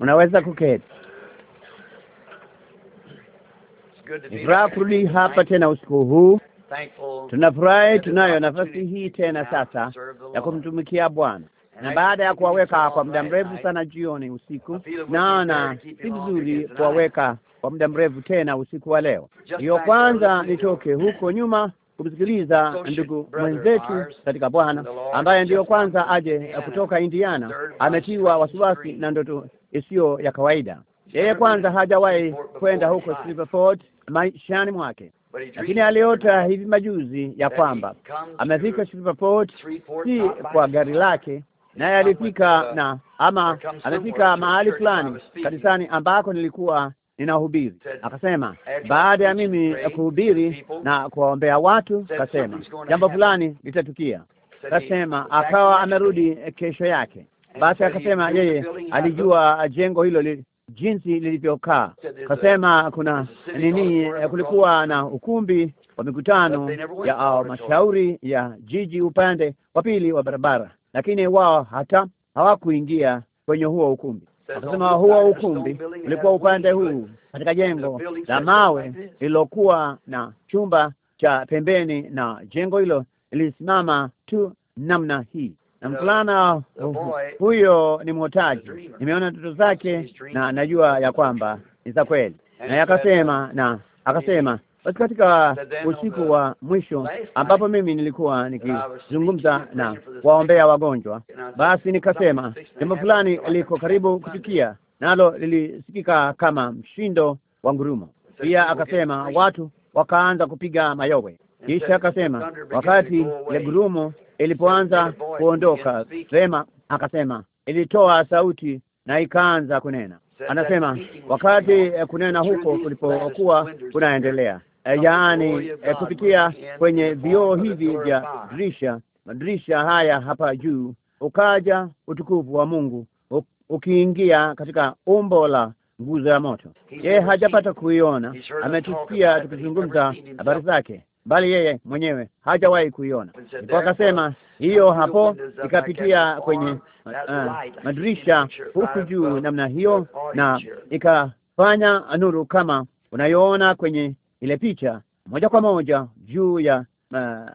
Unaweza kuketi. Ni furaha kurudi hapa tena usiku huu. Tunafurahi tunayo nafasi hii tena sasa ya kumtumikia Bwana, na baada ya kuwaweka kwa muda mrefu sana jioni, usiku, naona si vizuri kuwaweka kwa muda mrefu tena usiku wa leo. Hiyo kwanza nitoke huko nyuma kumsikiliza ndugu mwenzetu katika Bwana ambaye ndiyo kwanza aje kutoka Indiana. Ametiwa wasiwasi na ndoto isiyo ya kawaida. Yeye kwanza hajawahi kwenda huko Silverford maishani mwake, lakini aliota hivi majuzi ya kwamba amefika Silverford, si kwa gari lake naye alifika uh, na ama amefika mahali fulani kanisani ambako nilikuwa ninahubiri. Akasema baada ya mimi kuhubiri na kuwaombea watu, akasema jambo fulani litatukia. Akasema akawa amerudi kesho yake. Basi akasema yeye alijua jengo hilo li, jinsi lilivyokaa. Akasema kuna nini, eh, kulikuwa na ukumbi wa mikutano ya ah, mashauri ya jiji upande wa pili wa barabara, lakini wao hata hawakuingia kwenye huo ukumbi. Akasema huo ukumbi ulikuwa upande huu katika jengo la mawe lililokuwa na chumba cha pembeni, na jengo hilo lilisimama tu namna hii na mvulana huyo ni mwotaji. Nimeona ndoto zake na najua ya kwamba ni za kweli, na akasema na akasema basi katika usiku wa mwisho ambapo mimi nilikuwa uh, nikizungumza na waombea wagonjwa, basi nikasema jambo fulani liko karibu kutukia, nalo lilisikika kama mshindo wa ngurumo. Pia akasema watu wakaanza kupiga mayowe. Kisha akasema wakati ile gurumo ilipoanza kuondoka vema, akasema ilitoa sauti na ikaanza kunena. Anasema wakati eh, kunena huko kulipokuwa kunaendelea Eh, yaani eh, kupitia kwenye vioo hivi vya dirisha, madirisha haya hapa juu, ukaja utukufu wa Mungu ukiingia katika umbo la nguzo ya moto. Yeye hajapata kuiona, ametusikia tukizungumza habari zake, bali yeye mwenyewe hajawahi kuiona. Ndipo akasema hiyo hapo ikapitia kwenye uh, madirisha huku juu namna hiyo, na ikafanya nuru kama unayoona kwenye ile picha moja kwa moja juu ya uh, uh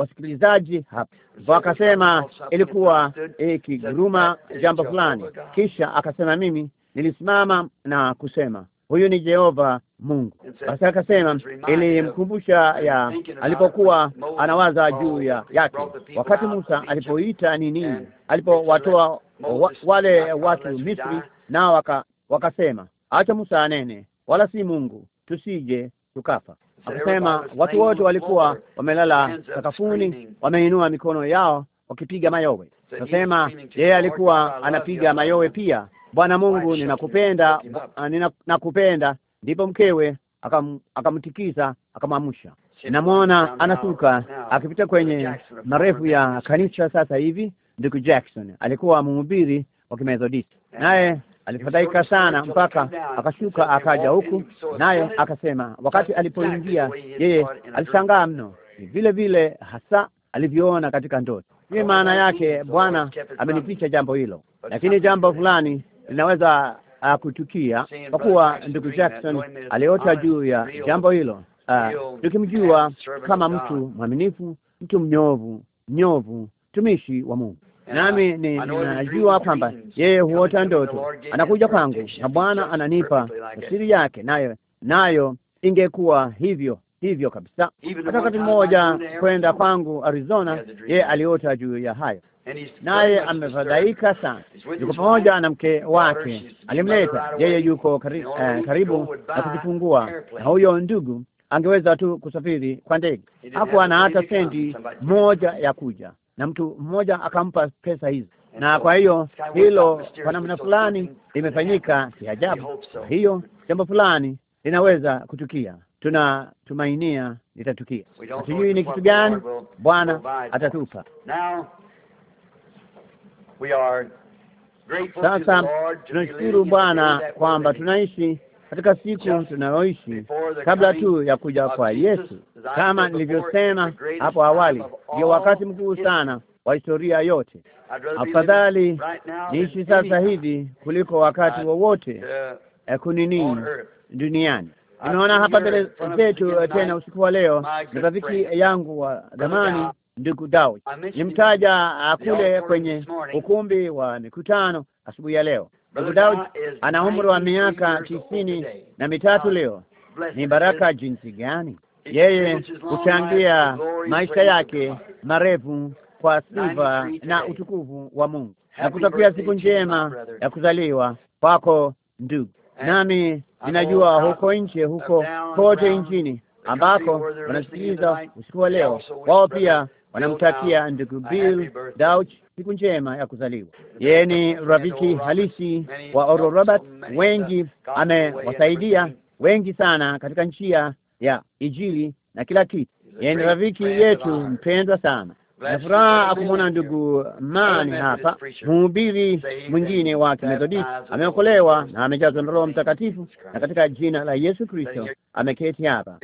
wasikilizaji hapa wakasema ilikuwa ikiguruma jambo fulani. Kisha akasema mimi nilisimama na kusema huyu ni Jehova Mungu. Basi akasema ilimkumbusha ya alipokuwa anawaza juu ya yake, wakati Musa alipoita nini, alipowatoa wa, wale watu Misri, nao waka, wakasema acha Musa anene, wala si Mungu, tusije tukafa. Akasema watu wote walikuwa wamelala sakafuni, wameinua mikono yao wakipiga mayowe. Akasema yeye alikuwa anapiga mayowe pia, Bwana Mungu, ninakupenda, ninakupenda. Ndipo mkewe akam, akamtikisa akamwamsha. Namwona anasuka akipita kwenye marefu ya kanisa sasa hivi. Ndugu Jackson alikuwa mhubiri wa Kimethodisti, naye alifadhaika sana mpaka akashuka akaja huku, naye akasema, wakati alipoingia yeye alishangaa mno, ni vile vile hasa alivyoona katika ndoto. Hii maana yake Bwana amenificha jambo hilo, lakini jambo fulani linaweza ah, kutukia, kwa kuwa ndugu Jackson aliota juu ya jambo hilo, ah, tukimjua kama mtu mwaminifu, mtu mnyovu mnyovu mtumishi wa Mungu nami ninajua kwamba yeye huota ndoto, anakuja kwangu na Bwana ananipa siri yake, nayo nayo ingekuwa hivyo hivyo kabisa. Hata wakati mmoja kwenda kwangu Arizona, yeye aliota juu ya hayo, naye amefadhaika sana. Yuko pamoja na mke wake, alimleta yeye, yuko kari, eh, karibu na kujifungua, na huyo ndugu angeweza tu kusafiri kwa ndege, hakuwa na hata sendi moja ya kuja na mtu mmoja akampa pesa hizo, na kwa hiyo hilo kwa namna fulani limefanyika si ajabu. Kwa hiyo jambo fulani linaweza kutukia, tunatumainia litatukia. Hatujui ni kitu gani Bwana atatupa. Sasa tunashukuru Bwana kwamba tunaishi katika siku tunayoishi kabla tu ya kuja kwa Yesu. Kama nilivyosema hapo awali, ndio wakati mkuu sana wa historia yote. Afadhali niishi sasa hivi kuliko wakati wowote wa eh, kunini duniani. Unaona hapa mbele zetu eh, tena usiku wa leo ni rafiki yangu wa zamani ndugu Dawi, nimtaja eh, kule kwenye ukumbi wa mikutano asubuhi ya leo Ndugu Daud ana umri wa miaka tisini na mitatu uh, leo. Ni baraka jinsi gani! Yeye kuchangia maisha yake marefu kwa sifa na utukufu wa Mungu. Na kutakia siku njema ya kuzaliwa kwako ndugu, nami ninajua huko nje, huko kote nchini ambako wanasikiliza usiku wa leo, wao pia wanamtakia ndugu Bill Dauch siku njema ya kuzaliwa. Yeye ni rafiki halisi wa Oral Robert, wengi amewasaidia wengi sana katika njia ya ijili na kila kitu. Yeye ni rafiki yetu mpendwa sana na furaha akumwona ndugu Mani hapa, mhubiri mwingine wa Kimethodisti ameokolewa na amejazwa na Roho Mtakatifu na katika jina la Yesu Kristo ameketi hapa.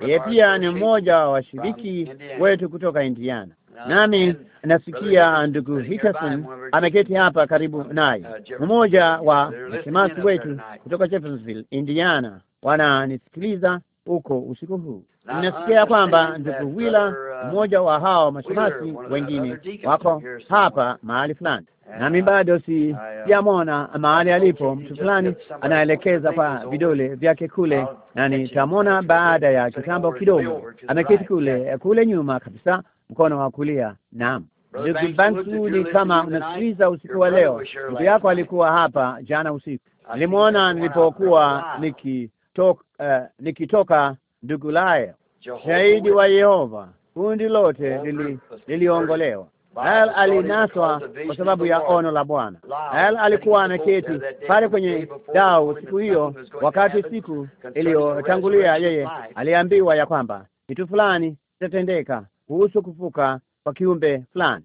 Yeye pia ni mmoja wa washiriki wetu kutoka Indiana. Nami nasikia ndugu Hickerson ameketi hapa karibu uh, naye, uh, mmoja wa mashemasi wetu kutoka Jeffersonville, Indiana. Wananisikiliza huko usiku huu. Ninasikia kwamba ndugu Wila, uh, mmoja wa hao mashemasi wengine, wako hapa mahali fulani, nami uh, bado si yamona uh, mahali alipo. Mtu fulani anaelekeza kwa vidole vyake kule, na nitamwona baada ya kitambo kidogo. Ameketi kule kule nyuma kabisa, mkono wa kulia. Naam. Ndugu Bankudi, kama unasikiliza usiku wa leo, ndugu yako alikuwa hapa jana usiku. Nilimwona nilipokuwa nikitoka uh, nikitoka ndugu laye shahidi wa Yehova, kundi lote liliongolewa. Al alinaswa kwa sababu ya ono la Bwana. Al alikuwa anaketi pale kwenye dau siku hiyo, wakati siku iliyotangulia yeye aliambiwa ya kwamba kitu fulani kitatendeka kuhusu kufuka kwa kiumbe fulani.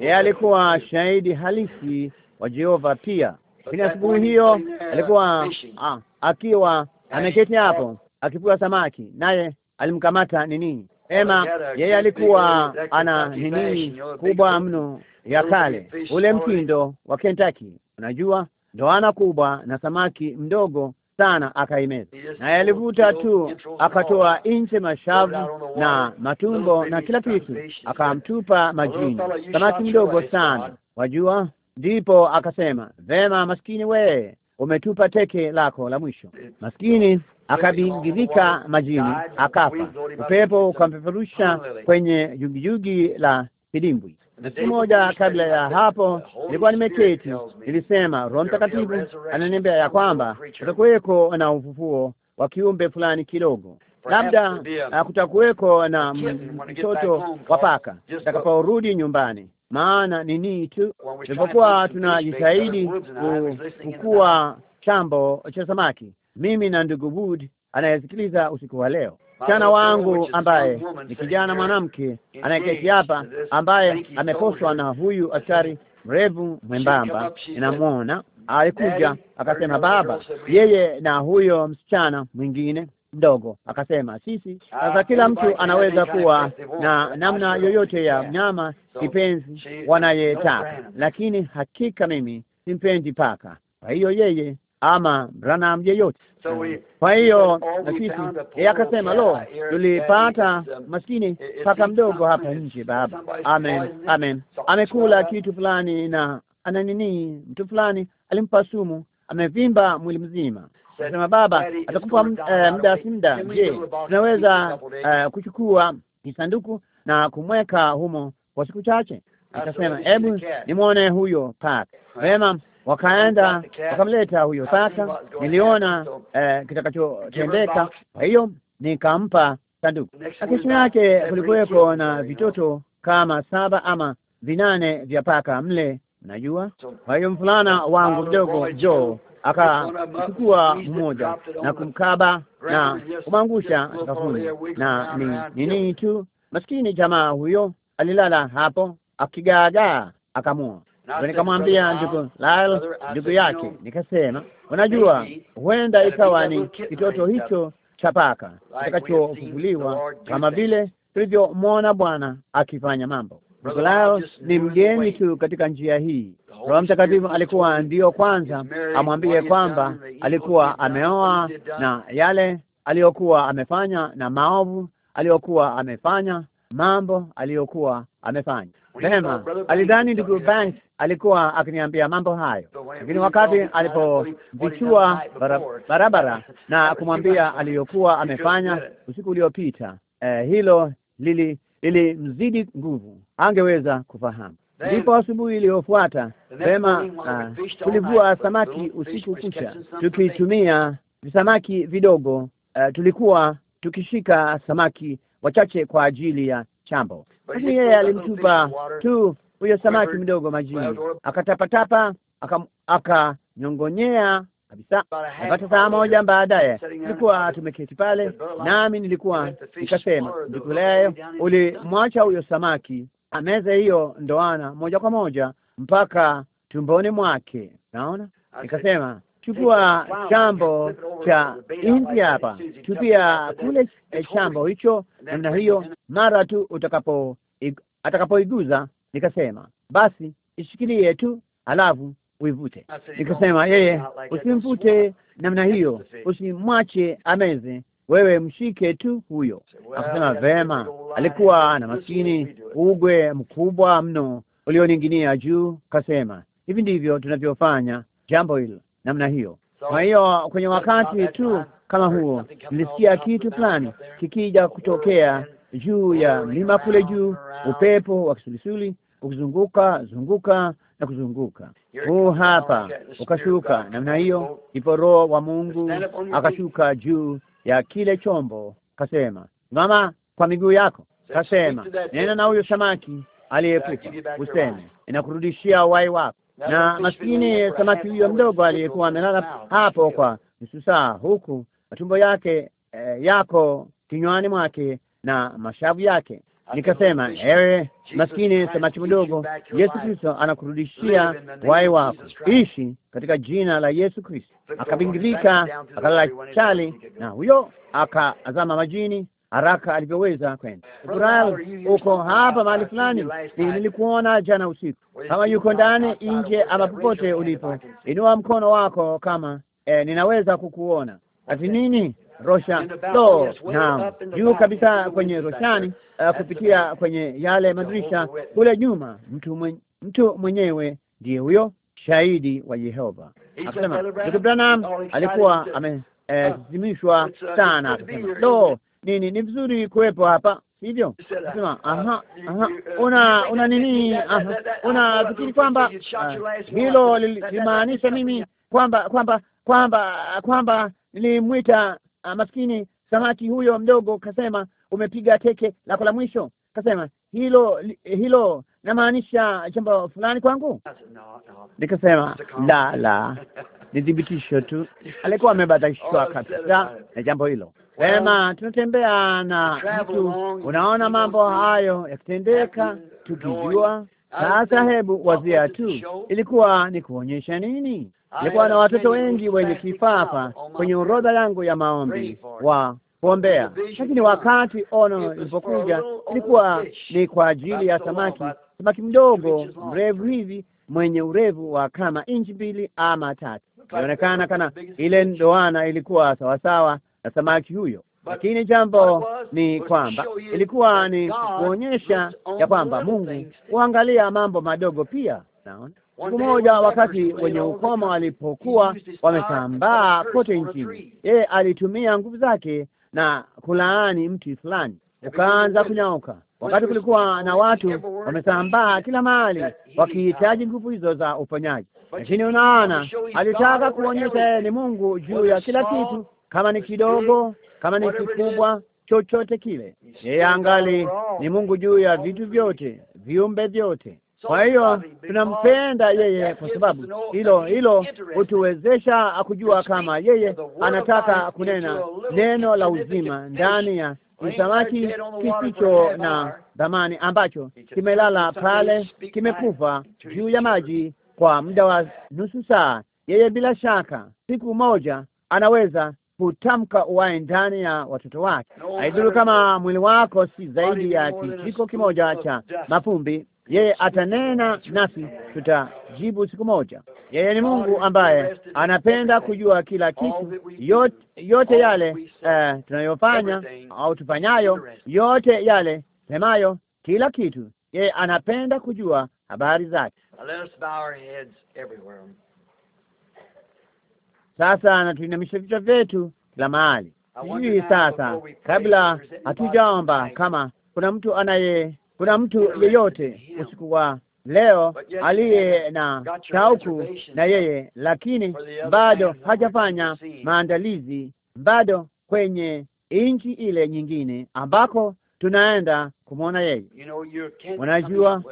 Yeye alikuwa shahidi halisi wa Jehova pia. Lakini asubuhi hiyo alikuwa ah, akiwa ameketi hapo akipua samaki, naye alimkamata nini Ema, yeye alikuwa ana nini kubwa mno ya kale, ule mtindo wa Kentucky, unajua ndoana kubwa na samaki mdogo sana, akaimeza naye alivuta tu, akatoa nje mashavu na matumbo na kila kitu, akamtupa majini samaki mdogo sana, wajua. Ndipo akasema vema, maskini wee umetupa teke lako la mwisho. Maskini akabingirika majini akafa, upepo ukampeperusha kwenye jugijugi la kidimbwi. Siku moja kabla ya hapo nilikuwa nimeketi, nilisema Roho Mtakatifu ananiambia ya kwamba kutakuweko na ufufuo wa kiumbe fulani kidogo, labda uh, kutakuweko na mtoto wa paka atakaporudi nyumbani maana ni nini tu ilipokuwa tunajitahidi kukua chambo cha samaki, mimi na ndugu Wood anayesikiliza usiku wa leo, msichana wangu ambaye ni kijana mwanamke anayeketi hapa, ambaye ameposwa na huyu askari mrevu mwembamba, ninamwona alikuja akasema, baba, yeye na huyo msichana mwingine mdogo akasema, sisi sasa, kila mtu anaweza kuwa na namna yoyote ya mnyama kipenzi wanayetaka, lakini hakika mimi simpendi paka. Kwa hiyo yeye ama Branham yeyote. Kwa hiyo na sisi yeye akasema, lo, tulipata maskini paka mdogo hapa nje, baba. Amen, amen, amekula kitu fulani na ana nini, mtu fulani alimpa sumu, amevimba mwili mzima sema baba atakupa eh, muda si muda. Je, tunaweza uh, kuchukua kisanduku na kumweka humo kwa siku chache? akasema hebu nimwone huyo paka. Wema, wakaenda wakamleta huyo paka, niliona uh, kitakachotendeka. Kwa hiyo nikampa sanduku, na kesho yake kulikuwepo na vitoto kama saba ama vinane vya paka mle, najua. Kwa hiyo mfulana wangu mdogo Joe akachukua mmoja na kumkaba na kumwangusha sakafuni, na ni nini tu, maskini jamaa huyo alilala hapo akigaagaa, akamua nikamwambia ndugu Lal, ndugu yake, nikasema unajua, huenda ikawa ni kitoto hicho cha paka kitakachofufuliwa kama vile tulivyomwona Bwana akifanya mambo Nikolao ni mgeni tu katika njia hii. Roho Mtakatifu alikuwa ndiyo kwanza amwambie kwamba alikuwa ameoa na yale aliyokuwa amefanya na maovu aliyokuwa amefanya, mambo aliyokuwa amefanya mema. Alidhani ndugu Banks alikuwa akiniambia mambo hayo, lakini wakati alipovichua barabara na kumwambia aliyokuwa amefanya usiku uliopita, eh, hilo lili ili mzidi nguvu, angeweza kufahamu. Ndipo asubuhi iliyofuata pema, uh, tulivua samaki usiku kucha tukitumia visamaki vidogo. Uh, tulikuwa tukishika samaki wachache kwa ajili ya chambo, lakini yeye alimtupa tu huyo samaki mdogo majini, akatapatapa akanyongonyea kabisa. Napata saa moja baadaye tulikuwa tumeketi pale, nami nilikuwa nikasema, siku leo ulimwacha huyo samaki ameze hiyo ndoana moja kwa moja mpaka tumboni mwake. Naona nikasema chukua chambo cha inti hapa, tupia kule eh, chambo hicho namna hiyo, mara tu utakapo atakapoiguza, nikasema basi ishikilie tu, alafu uivute. Nikasema yeye, usimvute namna hiyo, usimwache ameze, wewe mshike tu huyo. Akasema vema. Alikuwa na maskini ugwe mkubwa mno ulioninginia juu. Kasema hivi ndivyo tunavyofanya jambo hilo namna hiyo. Kwa hiyo kwenye wakati tu kama huo, nilisikia kitu fulani kikija kutokea juu ya mlima kule juu, upepo wa kisulisuli ukizunguka zunguka na kuzunguka huu hapa ukashuka namna hiyo. Ndipo Roho wa Mungu akashuka juu ya kile chombo, kasema mama kwa miguu yako, kasema nena na huyo samaki aliyekufa useme, inakurudishia uhai wako. Na maskini samaki huyo mdogo aliyekuwa amelala hapo kwa nusu saa, huku matumbo yake eh, yako kinywani mwake na mashavu yake nikasema, ewe maskini samaki mdogo, Yesu Kristo anakurudishia uhai wako, ishi katika jina la Yesu Kristo. Akabingirika, akalala chali, na huyo akaazama majini haraka alivyoweza kwenda. Burael, uko hapa mahali fulani, nilikuona jana usiku. Kama yuko ndani, nje, ama popote ulipo, inua mkono wako kama eh, ninaweza kukuona. Ati nini? rosha lo Naam, juu kabisa kwenye roshani, uh, kupitia kwenye yale madirisha kule nyuma. Mtu mwenye, mtu mwenyewe ndiye huyo shahidi wa Yehova. Akasema ndugu Branham alikuwa amezimishwa eh, ah, uh, sana. Akasema nini ni vizuri kuwepo hapa hivyo sema, uh, aha, aha, uh, una una nini? Aha, unafikiri uh, kwamba hilo lilimaanisha mimi kwamba kwamba kwamba kwamba nilimwita Ah, maskini samaki huyo mdogo kasema, umepiga teke lako la mwisho. Kasema hilo hilo namaanisha jambo fulani kwangu. Nikasema la la, ni thibitisho tu. Alikuwa amebatishwa kabisa na jambo hilo. Sema tunatembea na mtu, unaona mambo hayo yakitendeka, tukijua sasa. Hebu wazia tu, ilikuwa ni kuonyesha nini? Nilikuwa na watoto wengi wenye kifafa kwenye orodha yangu ya maombi wa kuombea, lakini wakati ono ilipokuja ilikuwa ni kwa ajili ya samaki, samaki mdogo mrefu hivi mwenye urefu wa kama inchi mbili ama tatu. Ilionekana kana ile ndoana ilikuwa sawasawa na samaki huyo, lakini jambo ni kwamba ilikuwa ni kuonyesha ya kwamba Mungu huangalia mambo madogo pia. Naona Siku moja wakati wenye ukoma walipokuwa wamesambaa kote nchini, yeye alitumia nguvu zake na kulaani mti fulani ukaanza kunyauka. Wakati kulikuwa na watu wamesambaa kila mahali wakihitaji nguvu hizo za uponyaji, lakini unaona, alitaka kuonyesha yeye ni Mungu juu ya kila kitu, kama ni kidogo, kama ni kikubwa, chochote kile, yeye angali ni Mungu juu ya vitu vyote, viumbe vyote. Kwa hiyo tunampenda yeye kwa sababu hilo hilo hutuwezesha kujua kama yeye anataka kunena neno la uzima ndani ya kisamaki kisicho na dhamani ambacho kimelala pale, kimekufa juu ya maji kwa muda wa nusu saa. Yeye bila shaka siku moja anaweza kutamka uwai ndani ya watoto wake. Haidhuru kama mwili wako si zaidi ya kijiko kimoja cha mapumbi yeye atanena nasi, tutajibu siku moja. Yeye ni Mungu ambaye anapenda kujua kila kitu, yote, yote yale uh, tunayofanya au tufanyayo, yote yale semayo, kila kitu. Yeye anapenda kujua habari zake. Sasa natuinamisha vichwa vyetu kila mahali. hii sasa, kabla hatujaomba, kama kuna mtu anaye kuna mtu yeyote usiku wa leo aliye na shauku na yeye, lakini bado hajafanya maandalizi, bado kwenye nchi ile nyingine ambako tunaenda kumwona yeye. Unajua,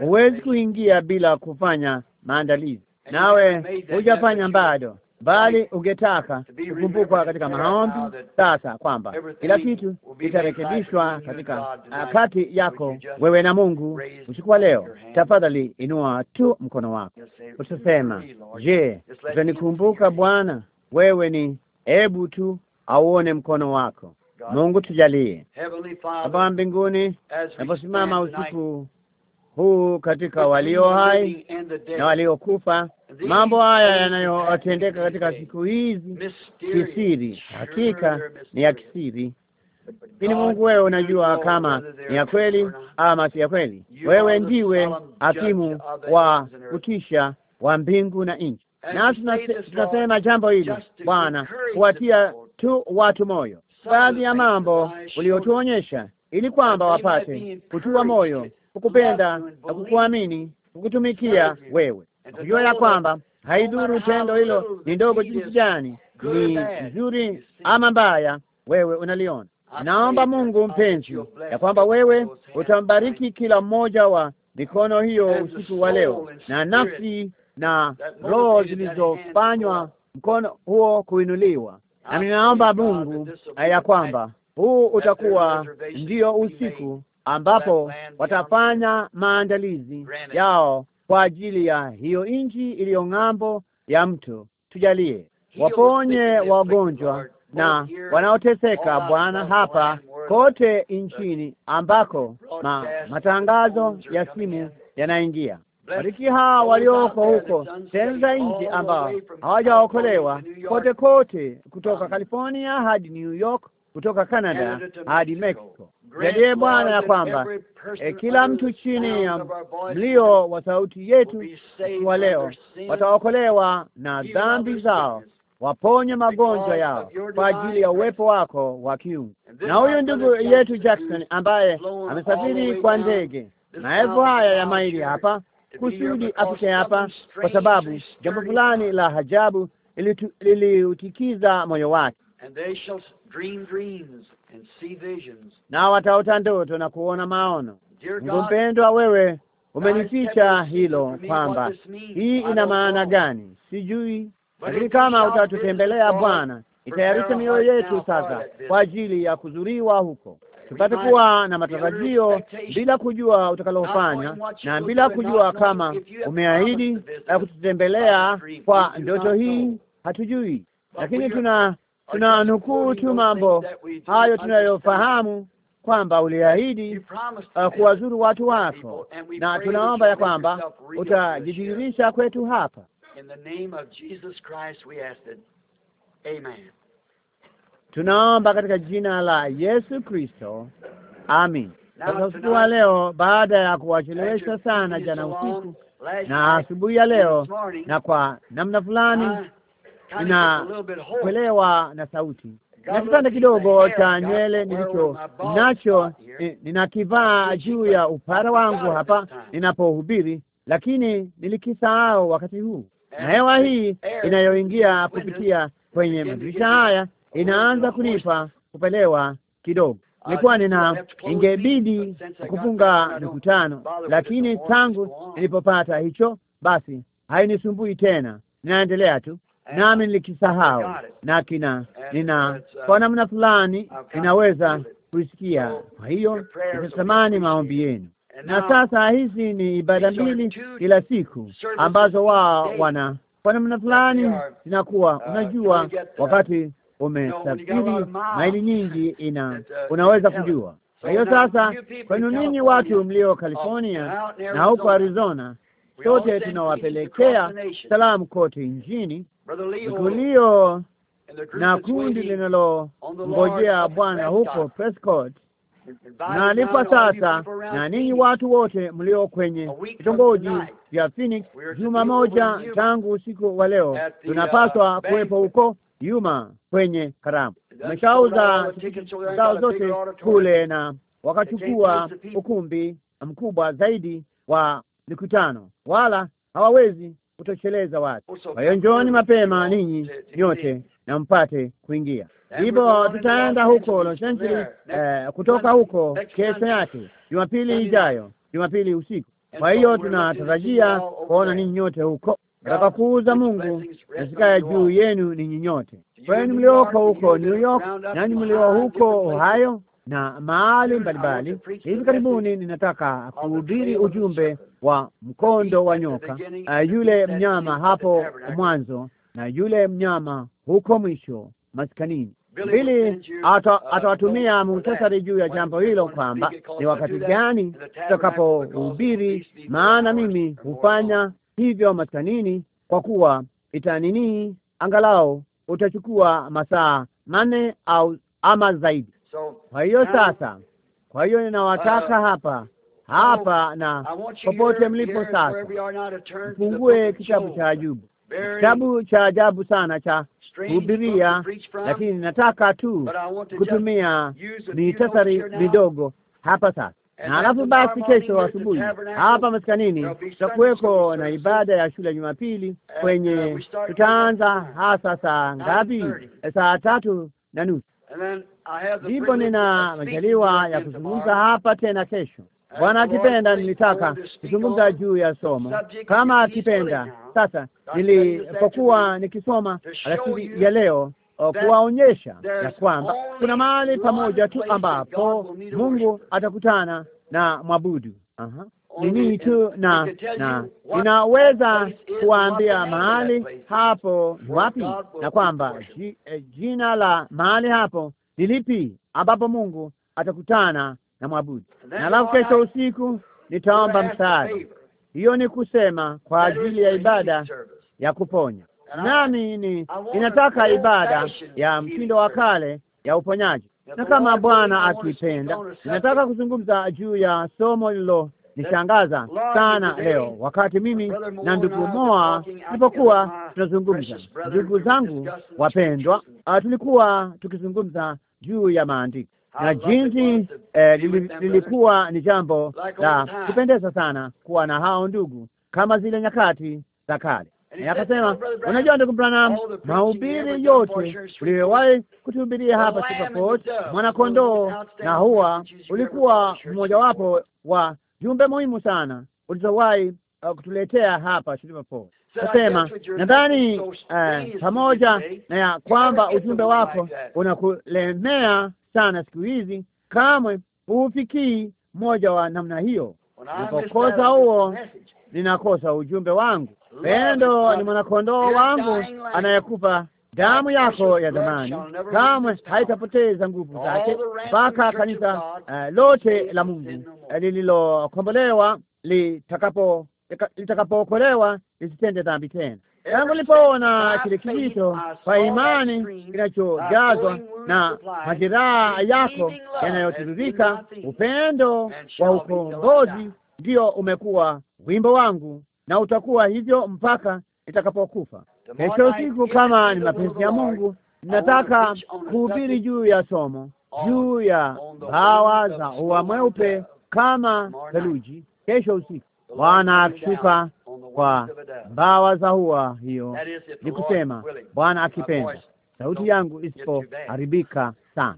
huwezi kuingia bila kufanya maandalizi, nawe hujafanya bado, bali ungetaka kukumbukwa katika maombi sasa, kwamba kila kitu kitarekebishwa katika kati yako wewe na Mungu usiku wa leo. Tafadhali inua tu mkono wako, usisema je, utanikumbuka Bwana? Wewe ni hebu tu auone mkono wako. Mungu tujalie Baba mbinguni, naposimama usiku huu katika walio hai na waliokufa, mambo haya yanayotendeka katika siku hizi kisiri, hakika ni ya kisiri. Lakini Mungu, wewe unajua kama ni ya kweli ama si ya kweli. Wewe ndiwe hakimu wa kutisha wa mbingu na nchi, na tunasema jambo hili Bwana, kuwatia tu watu moyo, baadhi ya mambo uliotuonyesha, ili kwamba wapate kutua moyo kukupenda na kukuamini, kukutumikia wewe, kujua ya kwamba haidhuru tendo hilo ni ndogo jinsi gani, ni nzuri ama mbaya, wewe unaliona. Naomba Mungu mpenzi, ya kwamba wewe utambariki kila mmoja wa mikono hiyo usiku wa leo, na nafsi na roho zilizofanywa mkono huo kuinuliwa, na ninaomba Mungu ya kwamba huu utakuwa ndio usiku ambapo watafanya maandalizi yao kwa ajili ya hiyo nchi iliyo ng'ambo ya mto. Tujalie, waponye wagonjwa na wanaoteseka, Bwana, hapa kote nchini ambako ma, matangazo ya simu yanaingia. Bariki hawa walioko huko sehemu za nchi ambao hawajaokolewa, kote kote, kutoka California hadi New York, kutoka Canada hadi Mexico, Jalie Bwana ya kwamba e, kila mtu chini ya mlio wa sauti yetu wa leo wataokolewa na dhambi zao, waponye magonjwa yao kwa ajili ya uwepo wako wa kiungu. Na huyu ndugu yetu Jackson ambaye amesafiri kwa ndege maelfu haya ya maili hapa kusudi afike hapa, kwa sababu jambo fulani la hajabu liliutikiza moyo wake na wataota ndoto na kuona maono. Mungu mpendwa, wewe umenificha hilo kwamba hii ina maana gani, sijui, lakini kama utatutembelea Bwana, itayarisha mioyo yetu sasa kwa ajili ya kuzuriwa huko, tupate kuwa na matarajio bila kujua utakalofanya na bila kujua kama umeahidi na kututembelea kwa ndoto hii, hatujui, lakini tuna tuna nukuu tu mambo hayo tunayofahamu kwamba uliahidi uh, kuwazuru watu wako, na tunaomba ya kwamba utajidhihirisha kwetu hapa. Tunaomba katika jina la Yesu Kristo, amin. Sasa usiku wa leo, baada ya kuwachelewesha sana jana usiku na asubuhi ya leo, na kwa namna fulani uh, na kuelewa na sauti na kitanda kidogo cha nywele nilicho nacho eh, ninakivaa juu ya upara wangu hapa ninapohubiri, lakini nilikisahau wakati huu, na hewa hii inayoingia kupitia kwenye madirisha haya inaanza kunipa kupelewa kidogo. Uh, Nilikuwa nina ingebidi kufunga mikutano lakini tangu nilipopata hicho basi hainisumbui tena, ninaendelea tu nami nilikisahau na kina nina uh, kwa namna fulani inaweza kuisikia. Kwa hiyo nitasamani maombi yenu, na sasa hizi ni ibada mbili kila siku ambazo wao wana kwa namna fulani zinakuwa, uh, unajua, wakati umesafiri maili nyingi, ina uh, unaweza kujua. Kwa hiyo sasa, kwenu ninyi watu mlio California na huko Arizona, sote tunawapelekea salamu kote nchini siku hiyo na kundi linalongojea Bwana huko Prescott. Na ni sasa, na ninyi watu wote mlio kwenye vitongoji vya Phoenix, juma moja tangu usiku wa leo tunapaswa uh, kuwepo huko Yuma kwenye karamu. Umeshauza zao zote kule, na wakachukua ukumbi mkubwa zaidi wa mikutano, wala hawawezi kutosheleza watu. Kwa hiyo mapema ninyi nyote na mpate kuingia. Hivyo tutaenda huko Los Angeles eh, kutoka huko kesho yake Jumapili ijayo, Jumapili usiku. Kwa hiyo tunatarajia kuona ninyi nyote huko. Baraka kuuza Mungu nasikaya juu yenu ninyi nyote, kwenu mlioko huko New York, nani mlio huko Ohio, na mahali mbalimbali. Hivi karibuni ninataka kuhubiri ujumbe wa mkondo wa nyoka, uh, yule mnyama hapo mwanzo na yule mnyama huko mwisho maskanini. Bili uh, atawatumia muhtasari juu ya jambo hilo, kwamba ni wakati gani tutakapohubiri, maana mimi hufanya hivyo maskanini, kwa kuwa itaninii angalau utachukua masaa manne au ama zaidi kwa hiyo ah. sasa, kwa hiyo ninawataka ah. hapa oh, hapa na popote mlipo sasa, mfungue kitabu cha ajabu, kitabu cha ajabu sana cha kuhubiria, lakini nataka tu kutumia mitasari midogo hapa sasa na alafu basi, kesho asubuhi hapa maskanini tutakuweko na ibada ya shule ya Jumapili kwenye, uh, tutaanza hasa saa ngapi? Saa tatu na nusu ndipo nina majaliwa ya kuzungumza hapa tena kesho. Bwana akipenda, nilitaka kuzungumza juu ya somo kama akipenda. Sasa nilipokuwa nikisoma lakini ya leo, kuwaonyesha ya kwamba kuna mahali pamoja tu ambapo Mungu atakutana na mwabudu ni mimi tu, na na ninaweza kuwaambia mahali hapo wapi, na kwamba eh, jina la mahali hapo ni lipi ambapo Mungu atakutana na mwabudu. Na alafu kesho usiku nitaomba msaada. Hiyo ni kusema kwa ajili ya ibada ya kuponya, nami ni inataka ibada ya mtindo wa kale ya uponyaji, na kama Bwana akipenda, ninataka kuzungumza juu ya somo lilo nishangaza sana leo wakati mimi na ndugu Moa tulipokuwa tunazungumza. Ndugu zangu wapendwa, ah, tulikuwa tukizungumza juu ya maandiko na jinsi eh, lilikuwa ni jambo la kupendeza sana kuwa na hao ndugu kama zile nyakati za kale. Akasema, unajua ndugu Branham, mahubiri yote uliyowahi kutuhubiria hapa Chickafoot, mwanakondoo na huwa ulikuwa mmojawapo wa jumbe muhimu sana ulizowahi uh, kutuletea hapa Chickafoot kusema nadhani eh, pamoja na ya kwamba ujumbe wako unakulemea sana siku hizi, kamwe huufikii mmoja wa namna hiyo. Ninapokosa huo, ninakosa ujumbe wangu. Pendo ni mwanakondoo wangu anayekupa damu yako ya zamani kamwe haitapoteza nguvu zake mpaka kanisa uh, lote la Mungu eh, lililokombolewa litakapo litakapookolewa lisitende dhambi tena. Tangu nilipoona kile kijito kwa imani kinachojazwa na majeraha yako yanayotiririka, upendo wa ukombozi ndio umekuwa wimbo wangu, na utakuwa hivyo mpaka nitakapokufa. Kesho usiku, kama ni mapenzi ya Mungu, nataka kuhubiri juu ya somo juu ya bawa za ua mweupe kama theluji, kesho usiku. Bwana akishuka kwa mbawa za hua hiyo, ni kusema Bwana akipenda, sauti yangu isipoharibika sana.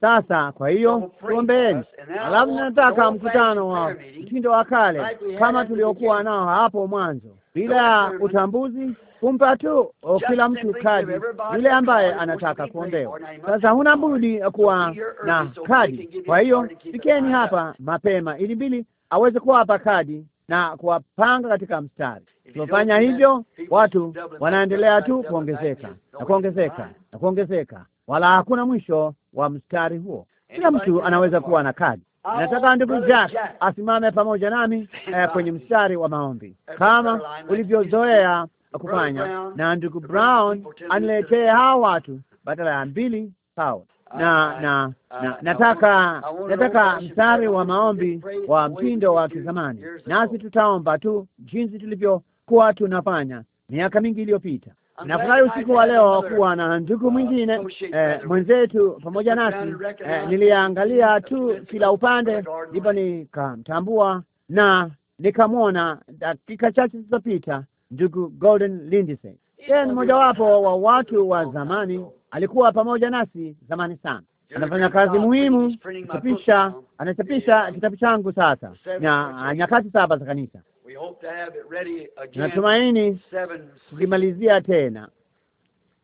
Sasa kwa hiyo tuombeeni. Alafu nataka mkutano wa mtindo wa kale kama tuliokuwa nao hapo mwanzo, bila utambuzi, kumpa tu oh, kila mtu kadi yule ambaye anataka kuombewa. Sasa huna budi kuwa na kadi. Kwa hiyo fikeni hapa mapema ili mbili aweze kuwapa kadi na kuwapanga katika mstari. Tunafanya hivyo, watu wanaendelea tu kuongezeka na kuongezeka na kuongezeka, wala hakuna mwisho wa mstari huo. Kila mtu anaweza kuwa na kadi. Nataka ndugu Jack asimame pamoja nami eh, kwenye mstari wa maombi kama ulivyozoea kufanya, na ndugu Brown aniletee hao watu badala ya mbili Paul na ah, na na ah, nataka nataka mstari wa maombi wa mtindo wa kizamani, nasi tutaomba tu jinsi tulivyokuwa tunafanya miaka mingi iliyopita. Nafurahi usiku wa leo kuwa na ndugu uh, mwingine eh, mwenzetu pamoja nasi eh, niliangalia tu kila upande, ndipo nikamtambua na nikamwona dakika chache zilizopita, ndugu Golden Lindsay. Yeye ni mmojawapo wa watu wa zamani alikuwa pamoja nasi zamani sana. Anafanya kazi muhimu kuchapisha, anachapisha kitabu changu sasa na ah, nyakati saba za kanisa. Natumaini kukimalizia tena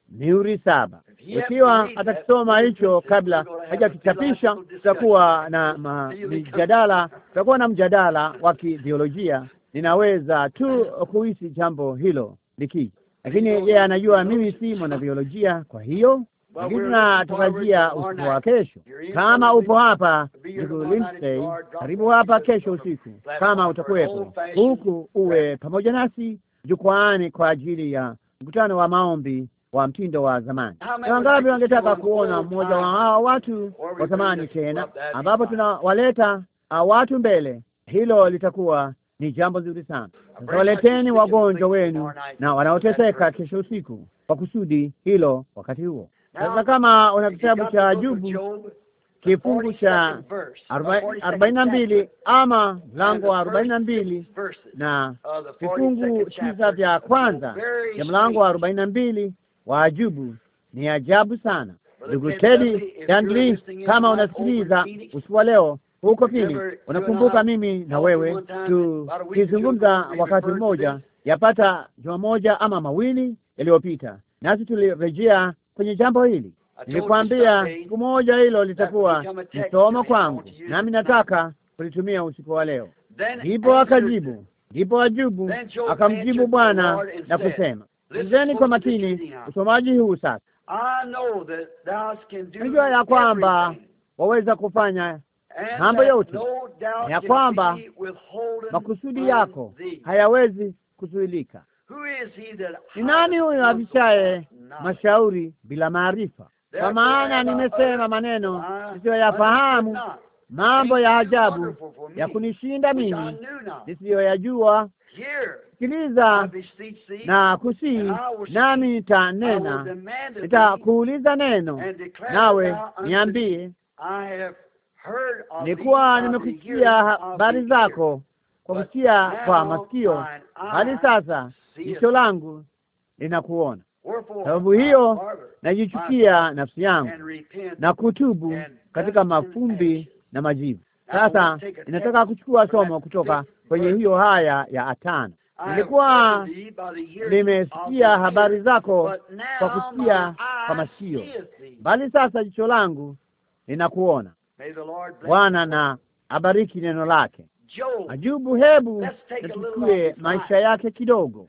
miuri saba. Ikiwa atakisoma hicho kabla hajakichapisha, tutakuwa na mjadala, tutakuwa na mjadala wa kibiolojia Ninaweza tu kuhisi jambo hilo likija lakini yeye anajua mimi si mwanabiolojia, kwa hiyo lakini tunatarajia usiku wa kesho. Kama upo hapa, ndugu Lindsay, karibu hapa kesho usiku, kama utakuwepo huku, uwe pamoja nasi jukwaani kwa ajili ya mkutano wa maombi wa mtindo wa zamani. Na wangapi wangetaka kuona mmoja wa hao watu wa zamani tena, ambapo tunawaleta ah, watu mbele? Hilo litakuwa ni jambo zuri sana. Waleteni wagonjwa wenu na wanaoteseka kesho usiku, kwa kusudi hilo wakati huo. Sasa kama una kitabu cha Ajubu kifungu cha arobaini na mbili ama mlango wa arobaini na mbili na vifungu tisa vya kwanza ya mlango wa arobaini na mbili wa Ajubu, ni ajabu sana. Ndugu Teddy Dandli, kama unasikiliza usiku wa leo, huko pili. Unakumbuka mimi na wewe tukizungumza wakati mmoja, yapata juma moja ama mawili yaliyopita, nasi tulirejea kwenye jambo hili. Nilikwambia siku moja hilo litakuwa ni somo kwangu, nami nataka kulitumia usiku wa leo. Ndipo akajibu, ndipo ajibu, akamjibu Bwana na kusema, sikizeni kwa makini usomaji huu sasa. Najua ya kwamba waweza kufanya mambo yote, ya kwamba makusudi yako hayawezi kuzuilika. Ni nani huyo avishaye mashauri bila maarifa? Kwa maana nimesema maneno nisiyoyafahamu, mambo ya ajabu ya kunishinda mimi nisiyoyajua. Sikiliza na kusii, nami nitanena, nitakuuliza neno, nawe niambie nilikuwa nimekusikia habari zako kwa kusikia kwa masikio, hadi sasa jicho langu linakuona. Sababu hiyo najichukia nafsi yangu na kutubu katika mafumbi na majivu. Sasa inataka kuchukua somo kutoka kwenye hiyo haya ya atano. Nilikuwa nimesikia habari zako kwa kusikia kwa masikio, bali sasa jicho langu linakuona. Bwana na abariki neno lake. Ajubu, hebu tuchukue maisha yake kidogo.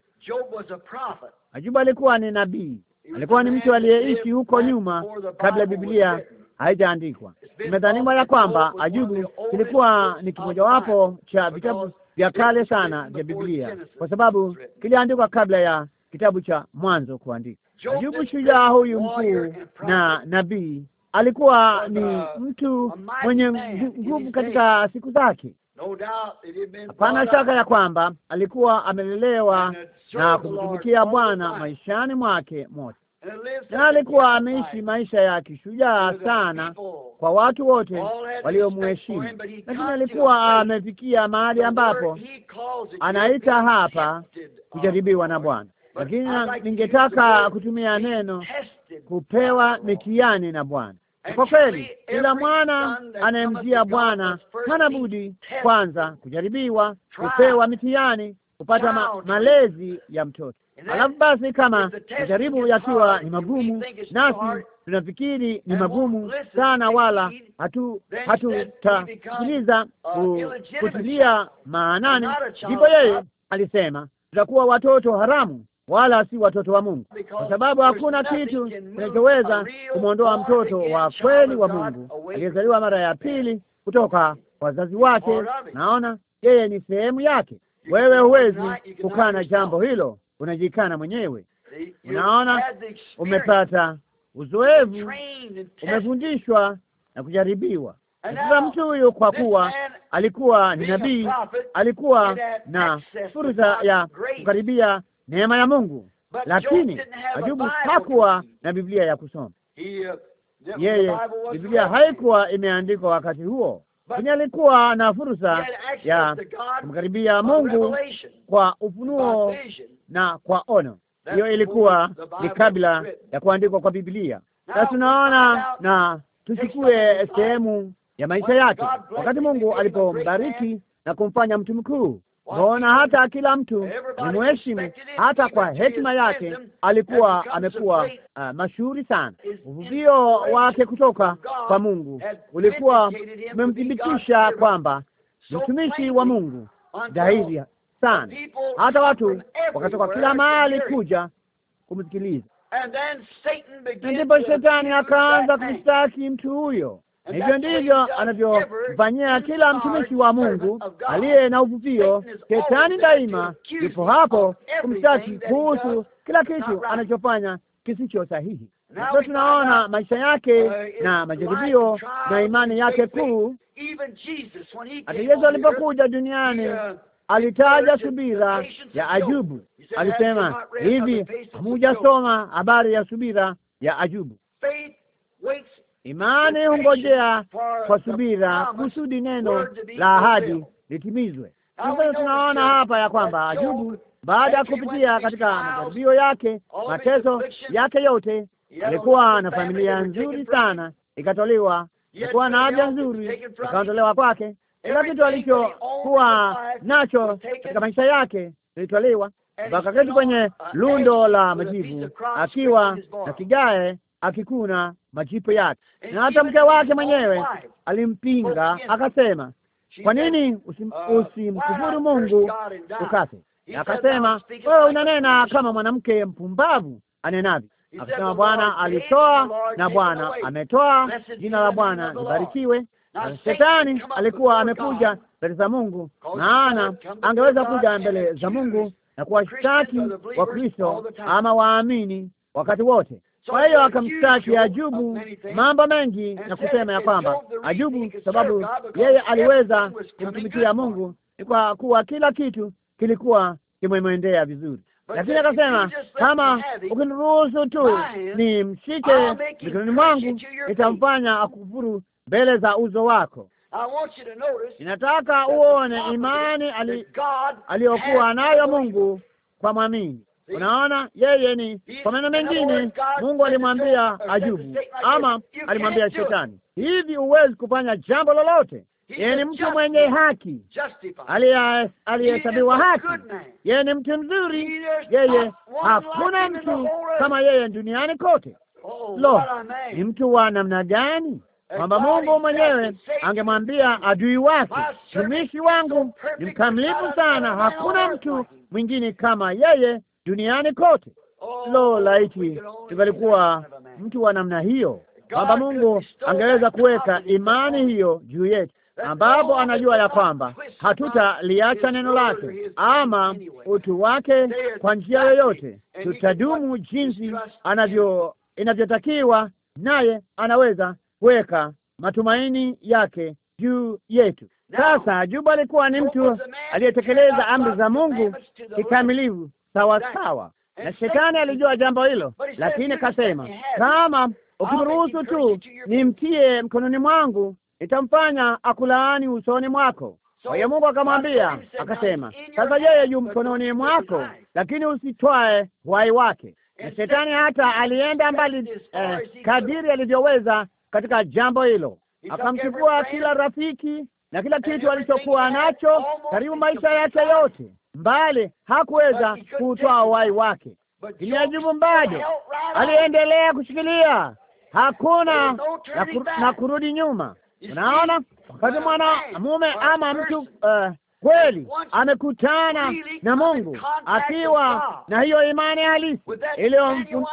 Ajubu alikuwa ni nabii, alikuwa ni mtu aliyeishi huko nyuma kabla Biblia haijaandikwa. Imedhaniwa ya kwamba Ajubu kilikuwa ni kimojawapo cha vitabu vya kale sana vya Biblia kwa sababu kiliandikwa kabla ya kitabu cha Mwanzo kuandika. Ajubu shujaa huyu mkuu na nabii alikuwa ni mtu mwenye nguvu katika siku zake. Hapana shaka ya kwamba alikuwa amelelewa na kumtumikia Bwana maishani mwake mote, na alikuwa ameishi maisha ya kishujaa sana kwa watu wote waliomheshimu, lakini alikuwa amefikia mahali ambapo anaita hapa uh, kujaribiwa na Bwana. Lakini ningetaka kutumia neno kupewa mitihani na Bwana kwa kweli kila mwana anayemjia Bwana hana budi kwanza kujaribiwa, kupewa mitihani, kupata ma malezi ya mtoto. Alafu basi, kama majaribu yakiwa ni magumu, nasi tunafikiri ni magumu sana, wala hatu hatutasikiliza uh, kutilia maanani, ndipo yeye alisema tutakuwa watoto haramu wala si watoto wa Mungu, kwa sababu hakuna kitu kinachoweza kumwondoa mtoto wa kweli wa Mungu aliyezaliwa mara ya pili kutoka wazazi wake. Naona yeye ni sehemu yake. Wewe huwezi kukana jambo hilo, unajikana mwenyewe. Unaona, umepata uzoefu, umefundishwa na kujaribiwa. Sasa mtu huyu kwa kuwa alikuwa ni nabii, alikuwa na fursa ya kukaribia neema ya Mungu, lakini Ajubu hakuwa na Biblia ya kusoma uh, yeye. Biblia haikuwa imeandikwa wakati huo, lakini alikuwa na fursa ya kumkaribia Mungu kwa ufunuo na kwa ono. Hiyo ilikuwa ni kabla ya kuandikwa kwa Biblia. Sasa tunaona na tuchukue sehemu ya maisha yake, wakati Mungu alipombariki na kumfanya mtu mkuu Unaona, hata kila mtu ni mheshimu, hata kwa hekima yake alikuwa amekuwa uh, mashuhuri sana. Uvuvio wake kutoka kwa Mungu ulikuwa umemthibitisha kwamba mtumishi wa Mungu dhahiri sana, hata watu wakatoka kila mahali kuja kumsikiliza. Ndipo shetani akaanza kumshtaki mtu huyo Hivyo ndivyo anavyofanyia kila mtumishi wa Mungu aliye na uvuvio. Shetani daima yupo hapo kumshtaki kuhusu kila kitu anachofanya kisicho sahihi. Sasa tunaona maisha yake uh, na majaribio na imani yake kuu. Hata Yesu alipokuja uh, duniani alitaja subira ya Ajubu, alisema hivi, hamujasoma habari ya subira ya Ajubu? Imani hungojea kwa subira kusudi neno la ahadi litimizwe. Sasa tunaona hapa ya kwamba Ayubu baada ya kupitia katika majaribio yake, mateso yake yote, alikuwa na familia nzuri sana, ikatolewa. Alikuwa na afya nzuri, ikaondolewa kwake. Kila kitu alichokuwa nacho katika maisha yake kilitolewa, akaketi kwenye lundo la majivu, akiwa na kigae, akikuna majipu yake, na hata mke wake mwenyewe alimpinga akasema, kwa nini uh, usimkufuru Mungu ukafe? Akasema, wewe unanena kama mwanamke mpumbavu anenavyo, akasema, Bwana alitoa na Bwana ametoa, jina la Bwana libarikiwe. Shetani alikuwa amekuja mbele za Mungu, maana angeweza kuja mbele za Mungu na kuwashtaki wa Kristo ama waamini wakati wote, kwa hiyo akamstaki Ajubu mambo mengi na kusema ya kwamba Ajubu, sababu yeye aliweza kumtumikia Mungu kwa kuwa kila kitu kilikuwa kimemwendea vizuri, lakini akasema kama ukiniruhusu tu ni mshike mikononi mwangu, nitamfanya akufuru mbele za uso wako. Ninataka uone imani aliyokuwa nayo Mungu kwa mwamini Unaona, yeye ni kwa maneno mengine, Mungu alimwambia Ayubu ama alimwambia Shetani, hivi huwezi kufanya jambo lolote. Yeye ni mtu mwenye haki, aliyehesabiwa haki. Yeye ni mtu mzuri, yeye hakuna mtu kama yeye duniani kote. Oh, Lo, ni mtu wa namna gani! Kwamba Mungu mwenyewe angemwambia adui wake, mtumishi wangu ni mkamilifu sana, hakuna mtu mwingine kama yeye duniani kote. Oh, Lo, laiti tungalikuwa mtu wa namna hiyo, kwamba Mungu angeweza kuweka imani hiyo juu yetu, ambapo anajua ya kwamba hatutaliacha neno lake ama utu wake kwa njia yoyote, tutadumu jinsi anavyo inavyotakiwa, naye anaweza kuweka matumaini yake juu yetu. Sasa Juba alikuwa ni mtu aliyetekeleza amri za Mungu kikamilifu sawa sawa, na shetani alijua jambo hilo, lakini akasema, kama ukimruhusu tu nimtie mkononi mwangu, nitamfanya akulaani usoni mwako. Kwa hiyo Mungu akamwambia akasema, sasa yeye yu mkononi mwako, lakini usitwae uhai wake. Na shetani hata alienda mbali eh, kadiri alivyoweza katika jambo hilo, akamchukua kila rafiki na kila kitu alichokuwa nacho karibu maisha yake yote bali hakuweza kuutoa uhai wake. ajibu bado, aliendelea kushikilia, hakuna no na, kur, na kurudi nyuma. Unaona, wakati mwana mume ama mtu uh, kweli amekutana na Mungu akiwa na hiyo imani halisi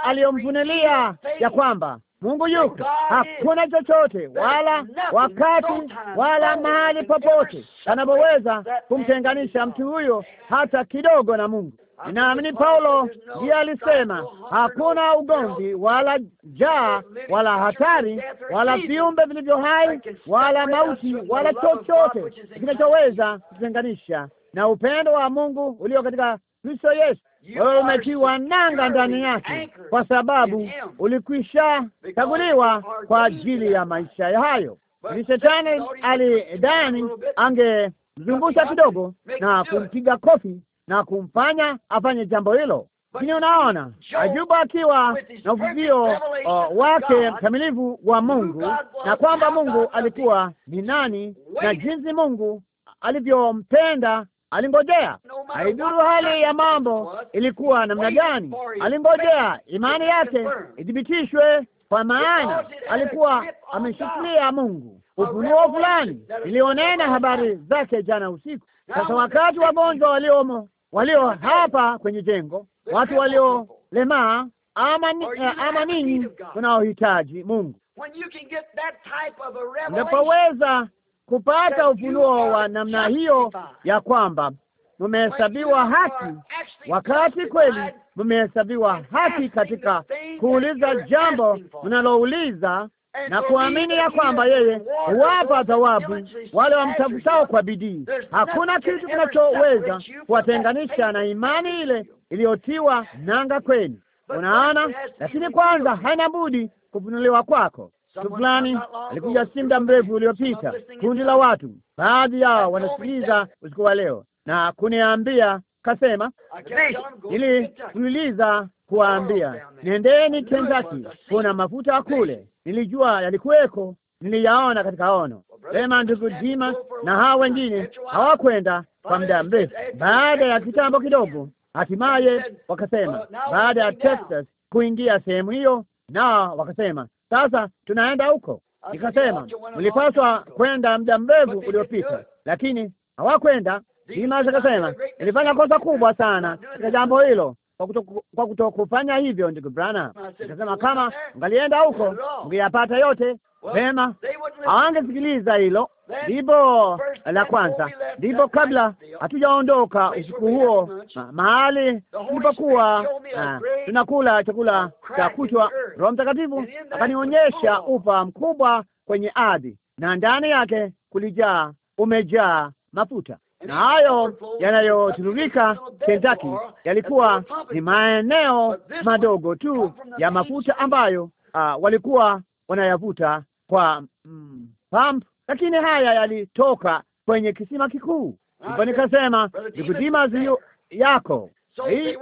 aliyomfunilia ya kwamba Mungu yuko, hakuna chochote wala wakati wala mahali popote panapoweza kumtenganisha mtu huyo hata kidogo na Mungu. Ninaamini Paulo ndiye alisema, hakuna ugomvi wala jaa wala hatari wala viumbe vilivyo hai wala mauti wala chochote kinachoweza kutenganisha na upendo wa Mungu ulio katika Kristo Yesu, wewe umetiwa nanga ndani yake, kwa sababu ulikwisha chaguliwa kwa ajili ya maisha hayo. Ni shetani alidhani angemzungusha kidogo na kumpiga kofi na kumfanya afanye jambo hilo, lakini unaona, ajuba akiwa na uvuvio uh, wake mkamilifu wa Mungu na kwamba Mungu alikuwa ni nani na jinsi Mungu alivyompenda alingojea, haidhuru hali ya mambo ilikuwa namna gani, alingojea imani yake ithibitishwe, kwa maana alikuwa ameshikilia Mungu. Ufunuo fulani ilionena habari zake jana usiku. Sasa wakati wagonjwa waliomo, walio hapa kwenye jengo, watu waliolemaa ama, ama ninyi tunaohitaji Mungu, unapoweza kupata ufunuo wa namna hiyo ya kwamba mmehesabiwa haki, wakati kweli mmehesabiwa haki katika kuuliza jambo mnalouliza na kuamini ya kwamba yeye huwapa thawabu wale wamtafutao kwa bidii. Hakuna kitu kinachoweza kuwatenganisha na imani ile iliyotiwa nanga kwenu. Unaona, lakini kwanza haina budi kufunuliwa kwako. Mtu fulani alikuja si muda mrefu uliopita, kundi la watu, baadhi yao wanasikiliza usiku wa leo, na kuniambia kasema, ili kuuliza kuwaambia, nendeni Kentucky, kuna mafuta kule. Nilijua yalikuweko, niliyaona katika ono. Sema ndugu dima na hao wengine hawakwenda kwa muda mrefu. Baada ya kitambo kidogo, hatimaye wakasema, baada ya Texas kuingia sehemu hiyo, na wakasema sasa tunaenda huko. Nikasema mlipaswa kwenda muda mrefu uliopita, lakini hawakwenda. Dimas akasema nilifanya kosa kubwa sana katika jambo hilo, kwa kutokufanya hivyo, ndugu brana nikasema ah, kama eh, ngalienda huko ungeyapata yote vema. Hawangesikiliza hilo. Ndipo la kwanza, ndipo kabla hatujaondoka usiku huo, ma mahali tulipokuwa ah, tunakula chakula cha kuchwa, Roho Mtakatifu akanionyesha ufa mkubwa kwenye ardhi, na ndani yake kulijaa, umejaa mafuta na hayo yanayotiririka Kentucky yalikuwa ni maeneo madogo tu ya mafuta ambayo uh, walikuwa wanayavuta kwa mm, pump, lakini haya yalitoka kwenye kisima kikuu. Ndipo nikasema ndugu Dimas yako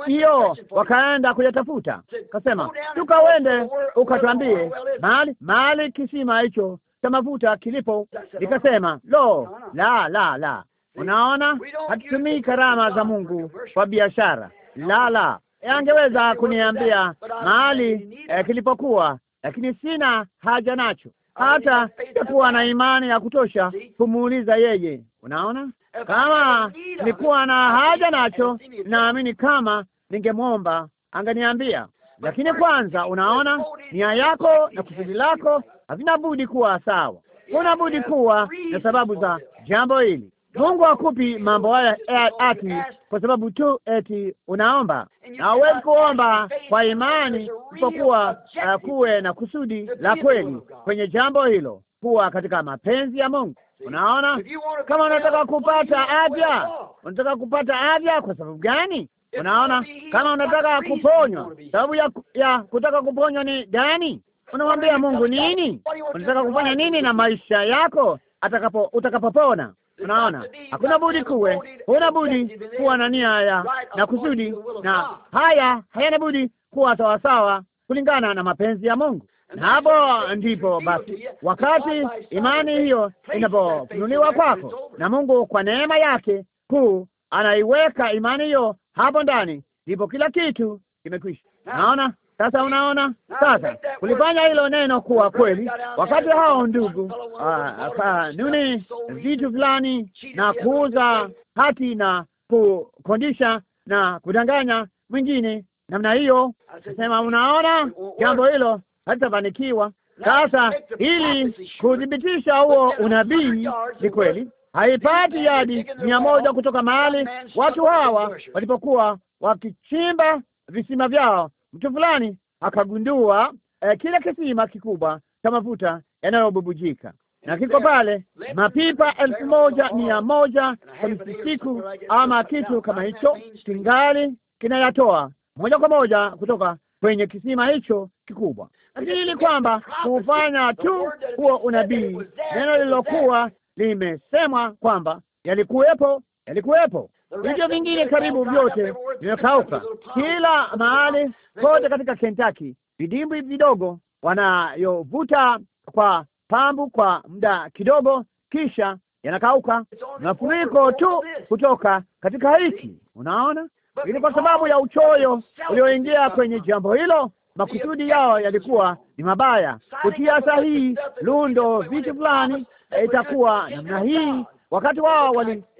hiyo wakaenda kuyatafuta, kasema tukawende ukatwambie mahali mahali kisima hicho cha mafuta kilipo. Nikasema lo, la la la, Unaona, hatutumii karama za Mungu kwa biashara. La, la, angeweza kuniambia mahali eh, kilipokuwa, lakini sina haja nacho, hata sikuwa na imani ya kutosha kumuuliza yeye. Unaona, kama nilikuwa na haja nacho, naamini kama ningemwomba anganiambia. Lakini kwanza, unaona, nia yako na kusudi lako havina budi kuwa sawa. Kuna budi kuwa na sababu za jambo hili. Mungu akupi mambo haya e, ati kwa sababu tu eti unaomba, na hauwezi kuomba kwa imani isipokuwa uh, kuwe na kusudi la kweli kwenye jambo hilo, kuwa katika mapenzi ya Mungu. Unaona, kama unataka kupata afya, unataka kupata afya kwa sababu gani? Unaona, kama unataka kuponywa, sababu ya, ya kutaka kuponywa ni gani? Unamwambia Mungu nini? Unataka kufanya nini na maisha yako atakapo utakapopona? Unaona, hakuna budi kuwe, huna budi kuwa na nia ya na kusudi, na haya hayana budi kuwa sawasawa kulingana na mapenzi ya Mungu. Na hapo ndipo basi, wakati imani hiyo inapofunuliwa kwako na Mungu kwa neema yake kuu, anaiweka imani hiyo hapo ndani, ndipo kila kitu kimekwisha. Naona sasa unaona, ah, sasa kulifanya hilo neno kuwa kweli, wakati hao ndugu ah, ah, kanuni vitu fulani na kuuza hati na kukondisha na kudanganya mwingine namna hiyo, sema unaona, jambo hilo halitafanikiwa. Sasa ili kudhibitisha huo unabii ni kweli, haipati yadi mia moja kutoka mahali watu hawa walipokuwa wakichimba visima vyao Mtu fulani akagundua eh, kile kisima kikubwa cha mafuta yanayobubujika na kiko pale, mapipa elfu moja mia moja hamsini siku ama kitu kama hicho, kingali kinayatoa moja kwa moja kutoka kwenye kisima hicho kikubwa, lakini ili kwamba kufanya tu huo unabii, neno lililokuwa limesemwa kwamba yalikuwepo, yalikuwepo. Hivyo vingine karibu vyote vimekauka, kila mahali kote katika Kentucky, vidimbwi vidogo wanayovuta kwa pambu kwa muda kidogo, kisha yanakauka. Mafuriko tu kutoka katika hiki, unaona. Lakini kwa sababu ya uchoyo ulioingia kwenye jambo hilo, makusudi yao yalikuwa ni mabaya, kutia sahihi lundo vitu fulani itakuwa namna hii. Wakati wao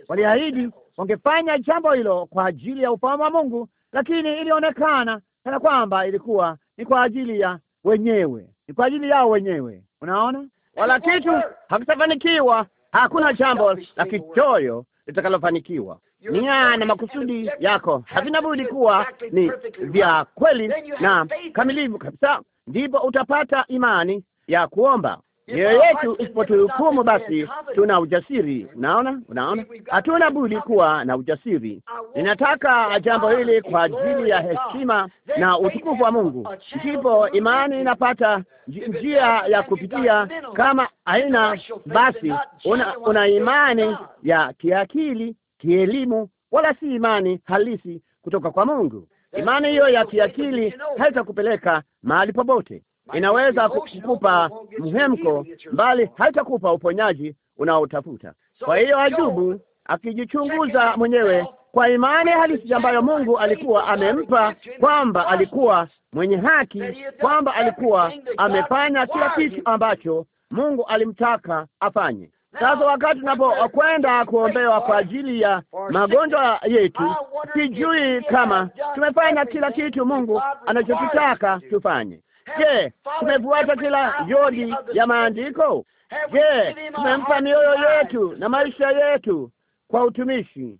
waliahidi wali wangefanya jambo hilo kwa ajili ya ufahamu wa Mungu, lakini ilionekana kana kwamba ilikuwa ni kwa ajili ya wenyewe, ni kwa ajili yao wenyewe. Unaona, wala kitu hakitafanikiwa. Hakuna jambo la kichoyo litakalofanikiwa. Nia na makusudi yako havina budi kuwa ni vya kweli na kamilivu kabisa, ndipo utapata imani ya kuomba mioyo yetu isipotuhukumu, basi tuna ujasiri. Unaona, unaona, hatuna budi kuwa na ujasiri. Ninataka jambo hili kwa ajili ya heshima na utukufu wa Mungu, ndipo imani inapata njia ya kupitia. Kama haina basi, una, una imani ya kiakili, kielimu, wala si imani halisi kutoka kwa Mungu. Imani hiyo ya kiakili haitakupeleka mahali popote inaweza kukupa mhemko, bali haitakupa uponyaji unaotafuta. Kwa hiyo Ayubu akijichunguza mwenyewe kwa imani halisi ambayo Mungu alikuwa amempa, kwamba alikuwa mwenye haki, kwamba alikuwa amefanya kila kitu ambacho Mungu alimtaka afanye. Sasa wakati tunapokwenda kuombewa kwa ajili ya magonjwa yetu, sijui kama tumefanya kila kitu Mungu anachokitaka tufanye. Je, tumefuata kila yodi ya maandiko? Je, tumempa mioyo yetu na maisha yetu kwa utumishi?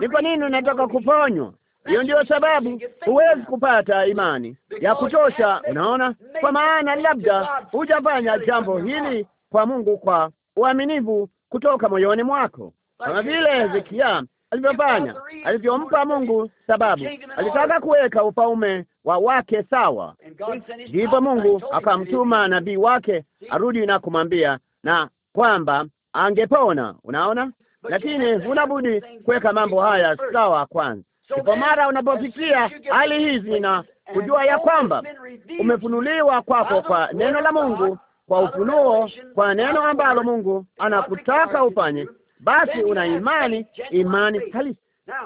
Ni kwa nini unataka kuponywa? Hiyo ndiyo sababu huwezi kupata hmm. imani ya kutosha, unaona, kwa maana labda hujafanya jambo hili kwa Mungu kwa uaminivu kutoka moyoni mwako, kama vile Hezekia alivyofanya, alivyompa Mungu sababu. Alitaka kuweka ufalme wa wake sawa. Ndipo Mungu akamtuma nabii wake arudi na kumwambia na kwamba angepona. Unaona, lakini unabudi kuweka mambo haya sawa kwanza. Ndipo mara unapofikia hali hizi na kujua ya kwamba umefunuliwa kwako kwa neno la Mungu, kwa ufunuo, kwa neno ambalo Mungu anakutaka ufanye, basi una imani, imani halisi.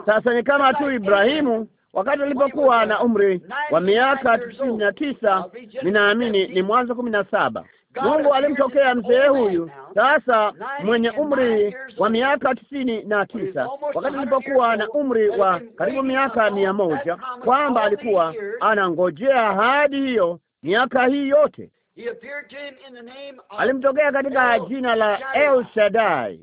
Sasa ni kama tu Ibrahimu wakati alipokuwa na umri wa miaka tisini na tisa, ninaamini ni Mwanzo kumi na saba. Mungu alimtokea mzee huyu sasa mwenye umri wa miaka tisini na tisa wakati alipokuwa na umri wa karibu miaka mia moja kwamba alikuwa anangojea ahadi hiyo miaka hii yote. Alimtokea katika jina la El Shaddai,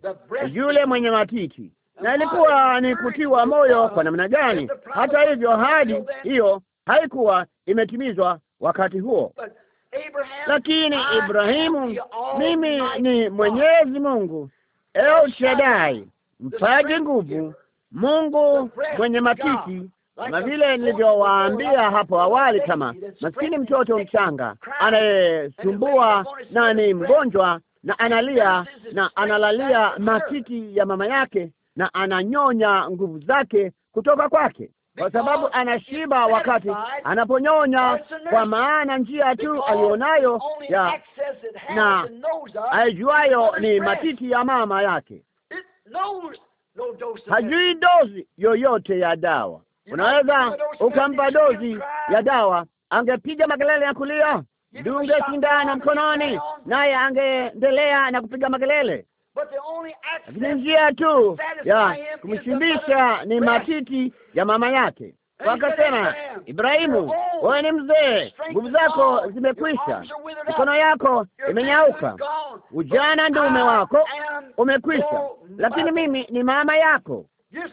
yule mwenye matiti, na ilikuwa ni kutiwa moyo kwa namna gani! Hata hivyo, hadi hiyo haikuwa imetimizwa wakati huo, lakini Ibrahimu, mimi ni Mwenyezi Mungu El Shaddai, mpaji nguvu, Mungu mwenye matiti kama vile nilivyowaambia hapo awali, kama maskini mtoto mchanga anayesumbua na ni mgonjwa na analia na analalia matiti ya mama yake, na ananyonya nguvu zake kutoka kwake, kwa sababu anashiba wakati anaponyonya, kwa maana njia tu aliyonayo ya na aijuayo ni matiti ya mama yake. Hajui dozi yoyote ya dawa. Unaweza ukampa dozi ya dawa, angepiga makelele ya kulia, dunge sindano mkononi, naye angeendelea na kupiga makelele lakini njia tu ya kumshimbisha ni matiti ya mama yake. Wakasema, Ibrahimu, wewe ni mzee, nguvu zako zimekwisha, mikono yako imenyauka, ujana ndume wako umekwisha, lakini mimi ni mama yako.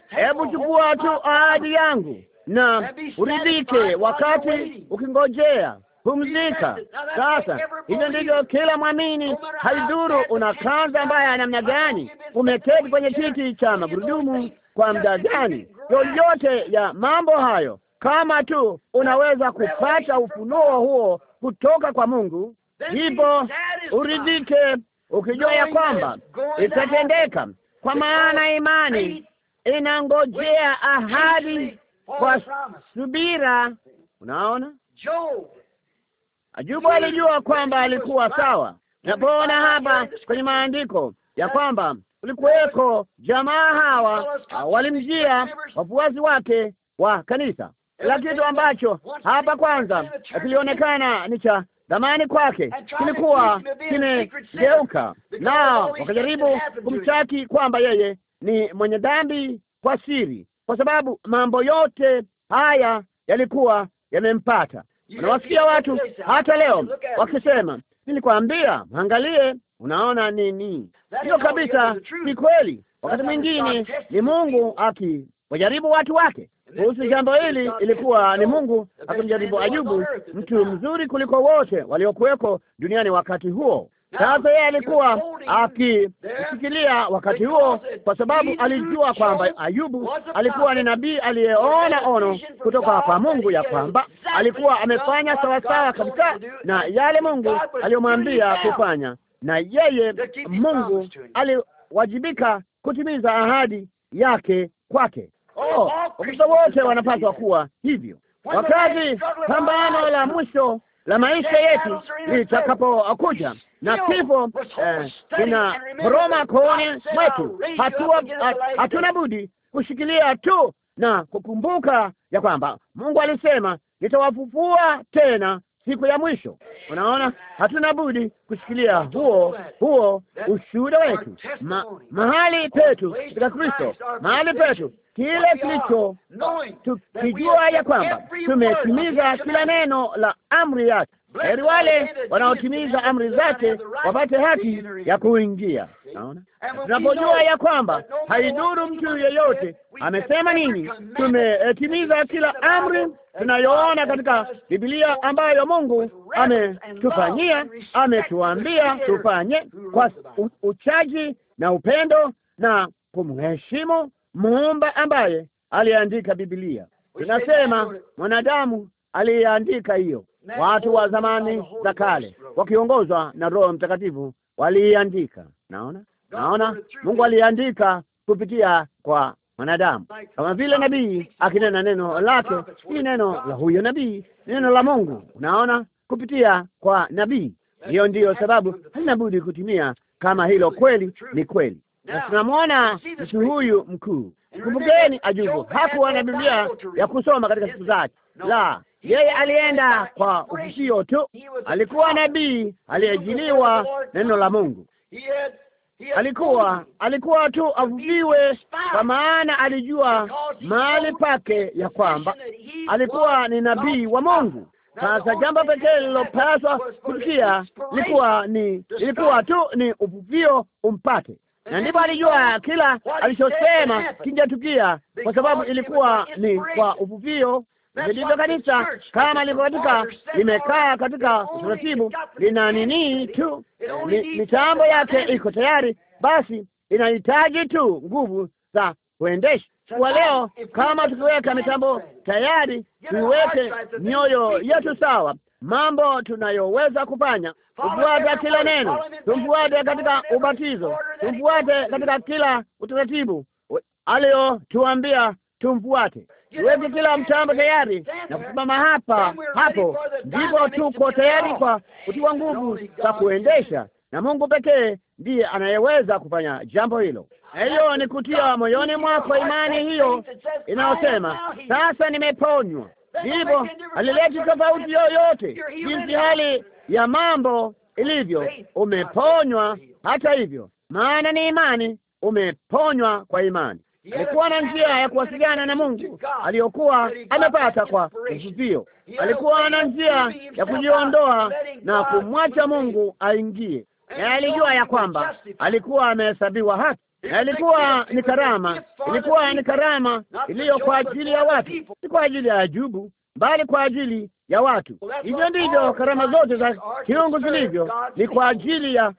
Hebu chukua tu ahadi yangu na uridhike wakati ukingojea pumzika sasa. Hivyo ndivyo kila mwamini, haidhuru una kanza ambaye ya namna gani, umeketi kwenye kiti cha magurudumu kwa muda gani, yoyote ya mambo hayo, kama tu unaweza kupata ufunuo huo kutoka kwa Mungu, ndipo uridhike ukijua ya kwamba itatendeka, kwa maana imani inangojea ahadi kwa subira. Unaona, Ayubu alijua kwamba alikuwa sawa. Napoona hapa kwenye maandiko ya kwamba kulikuweko jamaa hawa ah, walimjia wafuasi wake wa kanisa, kila kitu ambacho hapa kwanza kilionekana ni cha dhamani kwake kilikuwa kimegeuka, na wakajaribu kumshtaki kwamba yeye ni mwenye dhambi kwa siri, kwa sababu mambo yote haya yalikuwa yamempata. Unawasikia watu hata leo wakisema, nilikwambia angalie, unaona nini? Hiyo kabisa ni kweli. Wakati mwingine ni Mungu akiwajaribu watu wake. Kuhusu jambo hili, ilikuwa ni Mungu akimjaribu Ayubu, mtu mzuri kuliko wote waliokuweko duniani wakati huo. Sasa yeye alikuwa akishikilia wakati huo, kwa sababu alijua kwamba Ayubu alikuwa ni nabii aliyeona ono kutoka kwa Mungu, ya kwamba alikuwa amefanya sawasawa kabisa na yale Mungu aliyomwambia kufanya, na yeye Mungu aliwajibika kutimiza ahadi yake kwake. Oh, Wakristo wote wanapaswa kuwa hivyo. Wakati pambano la mwisho la maisha yetu litakapokuja na kifo eh, kina roma kooni mwetu, hatuna budi kushikilia tu na kukumbuka ya kwamba Mungu alisema nitawafufua tena siku ya mwisho. Unaona, hatuna budi kushikilia huo huo ushuhuda wetu, ma, mahali petu katika Kristo, mahali petu kile kilicho tukijua ya kwamba tumetimiza kila neno la amri yake. Heri wale wanaotimiza amri zake wapate haki ya kuingia. Naona tunapojua ya kwamba haidhuru mtu yeyote amesema nini, tumetimiza kila amri tunayoona katika Biblia ambayo Mungu ametufanyia, ametuambia tufanye kwa uchaji na upendo na kumheshimu muumba ambaye aliandika Biblia. Tunasema mwanadamu aliandika hiyo, watu wa zamani za kale wakiongozwa na Roho Mtakatifu waliandika Naona, naona Mungu aliandika kupitia kwa mwanadamu, kama vile nabii akinena neno lake, hii neno la huyo nabii, neno la Mungu. Unaona, kupitia kwa nabii. Hiyo ndiyo sababu halina budi kutimia kama hilo kweli ni kweli na tunamwona mtu huyu mkuu. Kumbukeni, Ajubu hakuwa na Biblia ya kusoma katika siku zake, la yeye alienda kwa uvishio tu. Alikuwa nabii aliyejiliwa neno la Mungu, alikuwa alikuwa tu avuviwe, kwa maana alijua mahali pake ya kwamba alikuwa ni nabii wa Mungu. Sasa jambo pekee lilopaswa kufikia ilikuwa ni ilikuwa tu ni uvuvio umpate na ndipo alijua kila alichosema kijatukia, kwa sababu ilikuwa ni kwa uvuvio. Ndivyo kanisa kama liko katika limekaa katika utaratibu, lina nini tu, mitambo yake iko tayari, basi inahitaji tu nguvu za kuendesha kwa leo, kama tukiweka mitambo tayari, tuiweke mioyo yetu sawa, mambo tunayoweza kufanya, tumfuate kila neno, tumfuate katika ubatizo, tumfuate katika kila utaratibu aliyotuambia tumfuate tuweke kila mtambo tayari na kusimama hapa hapo, ndipo tuko tayari kwa kutiwa nguvu za kuendesha, na Mungu pekee ndiye anayeweza kufanya jambo hilo hiyo ni kutia moyoni mwako imani hiyo inayosema sasa nimeponywa. Hivyo alileti tofauti yoyote jinsi hali ya mambo ilivyo, umeponywa. Hata hivyo, maana ni imani, umeponywa kwa imani. Alikuwa na njia ya kuwasiliana na Mungu aliyokuwa amepata kwa uvuvio. Alikuwa na njia ya kujiondoa na kumwacha Mungu aingie, na alijua ya kwamba alikuwa amehesabiwa haki na ilikuwa ni karama, ilikuwa ni karama iliyo kwa ajili ya watu, si kwa ajili ya ajubu bali kwa ajili ya watu. Hivyo ndivyo karama zote za kiungu zilivyo, ni kwa ajili ya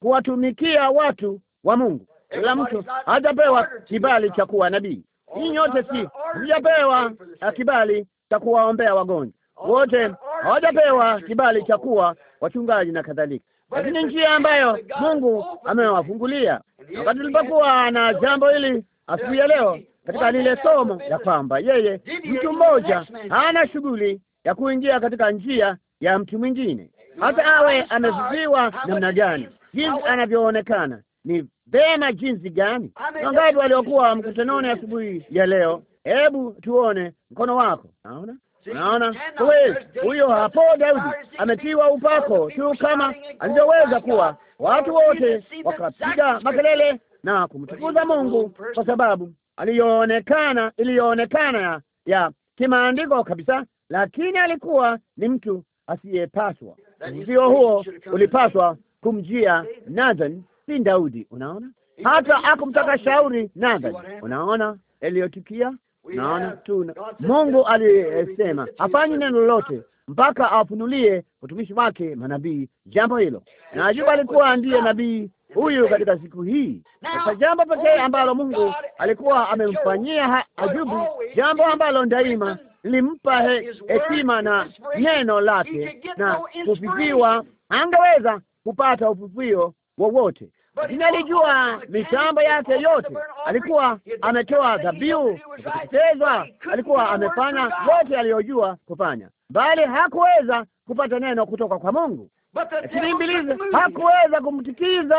kuwatumikia watu wa Mungu. Kila mtu hajapewa kibali cha kuwa nabii. Hii nyote si hujapewa ah, kibali cha kuwaombea wagonjwa, wote hawajapewa kibali cha kuwa wachungaji na kadhalika lakini njia ambayo Mungu amewafungulia. Wakati nilipokuwa na jambo hili asubuhi ya leo katika lile somo, ya kwamba yeye mtu mmoja hana shughuli ya kuingia katika njia ya mtu mwingine, hata awe ameviviwa namna gani, jinsi anavyoonekana ni vema jinsi gani. Wangapi waliokuwa mkutanoni asubuhi ya leo? Hebu tuone mkono wako, naona Unaona, huwezi. Huyo hapo Daudi ametiwa upako tu kama alivyoweza kuwa, watu wote wakapiga makelele na kumtukuza Mungu kwa sababu aliyoonekana, iliyoonekana ya kimaandiko kabisa, lakini alikuwa ni mtu asiyepaswa. Ndio huo ulipaswa kumjia Nathan, si Daudi. Unaona, hata akumtaka shauri Nathan. Unaona yaliyotukia naona tuna Mungu alisema hafanyi neno lolote mpaka afunulie utumishi wake manabii jambo hilo, na Ayubu alikuwa ndiye nabii huyu katika siku hii. Sasa jambo pekee ambalo Mungu alikuwa amemfanyia Ayubu, jambo ambalo daima limpa hekima na neno lake na kufikiwa, angeweza kupata ufufuo wowote lakini alijua mitambo yake yote, alikuwa ametoa dhabihu kuteketezwa, alikuwa amefanya yote aliyojua kufanya, bali hakuweza kupata neno kutoka kwa Mungu. Lakini Ibilisi hakuweza kumtikiza.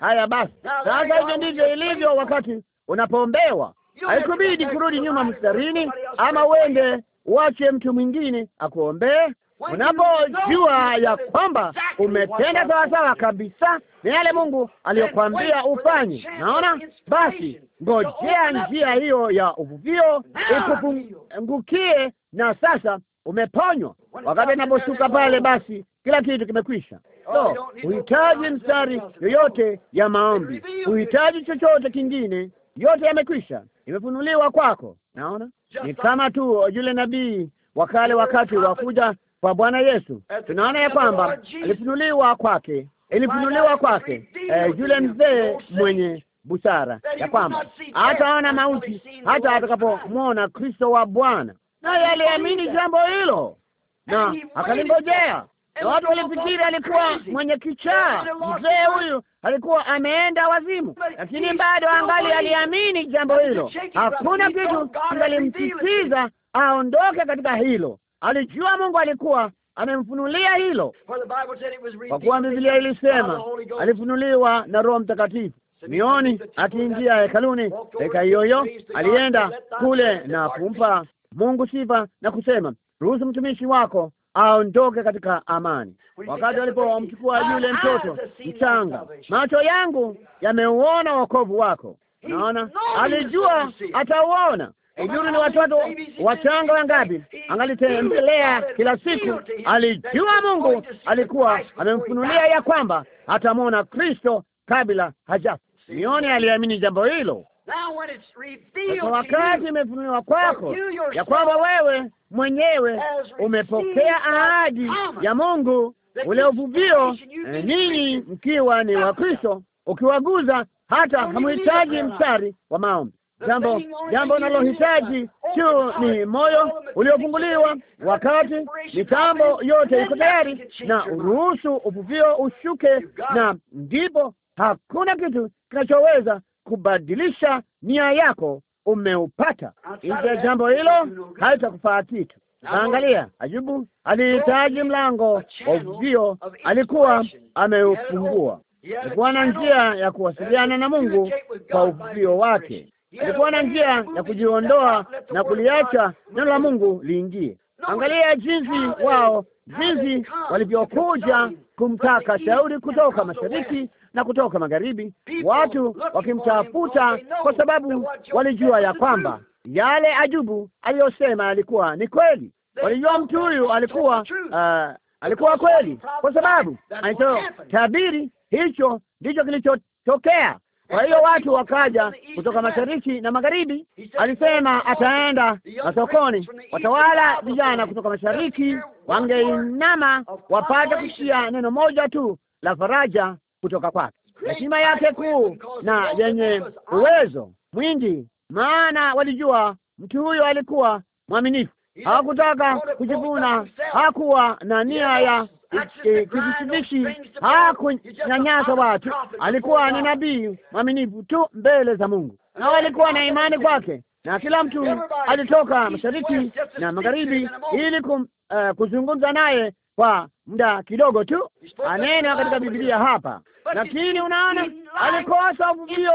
Haya basi, sasa hivyo ndivyo ilivyo wakati unapoombewa, haikubidi kurudi nyuma mstarini ama uende uache mtu mwingine akuombee unapojua ya kwamba umetenda sawasawa kabisa na yale Mungu aliyokwambia ufanye. Naona basi, ngojea njia hiyo ya uvuvio ikupungukie, na sasa umeponywa. Wakati anaposhuka pale, basi kila kitu kimekwisha. So huhitaji mstari yoyote ya maombi, huhitaji chochote kingine, yote yamekwisha, imefunuliwa kwako. Naona ni kama tu yule nabii wakale wakati wa kuja kwa Bwana Yesu tunaona ya kwamba alifunuliwa kwake, ilifunuliwa kwake eh, yule mzee mwenye busara ya kwamba hataona mauti hata atakapomwona Kristo wa Bwana, naye aliamini jambo hilo na akalingojea. Na watu walifikiri alikuwa mwenye kichaa, mzee huyu alikuwa ameenda wazimu, lakini bado angali aliamini jambo hilo. Hakuna kitu kingalimtitiza aondoke katika hilo alijua Mungu alikuwa amemfunulia hilo, kwa kuwa Biblia ilisema alifunuliwa na Roho Mtakatifu. mioni akiingia hekaluni dakika hiyo hiyo alienda kule na kumpa Mungu sifa na kusema, ruhusu mtumishi wako aondoke katika amani. Wakati walipomchukua yule mtoto mchanga, macho yangu yameuona wokovu wako. Naona alijua atauona Eh, ujuru ni watoto wachanga wangapi angalitembelea kila siku. Alijua Mungu alikuwa amemfunulia ya kwamba atamwona Kristo kabla hajafa. Simeoni aliamini jambo hilo. Sasa wakati imefunuliwa kwako ya kwamba wewe mwenyewe umepokea ahadi ya Mungu, ule uvuvio, eh, ninyi mkiwa ni wa kristo ukiwaguza hata hamhitaji mstari wa maombi jambo jambo unalohitaji tu ni moyo uliofunguliwa, wakati mitambo yote iko tayari, na uruhusu uvuvio ushuke, na ndipo hakuna kitu kinachoweza kubadilisha nia yako. Umeupata nje ya jambo hilo, haitakufaa kitu. Angalia, Ayubu alihitaji mlango wa uvuvio, alikuwa ameufungua. Alikuwa na njia ya kuwasiliana na Mungu kwa uvuvio wake alikuwa na njia ya kujiondoa na kuliacha neno la Mungu liingie. Angalia jinsi wao jinsi walivyokuja kumtaka shauri kutoka mashariki na kutoka magharibi, watu wakimtafuta kwa sababu walijua ya kwamba yale ajubu aliyosema alikuwa ni kweli. Walijua mtu huyu alikuwa uh, alikuwa kweli, kwa sababu alitotabiri. Hicho ndicho kilichotokea. Kwa hiyo watu wakaja kutoka mashariki na magharibi. Alisema ataenda masokoni, watawala vijana kutoka mashariki wangeinama wapate kusikia neno moja tu la faraja kutoka kwake. Heshima yake kuu na yenye uwezo mwingi, maana walijua mtu huyo alikuwa mwaminifu. Hawakutaka kujivuna, hakuwa na nia ya kitumishi hakunyanyasa ah, watu, alikuwa ni nabii mwaminifu tu mbele za Mungu, na walikuwa na imani kwake, na kila mtu alitoka mashariki na magharibi ili kum, uh, kuzungumza naye kwa muda kidogo tu, anena katika Biblia hapa. Lakini unaona, alikosa uvuvio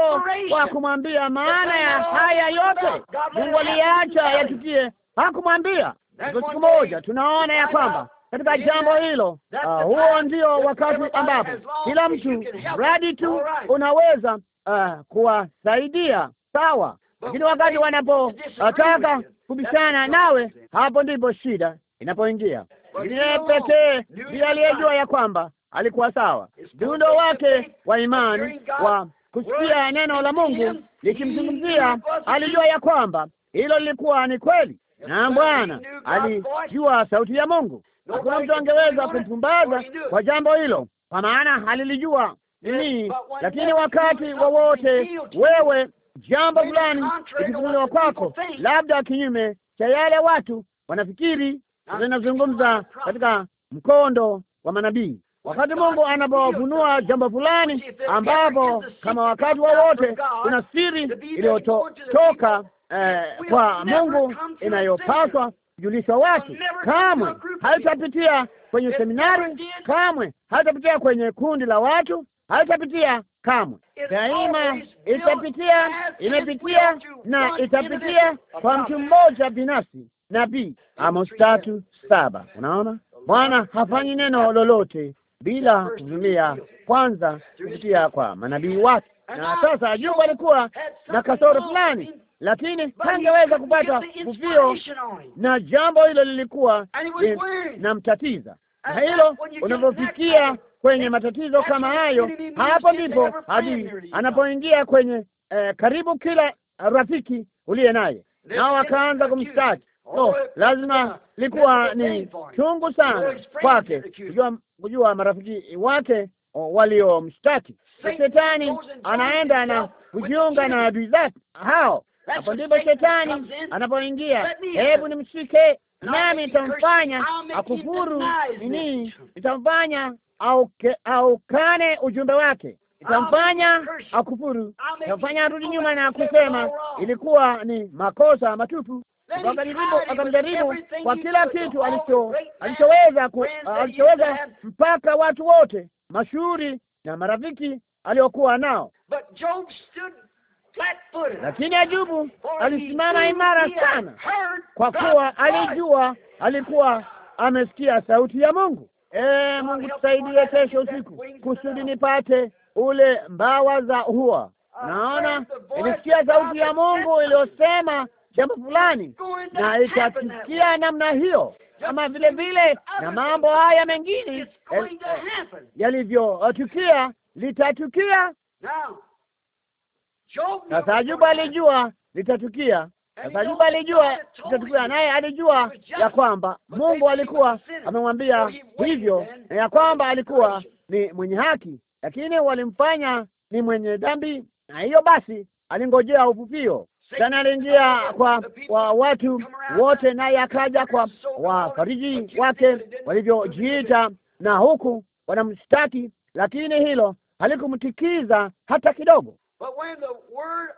wa kumwambia maana ya haya yote. Mungu aliacha yatukie, hakumwambia. Siku moja tunaona ya kwamba katika jambo hilo. Uh, huo ndio wakati ambapo kila mtu radi tu unaweza uh, kuwasaidia sawa, lakini wakati wanapotaka uh, kubishana nawe, hapo ndipo shida inapoingia. Ndiye pekee ndiye aliyejua ya kwamba alikuwa sawa. mdundo wake wa imani wa kusikia neno la Mungu likimzungumzia, alijua ya kwamba hilo lilikuwa ni kweli, na Bwana alijua sauti ya Mungu hakuna mtu angeweza kumpumbaza kwa jambo hilo, kwa maana halilijua nini. Lakini wakati wowote wewe jambo fulani ikifunuliwa kwako, labda kinyume cha yale watu wanafikiri, linazungumza katika mkondo wa manabii wakati Mungu anapofunua jambo fulani ambapo kama wakati wowote wa kuna siri iliyotoka eh, kwa Mungu inayopaswa kujulishwa watu, kamwe haitapitia kwenye seminari, kamwe haitapitia kwenye kundi la watu, haitapitia kamwe, daima itapitia, imepitia na itapitia kwa mtu mmoja binafsi. Nabii Amos tatu saba. Unaona, Bwana hafanyi neno lolote bila kuzulia kwanza kupitia kwa manabii wake. Na sasa Ayubu alikuwa na kasoro fulani lakini hangeweza kupata uvio, na jambo hilo lilikuwa linamtatiza. Eh, na hilo unapofikia kwenye eh, matatizo kama hayo, hapo ndipo hadi anapoingia kwenye eh, karibu kila rafiki uliye naye, nao wakaanza kumstaki. Oh, oh lazima likuwa ni chungu sana kwake kujua, kujua marafiki wake oh, waliomshtaki. Shetani anaenda na kujiunga na adui zake hao hapo ndipo shetani anapoingia. Hebu nimshike nami nitamfanya akufuru nini? Nitamfanya aukane ujumbe wake, nitamfanya akufuru, nitamfanya arudi nyuma na kusema ilikuwa ni makosa matupu. Akamjaribu kwa kila kitu alichoweza, alichoweza mpaka watu wote mashuhuri na marafiki aliokuwa nao lakini Ajubu alisimama imara sana, kwa kuwa alijua alikuwa amesikia sauti ya Mungu. E, Mungu tusaidie kesho usiku kusudi nipate ule mbawa za hua. Ah, Naona ilisikia sauti ya Mungu iliyosema jambo fulani, na itatukia namna hiyo, kama vile vile na mambo haya mengine yalivyotukia, litatukia sasa Ayuba alijua litatukia. Sasa Ayuba alijua litatukia, naye alijua ya kwamba Mungu alikuwa amemwambia hivyo na ya kwamba alikuwa ni mwenye haki, lakini walimfanya ni mwenye dhambi, na hiyo basi alingojea uvuvio. Shetani aliingia kwa wa watu wote, naye akaja kwa wafariji wake walivyojiita, na huku wanamshtaki, lakini hilo halikumtikiza hata kidogo.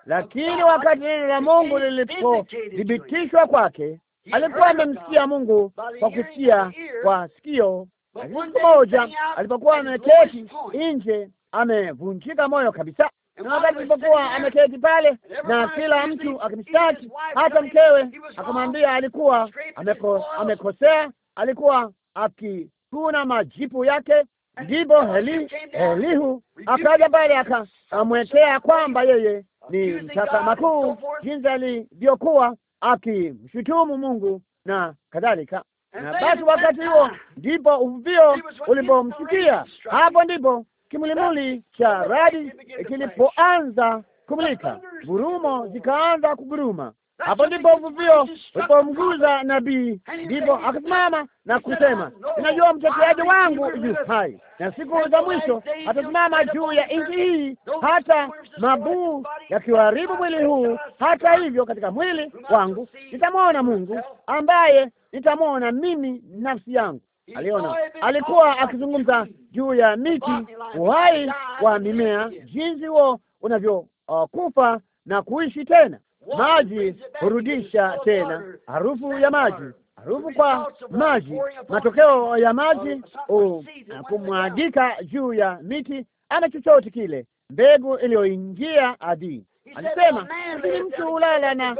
Lakini wakati neno la Mungu lilipothibitishwa kwake, alikuwa amemsikia Mungu kwa kusikia kwa sikio. Lakini siku moja alipokuwa ameketi nje, amevunjika moyo kabisa, na wakati alipokuwa ameketi pale na kila mtu akimshtaki, hata mkewe akamwambia alikuwa ameko, amekosea, alikuwa akikuna majipu yake, ndipo Elihu akaja pale aka amwekea kwamba yeye ni mtaka makuu, jinsi alivyokuwa akimshutumu Mungu na kadhalika. Na basi wakati huo ndipo uvuvio ulipomsikia, hapo ndipo kimulimuli cha radi kilipoanza kumulika, gurumo zikaanza kuguruma, hapo ndipo uvuvio ulipomguza nabii, ndipo akasimama na kusema, inajua mteteaji wangu yu hai, na siku za mwisho atasimama juu ya nchi hii, hata mabuu yakiharibu mwili huu. Hata hivyo, katika mwili wangu nitamwona Mungu ambaye nitamwona mimi nafsi yangu. Aliona, alikuwa akizungumza juu ya miti, uhai wa mimea, jinsi huo unavyokufa uh, na kuishi tena maji hurudisha tena harufu ya maji, harufu kwa maji, matokeo ya maji kumwagika juu ya miti ama chochote kile, mbegu iliyoingia adhi. Alisema lakini mtu ulala na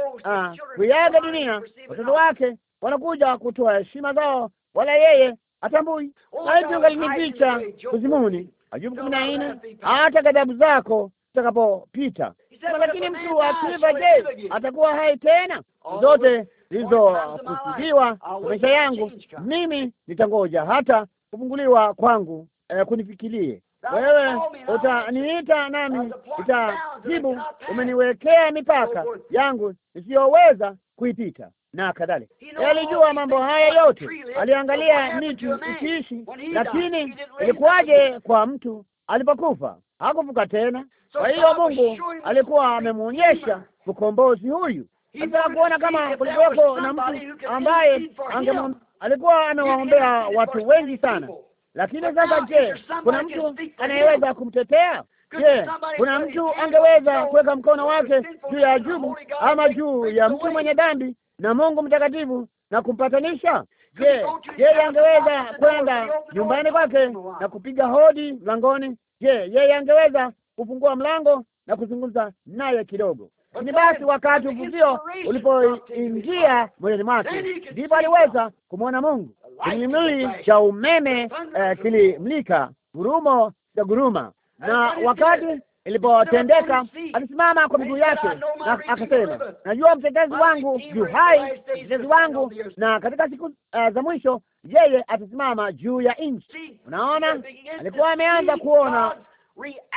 uh, dunia, watoto wake wanakuja kutoa heshima zao, wala yeye atambui. Aitungalinipicha kuzimuni, Ayubu kumi na nne. Hata ghadhabu zako zitakapopita lakini mtu akiva, je, atakuwa hai tena? Oh, Zote zilizokusudiwa maisha yangu mimi nitangoja hata kufunguliwa kwangu. Eh, kunifikirie wewe, utaniita nami nitajibu. Umeniwekea mipaka yangu nisiyoweza kuipita na kadhalika. Alijua mambo haya yote, aliangalia miti ikiishi, lakini ilikuwaje kwa mtu alipokufa? Hakufuka tena, kwa hiyo Mungu alikuwa amemwonyesha mkombozi huyu. Alitaka kuona kama kulikuwako na mtu ambaye angemwambia. Alikuwa anawaombea watu wengi sana, lakini sasa, je, kuna mtu anayeweza kumtetea? Je, kuna mtu angeweza kuweka mkono wake juu ya Ayubu ama juu ya mtu mwenye dhambi na Mungu mtakatifu na kumpatanisha? Je, yeye angeweza kwenda nyumbani kwake na kupiga hodi mlangoni? Je, yeye angeweza kufungua mlango na kuzungumza naye kidogo. Ni basi, wakati uvuvio ulipoingia moyoni mwake, ndipo aliweza kumwona Mungu. Kilimlii cha umeme uh, kilimlika, gurumo cha guruma, na wakati ilipotendeka alisimama kwa miguu yake na akasema, najua mtetezi wangu juu hai, mtetezi wangu, na katika siku uh, za mwisho yeye atasimama juu ya nchi. Unaona, alikuwa ameanza kuona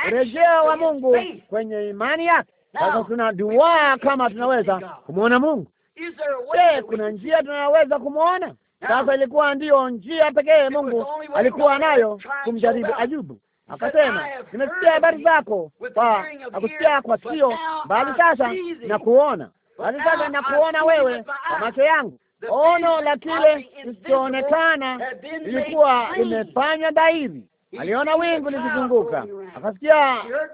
urejeo wa Mungu kwenye imani yake. Sasa tuna dua kama tunaweza kumwona Mungu. Je, kuna njia tunaweza kumwona? Sasa ilikuwa ndiyo njia pekee Mungu alikuwa nayo kumjaribu Ayubu. Akasema, nimesikia habari zako kwa akusikia kwa sikio, bali sasa nakuona, bali sasa nakuona wewe kwa macho yangu. Ono la kile kisichoonekana ilikuwa imefanywa dhahiri aliona wingu likizunguka, akasikia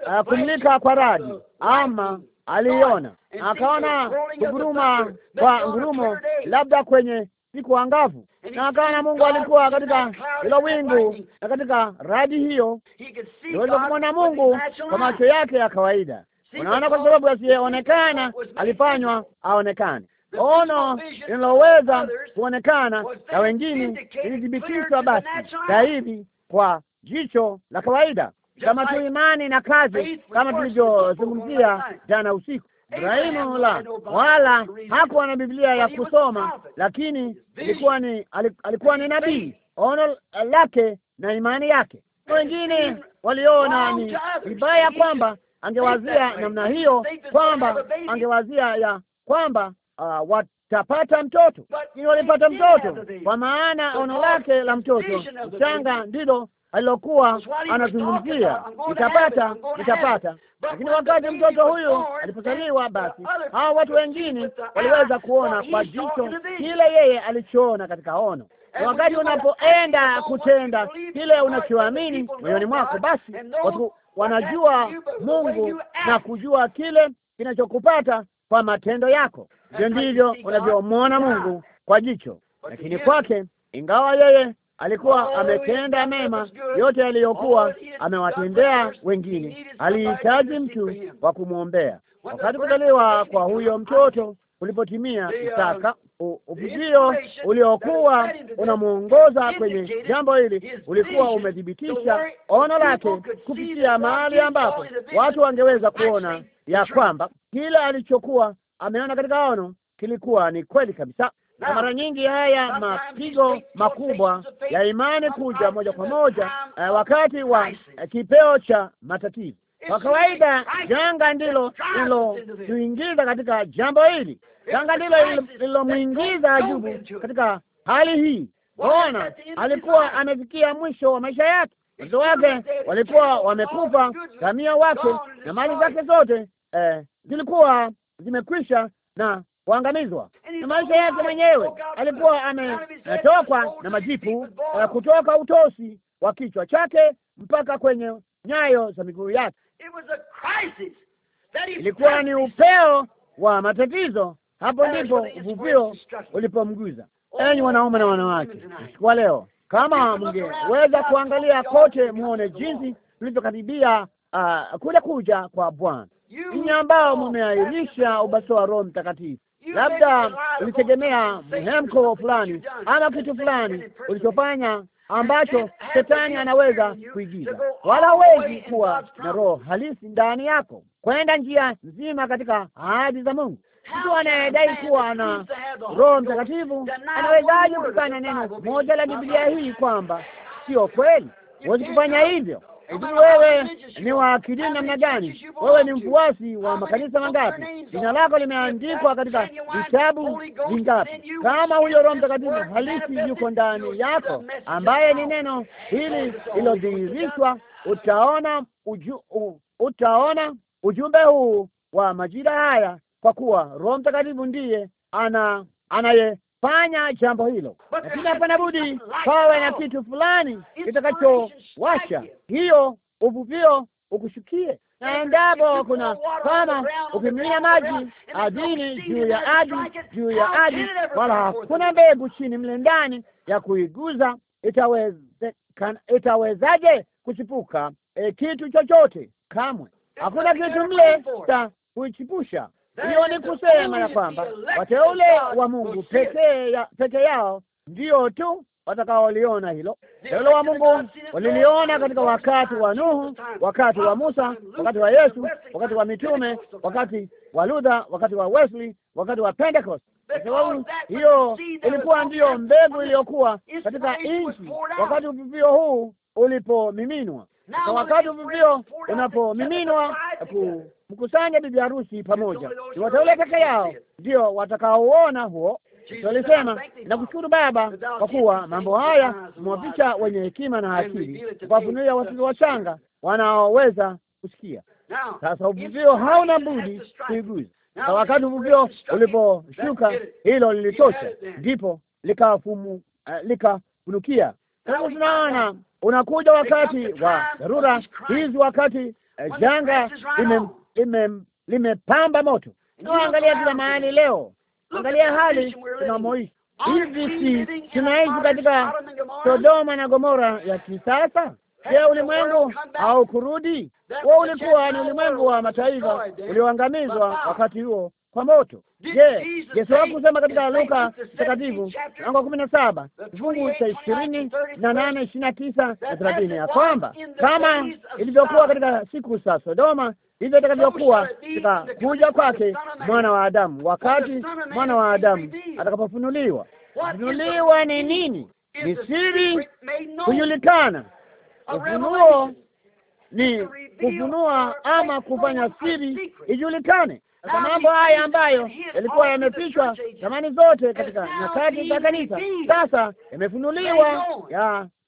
uh, eh, kumlika kwa radi, ama aliona akaona kuguruma kwa ngurumo, labda kwenye siku angavu, na akaona Mungu alikuwa katika hilo wingu na katika radi hiyo. Aliweza kumwona Mungu kwa macho yake ya kawaida. Unaona, kwa sababu asiyeonekana alifanywa aonekane. Ono linaloweza kuonekana na wengine lilithibitishwa basi sahivi kwa jicho la kawaida kama tu imani na kazi, kama tulivyozungumzia jana usiku. Ibrahimu la wala hakuwa na Biblia ya kusoma, lakini alikuwa ni alikuwa ni nabii. Ono lake na imani yake, wengine waliona ni vibaya kwamba angewazia namna hiyo, kwamba angewazia ya kwamba uh, watapata mtoto, lakini walipata mtoto, kwa maana ono lake la mtoto mchanga ndilo alilokuwa anazungumzia, nitapata nitapata. Lakini wakati mtoto huyu alipozaliwa, basi hao watu wengine waliweza kuona kwa jicho kile yeye alichoona katika ono. Wakati unapoenda kutenda kile unachoamini moyoni mwako, basi watu wanajua Mungu na kujua kile kinachokupata kwa matendo yako. Hivyo ndivyo unavyomwona Mungu kwa jicho, lakini kwake, ingawa yeye alikuwa oh, ametenda mema yote aliyokuwa amewatendea wengine, alihitaji mtu wa kumwombea. Wakati kuzaliwa kwa huyo mtoto ulipotimia, Isaka, uvuvio uliokuwa unamwongoza kwenye jambo hili ulikuwa umethibitisha ono lake kupitia mahali ambapo watu wangeweza kuona ya kwamba kila alichokuwa ameona katika ono kilikuwa ni kweli kabisa. Na mara nyingi haya mapigo makubwa ya imani kuja moja kwa moja uh, wakati wa uh, kipeo cha matatizo. Kwa kawaida janga ndilo lilotuingiza katika jambo hili, janga ndilo lililomwingiza Ayubu katika hali hii. Bwana alikuwa amefikia mwisho wa maisha yake, watoto wake walikuwa wamekufa, ngamia wake na mali zake zote eh, zilikuwa zimekwisha na kuangamizwa na maisha yake mwenyewe. Alikuwa ametokwa na majipu kutoka utosi wa kichwa chake mpaka kwenye nyayo za miguu yake. Ilikuwa ni upeo wa matatizo. Hapo ndipo uvuvio ulipomguza. Enyi wanaume na wanawake, wa leo, kama mngeweza kuangalia kote, muone jinsi tulivyokaribia uh, ah, kule kuja kwa Bwana ninyi ambao mmeairisha ubaso wa Roho Mtakatifu. Labda ulitegemea mhemko fulani ama kitu fulani ulichofanya ambacho shetani anaweza kuigiza. Wala huwezi kuwa na roho halisi ndani yako, kwenda njia nzima katika ahadi za Mungu. Mtu anayedai kuwa na Roho Mtakatifu anawezaje kufanya neno moja la Biblia hii kwamba sio kweli? Huwezi kufanya hivyo. Sijui wewe ni wa kidini namna gani, wewe ni mfuasi wa makanisa mangapi, jina lako limeandikwa katika vitabu vingapi? Kama huyo Roho Mtakatifu halisi yuko ndani yako, ambaye ni neno hili lilodhihirishwa, utaona uju, u, utaona ujumbe huu wa majira haya, kwa kuwa Roho Mtakatifu ndiye ana anaye fanya jambo hilo, lakini hapana budi pawe na kitu fulani kitakachowasha hiyo uvuvio ukushukie. Na endapo kuna kama ukimlia maji adini juu ya adi juu ya adi, wala hakuna mbegu chini mle ndani ya kuiguza, itawezaje kuchipuka e, kitu chochote? Kamwe hakuna kitu mle cha kuichipusha hiyo ni kusema ya kwamba wateule wa Mungu pekee ya, peke yao ndio tu watakaoliona hilo. Wateule wa Mungu waliliona katika wakati wa Nuhu, wakati wa Musa, wakati wa Yesu, wakati wa mitume, wakati wa Luther, wakati wa Wesley, wakati wa Pentecost, kwa sababu hiyo ilikuwa ndiyo mbegu iliyokuwa katika nchi wakati uvuvio huu ulipomiminwa. na wakati uvuvio unapomiminwa mkusanye bibi harusi pamoja, ni wateule peke yao ndio watakaoona huo. na nakushukuru Baba kwa kuwa mambo haya mwapicha wenye hekima na akili, kuwafunulia watoto wachanga wanaoweza kusikia. Sasa uvuvio hauna budi kuiguza, na wakati uvuvio uliposhuka, hilo lilitosha, ndipo likafumu eh, likafunukia. Sasa tunaona unakuja wakati wa dharura hizi, wakati eh, janga ime lime- limepamba moto. Na angalia kila mahali leo, angalia hali tunamoishi hivi, si tunaishi katika Sodoma na Gomora ya kisasa? Je, ulimwengu au kurudi wao ulikuwa ni ulimwengu wa mataifa ulioangamizwa wakati huo kwa moto. Je, Yesu hakusema katika Luka mtakatifu mlango wa kumi na saba kifungu cha ishirini na nane ishirini na tisa na thelathini ya kwamba kama ilivyokuwa katika siku za Sodoma hivyo itakavyokuwa katika kuja kwake mwana wa Adamu, wakati mwana wa Adamu atakapofunuliwa. Kufunuliwa ni nini? Ni siri kujulikana. Ufunuo ni kufunua ama kufanya siri ijulikane. Sasa mambo haya ambayo yalikuwa yamefichwa zamani zote katika nyakati za kanisa, sasa yamefunuliwa,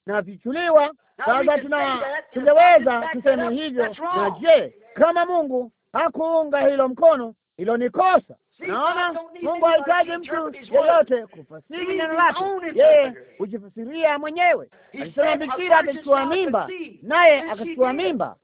yanafichuliwa sasa tuna tungeweza tuseme hivyo, na je, kama Mungu hakuunga hilo mkono, hilo ni kosa. Naona Mungu hahitaji mtu yeyote kufasiri neno lake, yeye hujifasiria mwenyewe. Alisema bikira atachukua mimba, naye akachukua mimba.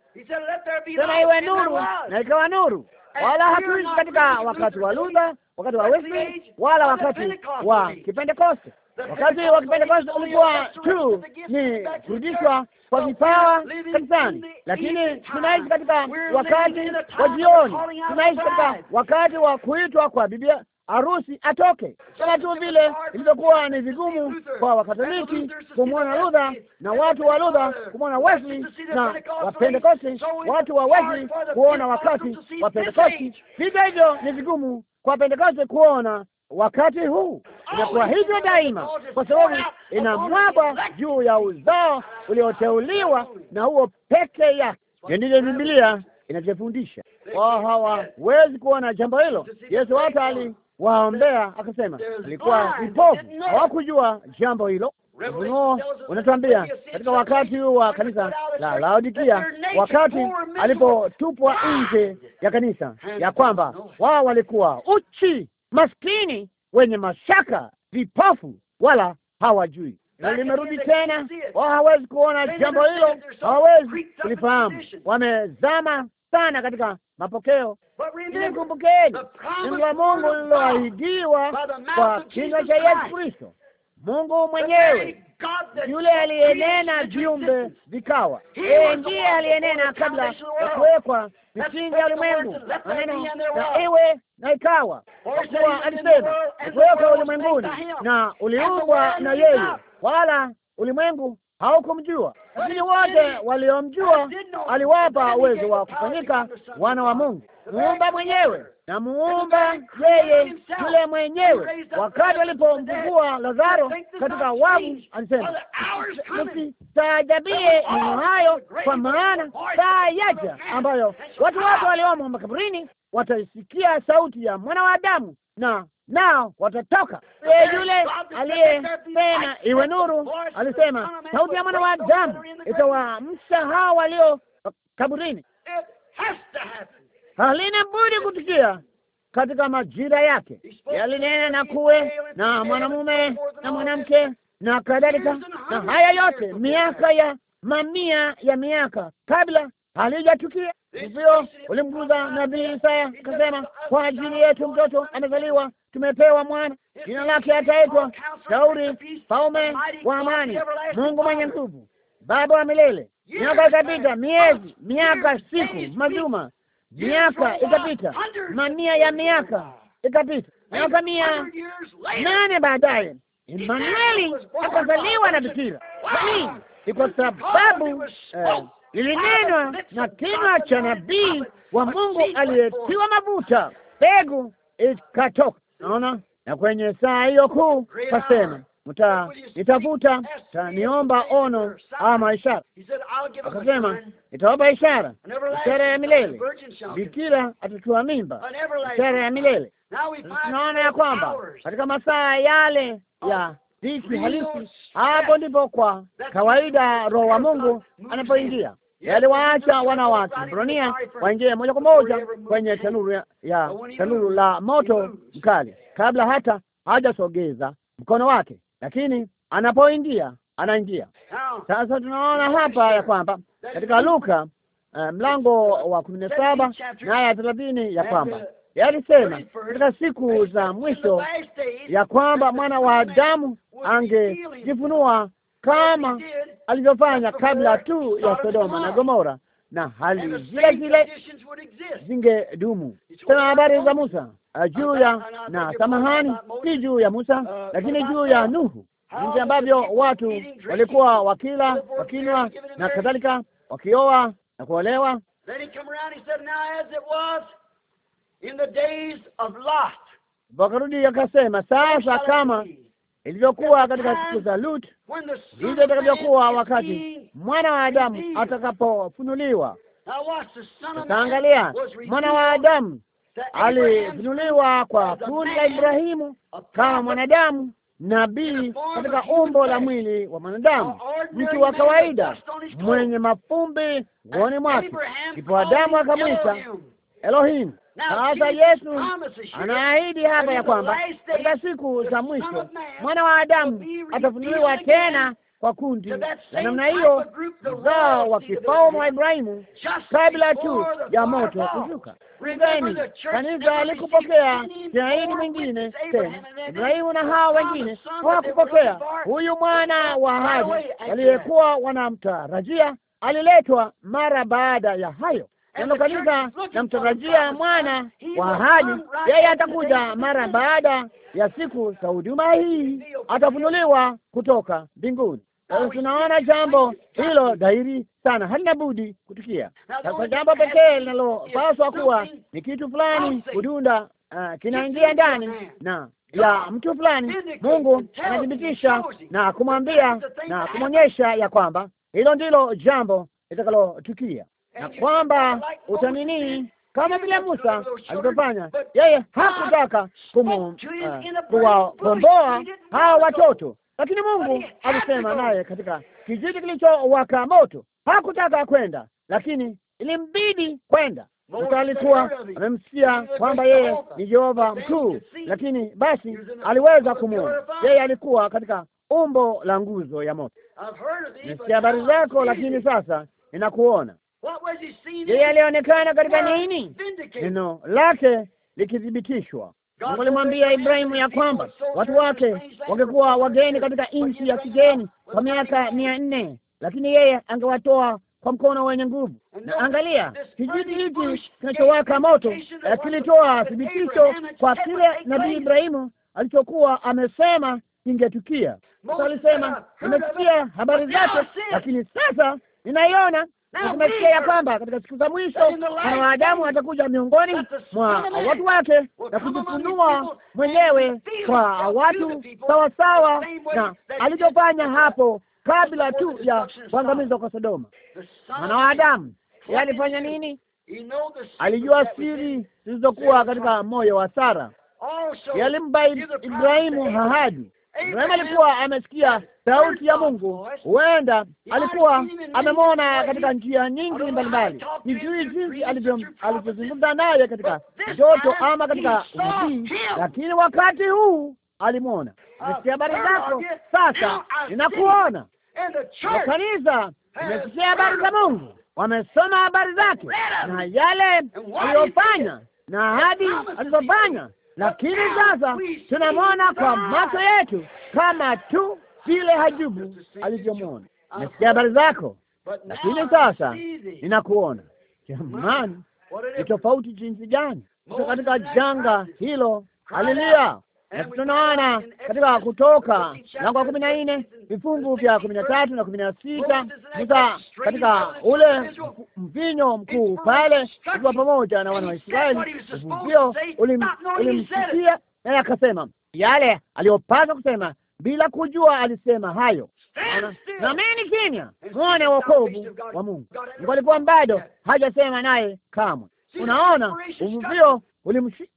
Sema iwe nuru, na ikawa nuru. Wala hatuishi katika wakati wa Luther, wakati wa Wesley, wala wakati wa Kipentekoste. Wakati wa Pentekoste ulikuwa tu ni kurudishwa kwa vipawa kanisani, lakini tunaishi katika wakati wa jioni, tunaishi katika wakati wa kuitwa kwa bibia harusi atoke, kama tu vile ilivyokuwa ni vigumu kwa Wakatoliki kumwona Luther na watu wa Luther kumwona Wesley na Wapentekosti, watu wa Wesley kuona wakati wa Pentekosti. Vivyo hivyo ni vigumu kwa Pentekosti kuona wakati huu inakuwa oh, hivyo daima, kwa sababu ina mwaba juu ya uzao ulioteuliwa, na huo peke yake ndivyo Biblia inavyofundisha. Wao hawawezi kuona jambo hilo. Yesu hata aliwaombea akasema, alikuwa vipofu, hawakujua jambo hilo. Ufunuo unatuambia katika wakati huu wa kanisa la Laodikia, wakati alipotupwa nje ya kanisa, ya kwamba wao walikuwa uchi maskini, wenye mashaka, vipofu, wala hawajui. Na limerudi tena, wao hawezi kuona jambo hilo, hawawezi kulifahamu, wamezama sana katika mapokeo. Lakini kumbukeni, neno la Mungu lililoahidiwa kwa kinywa cha Yesu Kristo, Mungu mwenyewe yule aliyenena viumbe vikawa, yeye ndiye aliyenena kabla ya kuwekwa misingi ya ulimwengu, maneno na iwe na ikawa, kuwa alisema kuwekwa ulimwenguni, na uliumbwa na yeye, wala ulimwengu haukumjua, lakini wote waliomjua aliwapa uwezo wa kufanyika wana wa Mungu. Muumba mwenyewe namuomba yeye yule mwenyewe, wakati walipomfufua Lazaro katika wavu, alisema msistaajabie neno hayo, kwa maana saa yaja ambayo watu wote waliomo makaburini wataisikia sauti ya mwana wa Adamu na nao watatoka. E, yule aliyesema iwe nuru alisema sauti ya mwana wa Adamu itawaamsha hao walio kaburini halina budi kutukia katika majira yake. Yalinena na kuwe na mwanamume na mwanamke na kadhalika, na haya yote miaka ya mamia ya miaka kabla halijatukia. Hivyo ulimguza nabii Isaya akasema kwa ajili yetu mtoto amezaliwa, tumepewa mwana, jina lake ataitwa Shauri, Mfalme wa Amani, Mungu mwenye nguvu, Baba wa milele. Miaka ikapita, miezi, miaka, siku, majuma miaka ikapita, mamia ya miaka ikapita, miaka mia nane baadaye Emanueli akazaliwa na bikira. ni kwa sababu eh, ilinenwa na kinywa cha nabii wa Mungu aliyetiwa mavuta mbegu ikatoka. Naona na kwenye saa hiyo kuu kasema nitafuta taniomba ono ama ishara. Akasema, nitawapa ishara, ishara ya milele, bikira atatua mimba, ishara ya milele. Tunaona ya kwamba katika masaa yale ya dhiki halisi, hapo ndipo kwa kawaida Roho wa Mungu anapoingia. yaliwaacha wanawake Bronia waingie moja kwa moja kwenye tanuru ya tanuru la moto mkali kabla hata hajasogeza mkono wake lakini anapoingia anaingia. Sasa tunaona hapa ya kwamba katika Luka uh, mlango wa kumi na saba na aya thelathini ya kwamba yalisema katika siku za mwisho ya kwamba mwana wa Adamu angejifunua kama alivyofanya kabla tu ya Sodoma na Gomora, na hali zile zile zingedumu. Tena habari za Musa uh, juu ya na samahani, si juu ya Musa, uh, lakini juu ya uh, Nuhu, jinsi ambavyo watu walikuwa wakila, wakinywa na kadhalika, wakioa na kuolewa. Wakarudi akasema, sasa kama ilivyokuwa katika siku za Lut, ndivyo itakavyokuwa wakati mwana wa Adamu atakapofunuliwa. Sasa angalia, mwana wa Adamu alizinuliwa kwa kundi ya Ibrahimu kama mwanadamu nabii katika umbo la mwili wa mwanadamu, mtu wa kawaida mwenye mafumbi ngoni mwake. Ndipo Adamu akamwita Elohim. Sasa Yesu anaahidi hapa ya kwamba katika siku za mwisho mwana wa Adamu atafunuliwa tena kwa kundi na namna hiyo, uzao wa kifalme wa Ibrahimu kabla tu ya moto kuzuka. Ridheni, yaani kanisa alikupokea shahidi mwingine tena. Ibrahimu na hawa wengine hawakupokea huyu mwana wa ahadi aliyekuwa wanamtarajia, aliletwa mara baada ya hayo. Nalo kanisa namtarajia mwana wa ahadi, yeye atakuja mara baada ya siku za huduma hii, atafunuliwa kutoka mbinguni. Tunaona jambo hilo dhahiri sana, halina budi kutukia. Sasa jambo pekee linalopaswa kuwa ni kitu fulani kudunda, uh, kinaingia ndani na ya mtu fulani. Mungu anathibitisha na kumwambia na kumwonyesha ya kwamba hilo ndilo jambo litakalotukia na kwamba utanini kama vile Musa alivyofanya. Yeye hakutaka uh, kuwakomboa uh, hawa watoto, lakini Mungu alisema naye katika kijiji kilichowaka moto, hakutaka kwenda, lakini ilimbidi kwenda. Musa alikuwa amemsikia kwamba yeye ni Jehova mkuu, lakini basi aliweza kumwona yeye. Alikuwa katika umbo la nguzo ya moto. Nimesikia habari zako, lakini sasa ninakuona. Yeye alionekana katika nini? Neno lake likithibitishwa. Mungu alimwambia Ibrahimu ya kwamba watu wake wangekuwa wageni katika nchi ya kigeni kwa miaka mia nne lakini yeye angewatoa kwa mkono wenye nguvu. Na angalia kijiji hiki kinachowaka moto kilitoa thibitisho kwa kile nabii Ibrahimu alichokuwa amesema ingetukia Sasa alisema, nimesikia habari zake, lakini sasa ninaiona tumesikia ya kwamba katika siku za mwisho na wadamu atakuja miongoni mwa watu wake na kujifunua mwenyewe kwa watu sawasawa na alichofanya hapo kabla tu ya kuangamizwa kwa Sodoma. Mwana wa Adamu alifanya nini? Alijua siri zilizokuwa katika moyo wa Sara. Yalimpa Ibrahimu ahadi. Ibrahimu alikuwa amesikia sauti ya Mungu, huenda alikuwa amemwona katika njia nyingi mbalimbali. Ni jui jinsi alivyozungumza naye katika joto ama katika utii, lakini wakati huu alimwona nimesikia habari zako, sasa ninakuona. kanisa nimesikia habari za Mungu, wamesoma habari zake na yale aliyofanya na ahadi alizofanya, lakini sasa tunamwona kwa macho yetu kama tu vile Hajubu alivyomwona. Nimesikia habari zako, lakini sasa ninakuona. Jamani, ni tofauti jinsi gani! katika janga hilo, haleluya! na tunaona katika Kutoka mlango wa kumi na nne vifungu vya kumi na tatu na kumi na sita katika ule mvinyo mkuu pale, ikiwa pamoja na wana wa Israeli, uvuvio ulimsikia, naye akasema yale aliyopaswa kusema bila kujua alisema hayo. Namini kimya, muone wokovu wa Mungu. Mungu alikuwa bado hajasema naye kamwe. Unaona uvuvio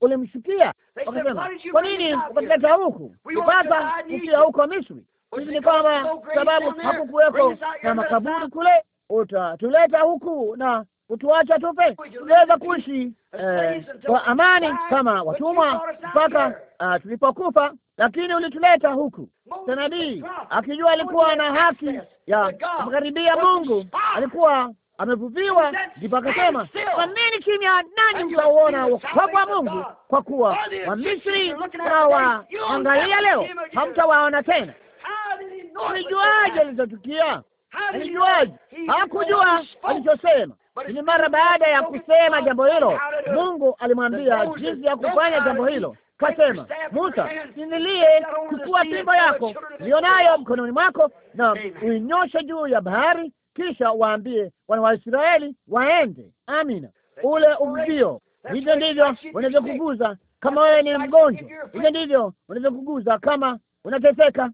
ulimshukia wakasema, kwa nini ukatuleta huku? Sasa msia huko Misri, hizi ni kwamba sababu hakukuweko na makaburi kule, utatuleta huku na utuacha tupe, tunaweza kuishi eh, kwa amani kama watumwa mpaka ah, tulipokufa, lakini ulituleta huku. Sanadii akijua alikuwa na haki ya kumkaribia Mungu, ah! alikuwa amevuviwa, ndipo akasema nini kimya, nani mtauona wokovu wa Mungu, kwa kuwa Wamisri mnaowaangalia leo hamtawaona tena. Alijuaje alizotukia? Alijuaje? Hakujua alichosema. Ni mara baada ya kusema jambo hilo, Mungu alimwambia jinsi ya kufanya jambo hilo. Kasema, Musa, nilie, chukua fimbo yako nionayo mkononi mwako na uinyoshe juu ya bahari kisha waambie wana wa Israeli waende. Amina, ule uvuvio, hivyo ndivyo unavyokuguza kama wewe ni mgonjwa, hivyo ndivyo unavyokuguza kama unateseka.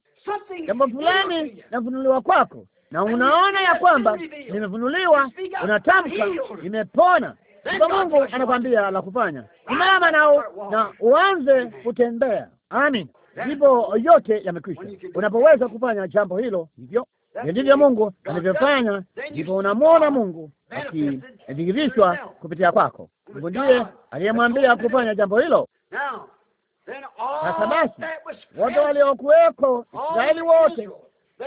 Jambo fulani nafunuliwa kwako, na unaona ya kwamba nimefunuliwa, unatamka nimepona. Ndipo Mungu anakwambia la kufanya, simama nao na uanze kutembea. Amin, ndipo yote yamekwisha, unapoweza kufanya jambo hilo hivyo na ndivyo Mungu anavyofanya. Ndipo unamwona Mungu akidhihirishwa kupitia kwako. Mungu ndiye aliyemwambia kufanya jambo hilo. Sasa basi, wote waliokuwepo, Israeli wote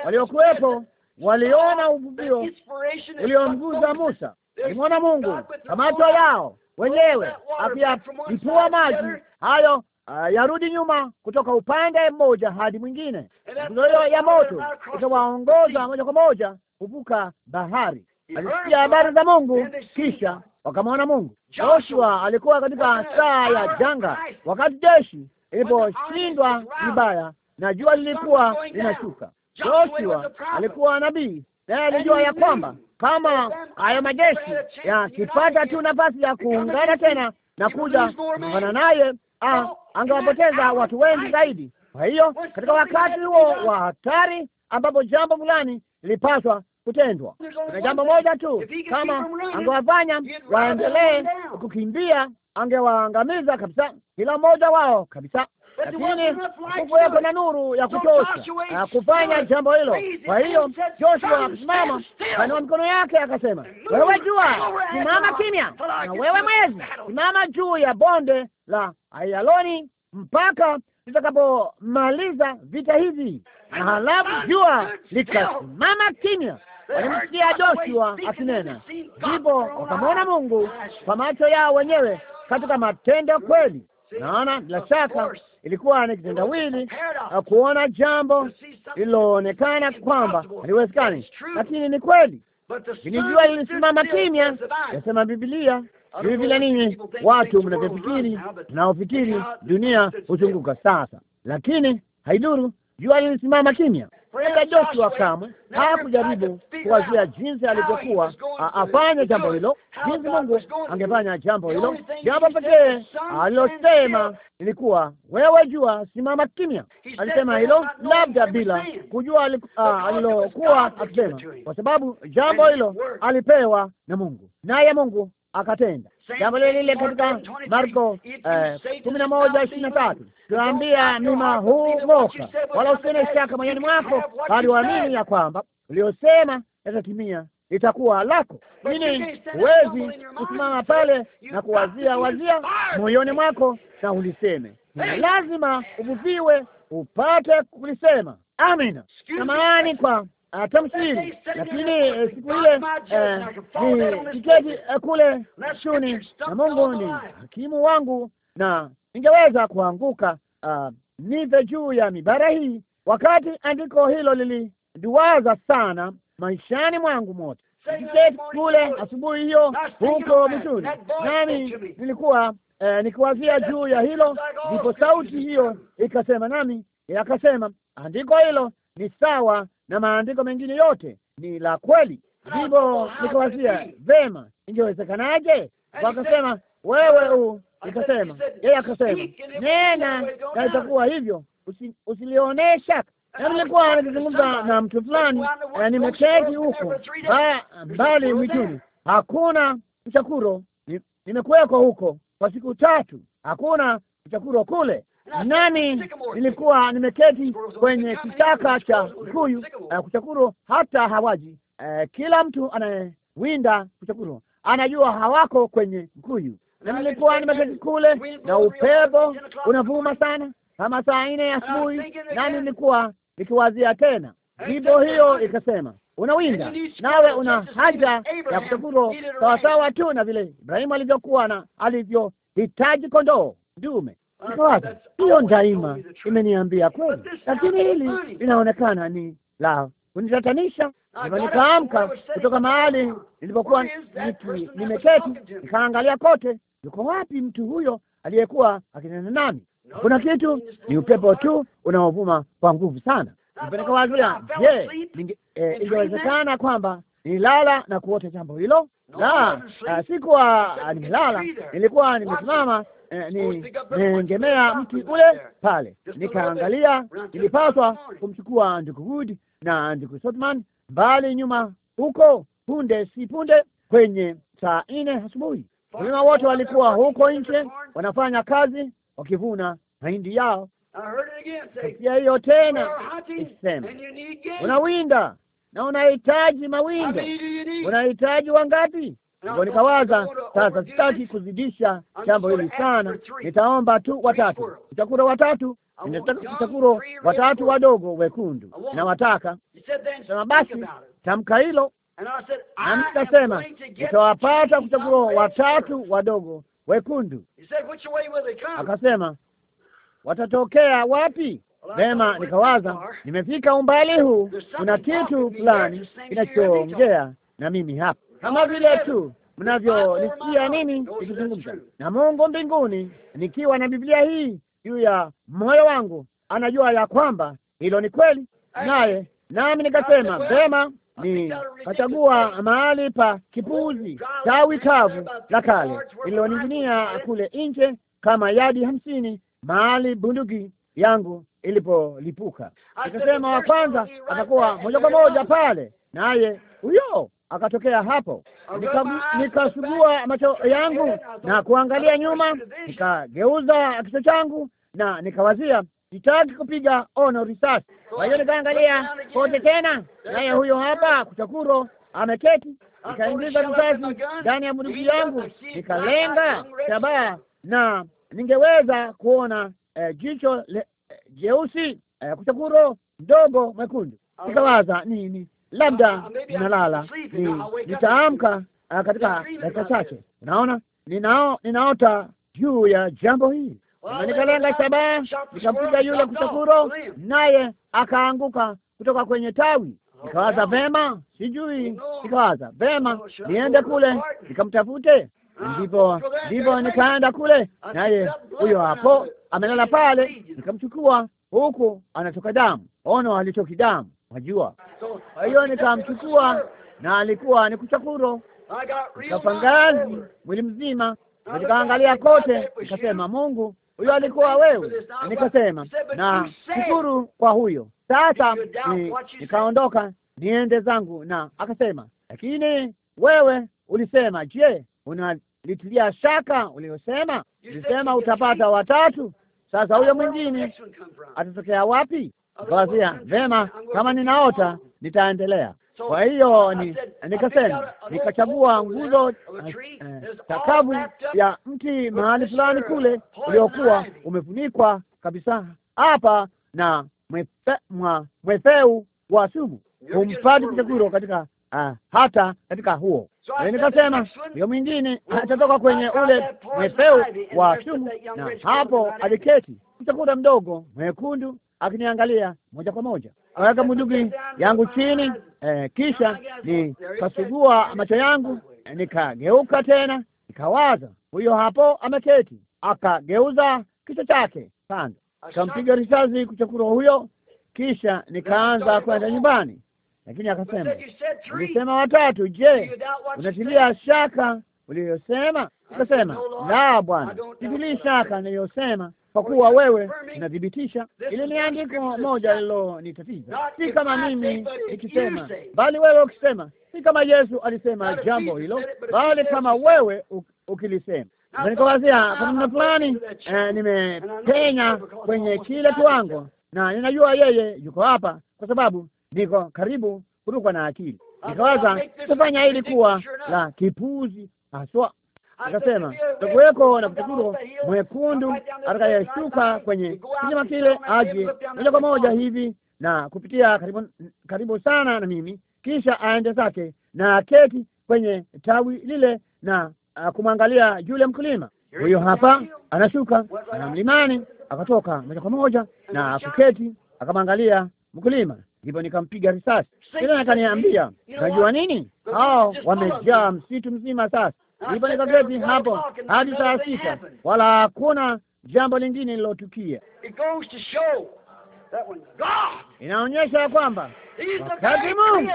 waliokuwepo waliona uvuvio uliomguza Musa. Alimwona Mungu kwa macho yao wenyewe akiyalipua maji hayo Uh, yarudi nyuma kutoka upande mmoja hadi mwingine. Nguzo ya moto itawaongoza moja kwa moja kuvuka bahari. Alisikia habari za Mungu, kisha wakamwona Mungu. Joshua alikuwa katika saa ya janga, wakati jeshi iliposhindwa vibaya na jua lilikuwa linashuka. Joshua alikuwa nabii, naye alijua ya kwamba kama hayo majeshi yakipata tu nafasi ya kuungana tena na kuja kuungana naye ah, angewapoteza watu wengi zaidi. Kwa hiyo katika wakati huo wa hatari ambapo jambo fulani lilipaswa kutendwa, kuna jambo moja tu, kama angewafanya waendelee kukimbia, angewaangamiza kabisa, kila mmoja wao kabisa lakini nguvu yako na nuru ya kutosha kufanya jambo hilo. Kwa hiyo Joshua akasimama, kanua mikono yake, akasema, wewe jua, simama kimya, na wewe mwezi, simama juu ya bonde la Ayaloni mpaka nitakapomaliza vita hivi. Na halafu jua likasimama kimya. Walimsikia Joshua akinena, ndipo wakamwona Mungu kwa macho yao wenyewe katika matendo kweli. Naona bila shaka ilikuwa ni kitendawili kuona jambo lililoonekana kwamba haliwezekani, lakini ni kweli. Nilijua lilisimama kimya, yasema Biblia. Hivi vile ninyi watu mnavyofikiri, mnaofikiri dunia huzunguka sasa, lakini haiduru jua lilisimama kimya. Kabla Joshua kamwe hakujaribu kuwazia jinsi alivyokuwa afanye jambo hilo, jinsi Mungu angefanya jambo hilo. Jambo pekee alilosema ilikuwa wewe, jua, simama kimya. Alisema hilo labda bila kujua alilokuwa akisema, kwa sababu jambo hilo alipewa na Mungu, naye Mungu akatenda jambo lile lile katika Marko eh, kumi na moja ishirini na tatu tunaambia mima huu ng'oka, wala usione shaka moyoni mwako, bali uamini ya kwamba uliosema yatatimia itakuwa lako. Nini, huwezi kusimama pale na kuwazia wazia moyoni mwako na uliseme, na lazima uvuviwe upate kulisema. Amina, samahani kwa atamsiri ah, lakini eh, siku ile eh, tiketi eh, kule shuni na Mungu ni hakimu wangu, na ningeweza kuanguka ah, nive juu ya mibara hii. Wakati andiko hilo liliduwaza sana maishani mwangu mote, nikiketi kule asubuhi hiyo huko msuri, nami nilikuwa nikiwazia juu ya hilo, oh, ndipo sauti hiyo ikasema nami, akasema andiko hilo ni sawa na maandiko mengine yote ni la kweli. Ndipo nikawazia vema, ingewezekanaje? Wakasema wewe u ikasema, yeye akasema nena na itakuwa hivyo, usilionesha shaka. Na nilikuwa nikizungumza na mtu fulani, eh, nimeketi huko mbali mwituni, hakuna mchakuro, nimekuwekwa huko kwa siku tatu, hakuna mchakuro kule nami nilikuwa nimeketi kwenye kichaka cha kuyu uh, eh, kuchakuro hata hawaji. Uh, kila mtu anayewinda kuchakuro anajua hawako kwenye mkuyu, na nilikuwa nimeketi kule na upepo unavuma sana kama saa nne asubuhi, nami nilikuwa nikiwazia tena jibo hiyo ikasema, unawinda nawe una haja ya kuchakuro sawasawa tu na vile Ibrahimu alivyokuwa na alivyohitaji kondoo dume iko wapi? Hiyo daima imeniambia kweli, lakini hili linaonekana ni la kunitatanisha. Hivyo nikaamka kutoka mahali nilipokuwa nimeketi, nikaangalia kote, yuko wapi mtu huyo aliyekuwa akinena nami? Kuna kitu, ni upepo tu unaovuma kwa nguvu sana. Nikawazulia, je, eh, ingewezekana kwamba nilala na kuota jambo hilo? La, eh, sikuwa nimelala, nilikuwa nimesimama Eh, niengemea mtu ule pale, nikaangalia. Nilipaswa kumchukua ndugu Wood na ndugu Sotman mbali nyuma huko, punde si punde, kwenye saa nne asubuhi. Wakulima wote walikuwa huko nje wanafanya kazi, wakivuna mahindi yao. Sikia hiyo tena isema, unawinda na unahitaji mawindo, unahitaji wangapi? Ndio nikawaza sasa, sitaki kuzidisha jambo hili sana, nitaomba tu watatu, nitakura watatu, nitakura watatu wadogo wekundu, nawataka sema. Basi tamka hilo, nami nikasema nitawapata kuchakura watatu wadogo wekundu. Akasema watatokea wapi? Vema, nikawaza nimefika umbali huu, kuna kitu fulani kinachoongea na mimi hapa kama vile tu mnavyonisikia nini nikizungumza na Mungu mbinguni, nikiwa na Biblia hii juu ya moyo wangu, anajua ya kwamba hilo ni kweli, naye nami nikasema vema, ni kachagua mahali pa kipuzi tawi kavu la kale ililoning'inia kule nje kama yadi hamsini, mahali bunduki yangu ilipolipuka. Nikasema wa kwanza atakuwa moja kwa moja pale, naye huyo akatokea hapo. Nikasugua macho yangu na kuangalia nyuma, nikageuza kichwa changu na nikawazia, sitaki kupiga ono risasi. Kwa hiyo nikaangalia kote tena, naye huyo hapa kuchakuro ameketi. Nikaingiza risasi ndani ya bunduki yangu, nikalenga shabaha, na ningeweza kuona eh, jicho le, eh, jeusi eh, kuchakuro ndogo mwekundu. Nikawaza nini labda ah, ninalala, nitaamka ah, katika dakika chache. Unaona, ninao ninaota juu ya jambo hili na nikalenga shabaha, nikampiga yule kushukuru, naye akaanguka kutoka kwenye tawi. Oh, nikawaza vema, sijui, nikawaza vema, niende kule nikamtafute. Ah, ndipo ndipo nikaenda kule, naye huyo hapo amelala pale, nikamchukua huku anatoka damu. Ono, alitoki damu wajua. Kwa hiyo nikamchukua, na alikuwa ni kuchakuro kafangazi mwili mzima, nikaangalia kote, nikasema Mungu, huyo alikuwa wewe. Nikasema na shukuru kwa huyo. Sasa nikaondoka ni, niende zangu, na akasema lakini wewe ulisema, je, unalitilia shaka uliyosema? Ulisema utapata watatu. Sasa huyo mwingine atatokea wapi? Nikawazia vema, kama ninaota nitaendelea. Kwa hiyo ni, nikasema nikachagua nguzo takabu eh, eh, takavu ya mti mahali fulani kule uliokuwa umefunikwa kabisa hapa na mwa, mwepeu wa sumu humpati kichakuro katika eh, hata katika huo nikasema, hiyo mwingine atatoka kwenye ule mwepeu wa sumu, na hapo aliketi mchakuta mdogo mwekundu akiniangalia moja kwa moja, aweka bunduki yangu chini eh, kisha nikasugua macho yangu eh, nikageuka tena nikawaza, huyo hapo ameketi. Akageuza kichwa chake kando, kampiga risasi kuchakura huyo, kisha nikaanza kwenda nyumbani. Lakini akasema, ulisema watatu. Je, unatilia shaka uliyosema? Akasema, la bwana, sitilii shaka niliyosema kwa kuwa wewe unathibitisha. Ile ni andiko moja nitatiza si kama mimi nikisema, bali wewe ukisema, si kama Yesu alisema jambo hilo, bali kama wewe ukilisema. Nikawazia kwa namna fulani, eh, nimepenya kwenye kile kiwango, na ninajua yeye yuko hapa kwa sababu niko karibu kurukwa na akili. Nikawaza kufanya ili kuwa la kipuzi haswa akasema takuweko na kutukuru mwekundu atakayeshuka kwenye kinyama kile, aje moja kwa moja hivi na kupitia karibu, karibu sana na mimi, kisha aende zake na keti kwenye tawi lile na uh, kumwangalia yule mkulima huyo. Hapa anashuka na mlimani, akatoka moja kwa moja na kuketi, akamwangalia mkulima, ndipo nikampiga risasi. Kile akaniambia, unajua nini, hao wamejaa msitu mzima sasa ndipo nikaketi hapo hadi saa sita, wala hakuna jambo lingine lilotukia Inaonyesha kwamba wakati Mungu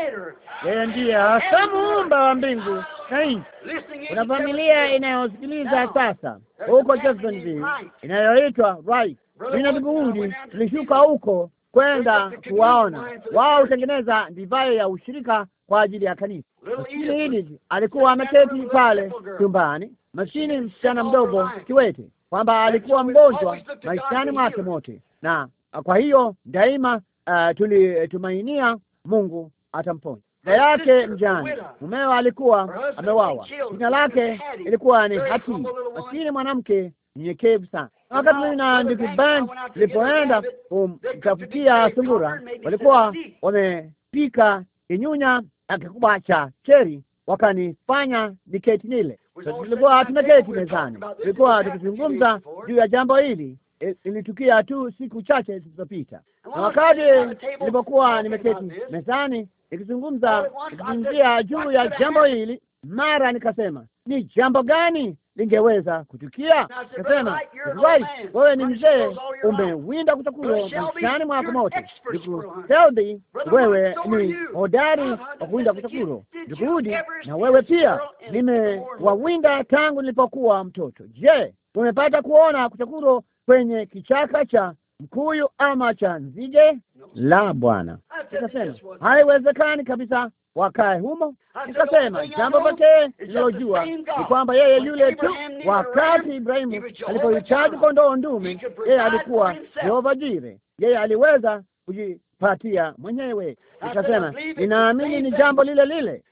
yeye ndiye hasa muumba wa mbingu na nchi. Kuna familia inayosikiliza sasa huko Jacksonville inayoitwa Right. Vina viguudi tulishuka huko kwenda kuwaona wao, hutengeneza divai ya ushirika kwa ajili ya kanisa. Maskini alikuwa ameketi pale chumbani, maskini msichana mdogo kiwete, kwamba alikuwa mgonjwa maishani mwake mote, na uh, kwa hiyo daima uh, tulitumainia eh, Mungu atamponya. da yake mjane, mumewa alikuwa amewawa, jina lake ilikuwa ni Hati, maskini mwanamke mnyenyekevu sana. Wakati mimi na ndugu Ban tulipoenda kumtafutia sungura, walikuwa wamepika inyunya akikubwa cha cheri wakanifanya niketi nile. Tulikuwa hatuna mezani, tulikuwa tukizungumza juu ya jambo hili. E, ilitukia tu siku chache zilizopita, na wakati nilipokuwa nimeketi mezani nikizungumza nikizungumzia juu ya jambo hili, mara nikasema ni jambo gani lingeweza kutukia? Nasema wewe ni mzee, umewinda kutakuwa maishani mwako mote. Seldi, wewe ni hodari wa kuwinda kutokuwa. Jukuudi, na wewe pia, nimewawinda tangu nilipokuwa mtoto. Je, umepata kuona kutokuro kwenye kichaka cha mkuyu ama cha nzige? La, bwana. Nikasema haiwezekani kabisa wakae humo. Nikasema jambo pekee nilojua ni kwamba yeye yule tu, wakati Ibrahimu alipohitaji kondoo ndume, yeye alikuwa Jehova Jire, yeye aliweza kujipatia mwenyewe. Nikasema ninaamini ni jambo lile lile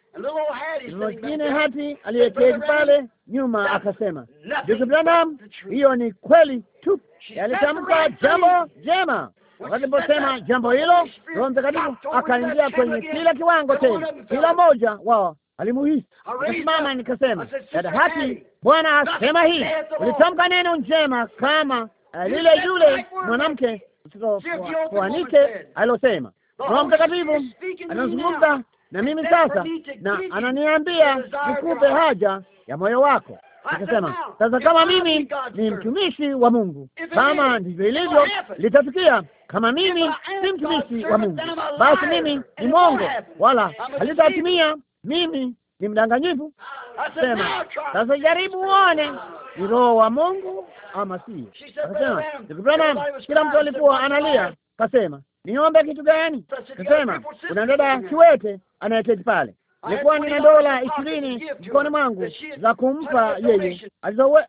lakini hati aliyeketi pale nyuma akasema, ndugu Branham, hiyo ni kweli tu, yalitamka jambo jema. Wakati jambo hilo, Roho Mtakatifu akaingia kwenye kila kiwango tena, kila mmoja wao alimuhisi. Nikasimama nikasema, dada Hati, Bwana asema hii, ulitamka neno njema kama eh, lile yule mwanamke kutoka alilosema. Roho Mtakatifu anazungumza na mimi sasa, na ananiambia nikupe haja ya moyo wako. Nikasema sasa, kama mimi ni mtumishi wa Mungu, kama ndivyo ilivyo, litafikia Kama mimi si mtumishi wa Mungu, basi mimi ni mwongo, wala halitatimia. Mimi ni mdanganyifu. Ah, Sema sasa, jaribu uone ni roho wa Mungu ama si. Akasema, kila mtu alikuwa analia. Kasema niombe kitu gani? Nasema kuna dada kiwete anayeketi pale. Nilikuwa nina dola ishirini mkononi mwangu za kumpa yeye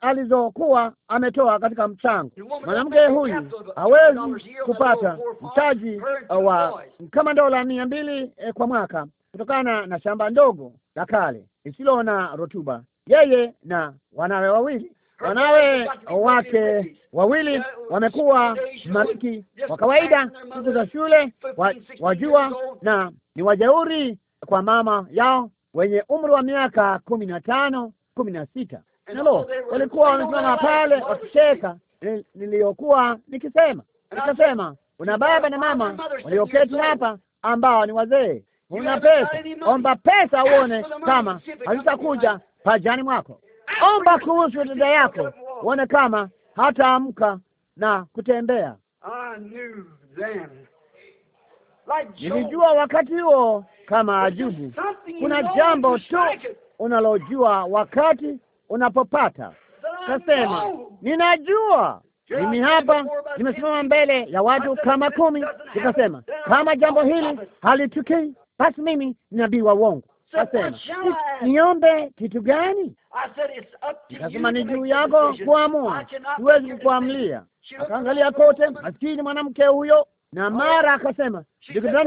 alizokuwa ametoa katika mchango. Mwanamke huyu hawezi kupata mtaji uh, wa kama dola mia mbili eh, kwa mwaka kutokana na shamba ndogo la kale lisilo na rutuba, yeye na wanawe wawili wanawe wake wawili wamekuwa mariki wa kawaida, siku za shule, wajua, na ni wajeuri kwa mama yao, wenye umri wa miaka kumi na tano kumi na sita nalo walikuwa wamesimama pale wakicheka niliyokuwa nikisema. Nikasema, una baba na mama walioketi hapa ambao ni wazee, una pesa, omba pesa uone kama hazitakuja pajani mwako omba kuhusu dada yako, uone kama hataamka na kutembea. Nilijua wakati huo kama Ajubu, kuna jambo tu unalojua wakati unapopata. Kasema, ninajua mimi hapa nimesimama mbele ya watu kama kumi, nikasema kama jambo hili halitukii, basi mimi ni nabii wa uongo. Asema, niombe kitu gani? Nikasema, ni juu yako kuamua, siwezi kukuamlia. Akaangalia kote, maskini mwanamke huyo, na oh. mara akasema, ndugu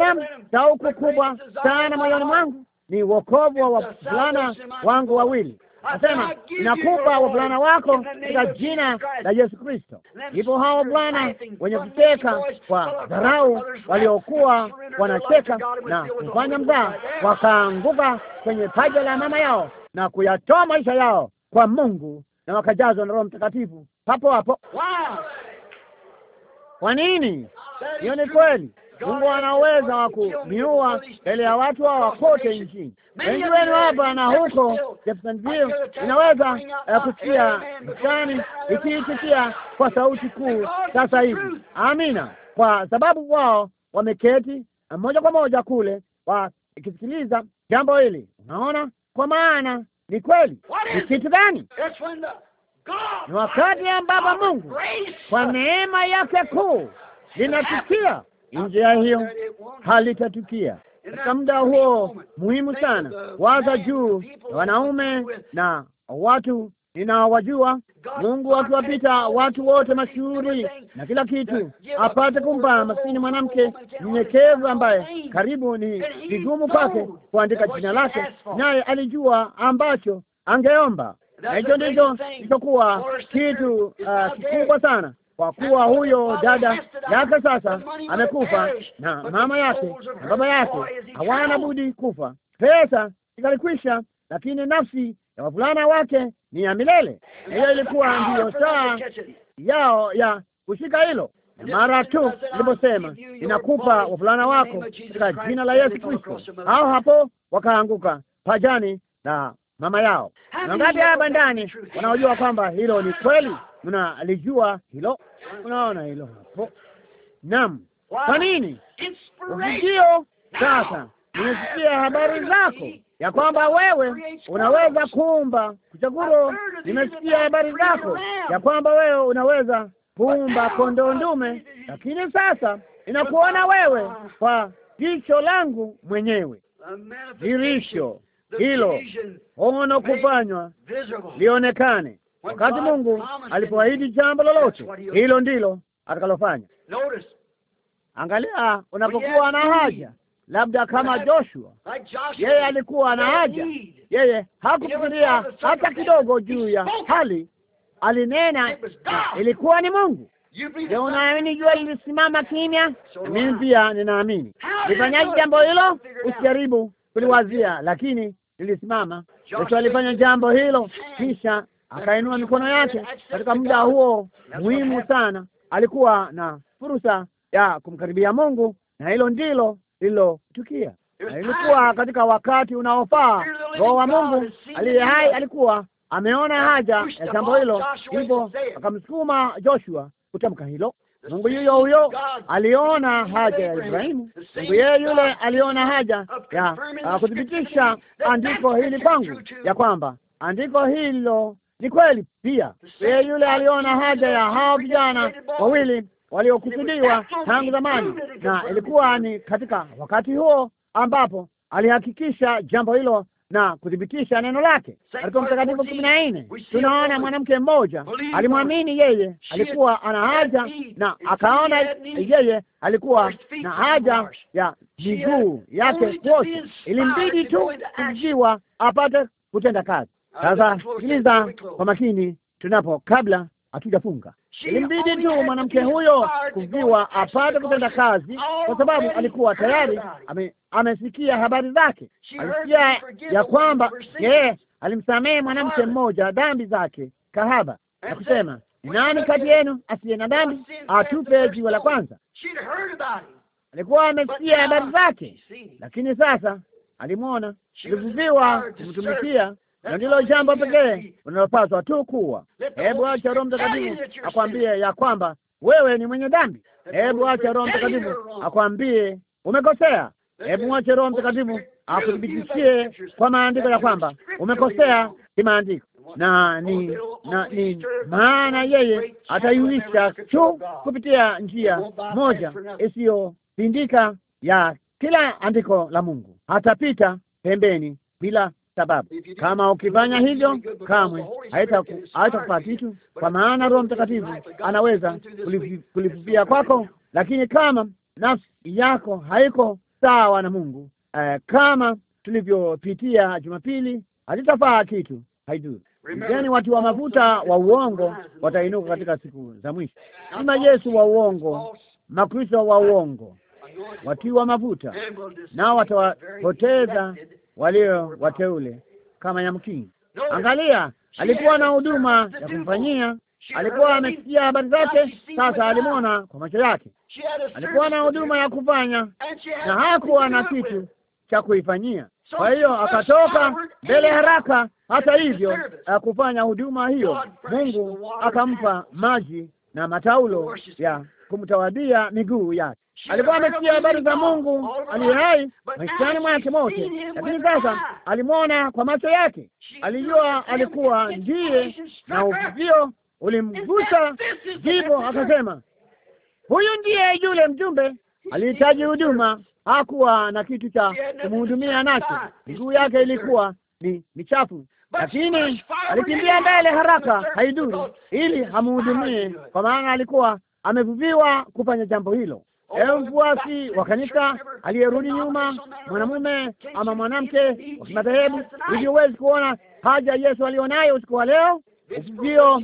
tauku kubwa sana moyoni mwangu ni wokovu wa wavulana wangu wawili. Asema, nakupa wavulana wako katika jina la Yesu Kristo. Ndipo hao bwana wenye kucheka kwa dharau waliokuwa wanacheka na kufanya mdaa wakaanguka kwenye paja la mama yao na kuyatoa maisha yao kwa Mungu na wakajazwa na Roho Mtakatifu papo hapo. Kwa nini? Hiyo ni kweli. Mungu anaweza wa kumiua mbele ya watu hawa kote nchini. Wengi wenu hapa na huko Jeffersonville inaweza eh, kusikia mtani ikiitikia kwa sauti kuu sasa hivi, amina, kwa sababu wao wameketi eh, moja kwa moja kule wakisikiliza jambo hili. Unaona, kwa maana ni kweli. Ni kitu gani? Ni wakati ambapo Mungu kwa neema yake kuu linatukia nje ya hiyo halitatukia. Katika muda huo muhimu sana waza juu ya wanaume na watu ninawajua, Mungu akiwapita watu wote mashuhuri na kila kitu, apate kumpa maskini mwanamke mnyekevu ambaye karibu ni vigumu kwake kuandika jina lake, naye alijua ambacho angeomba, na hicho ndicho kilichokuwa kitu uh, kikubwa sana kwa kuwa huyo dada yake sasa amekufa na mama yake na baba yake hawana budi kufa. Pesa ikalikwisha lakini nafsi ya wavulana wake ni ya milele. Hiyo ilikuwa ndiyo saa yao ya kushika hilo. Mara tu niliposema inakupa wavulana wako katika jina la Yesu Kristo, hao hapo wakaanguka pajani la mama yao. Na ngapi hapa ndani wanaojua kwamba hilo ni kweli? mna alijua hilo, unaona hilo hapo. Naam, kwa nini ukijio sasa? Nimesikia habari zako ya kwamba wewe unaweza kuumba kuchaguro. Nimesikia habari zako ya kwamba wewe unaweza kuumba kondoo ndume, lakini sasa inakuona wewe kwa jicho langu mwenyewe, dirisho hilo ono kufanywa lionekane Wakati Mungu alipoahidi jambo lolote, hilo ndilo atakalofanya. Angalia, unapokuwa na haja, labda kama Joshua, yeye alikuwa na haja, yeye hakufikiria hata kidogo juu ya hali, alinena ilikuwa ni Mungu. Je, unaamini jua lilisimama kimya? Mimi pia ninaamini. Nifanyaje jambo hilo? Usijaribu kuliwazia, lakini lilisimama. Yesu alifanya jambo hilo, kisha akainua mikono yake katika muda huo muhimu sana. Alikuwa na fursa ya kumkaribia Mungu, na hilo ndilo lililotukia. Ilikuwa katika wakati unaofaa. Roho wa Mungu aliye hai alikuwa ameona haja ya jambo hilo, hivyo akamsukuma Joshua kutamka hilo. Mungu yuyo huyo aliona haja ya Ibrahimu. Mungu yeye yule aliona haja ya kudhibitisha kuthibitisha andiko hili kwangu, ya kwamba andiko hilo ni kweli pia, yeye yule aliona haja ya hao vijana wawili waliokusudiwa tangu zamani, na ilikuwa ni katika wakati huo ambapo alihakikisha jambo hilo na kuthibitisha neno lake. Katika Mtakatifu kumi na nne tunaona mwanamke mmoja alimwamini yeye alikuwa ana haja, na akaona yeye alikuwa na haja ya miguu yake kuoshwa, ilimbidi tu kujiwa apate kutenda kazi. Sasa sikiliza kwa makini, tunapo kabla hatujafunga ilimbidi tu mwanamke huyo kuviwa apate kutenda kazi, kwa sababu alikuwa tayari ame, amesikia habari zake, alisikia ya kwamba yeye alimsamehe mwanamke mmoja dhambi zake kahaba, na kusema ni nani kati yenu asiye na dhambi atupe jiwe la kwanza. Alikuwa amesikia habari zake, lakini sasa alimwona, alivuviwa kumtumikia na ndilo jambo pekee unalopaswa tu kuwa. Hebu acha Roho Mtakatifu akwambie ya kwamba wewe ni mwenye dhambi. Hebu acha Roho Mtakatifu akwambie umekosea. Hebu mwache Roho Mtakatifu akuthibitishie kwa maandiko ya kwamba umekosea kimaandiko, na ni na ni maana yeye ataiuisha tu kupitia njia moja isiyopindika ya kila andiko la Mungu, hatapita pembeni bila sababu kama ukifanya hivyo kamwe haitakupa kitu, kwa maana Roho Mtakatifu anaweza kulifupia kwako. Lakini kama nafsi yako haiko sawa na Mungu, eh, kama tulivyopitia Jumapili, hazitafaa kitu, haidhuru. Yaani watu wa mafuta wa uongo watainuka katika siku za mwisho, kama Yesu wa uongo, Makristo wa uongo, watiwa mafuta, nao watawapoteza walio wateule kama yamkini. Angalia, alikuwa na huduma ya kumfanyia alikuwa amesikia habari zake, sasa alimwona kwa macho yake. Alikuwa na huduma ya kufanya na hakuwa na kitu cha kuifanyia, kwa hiyo akatoka mbele haraka. Hata hivyo kufanya huduma hiyo, Mungu akampa maji na mataulo ya kumtawadia miguu yake alikuwa amesikia habari za Mungu aliye hai maishani mwake mote, lakini sasa alimwona kwa macho yake. Alijua alikuwa ndiye, na uvuvio ulimgusa, ndipo akasema huyu ndiye yule mjumbe. Alihitaji huduma, hakuwa na kitu cha kumhudumia nacho. Miguu yake ilikuwa ni michafu, lakini alikimbia mbele haraka, haiduru, ili amhudumie, kwa maana alikuwa amevuviwa kufanya jambo hilo ewe mfuasi wa kanisa aliyerudi nyuma, mwanamume ama mwanamke wa kimadhehebu, hivi huwezi kuona haja Yesu alionayo usiku wa leo. Ndio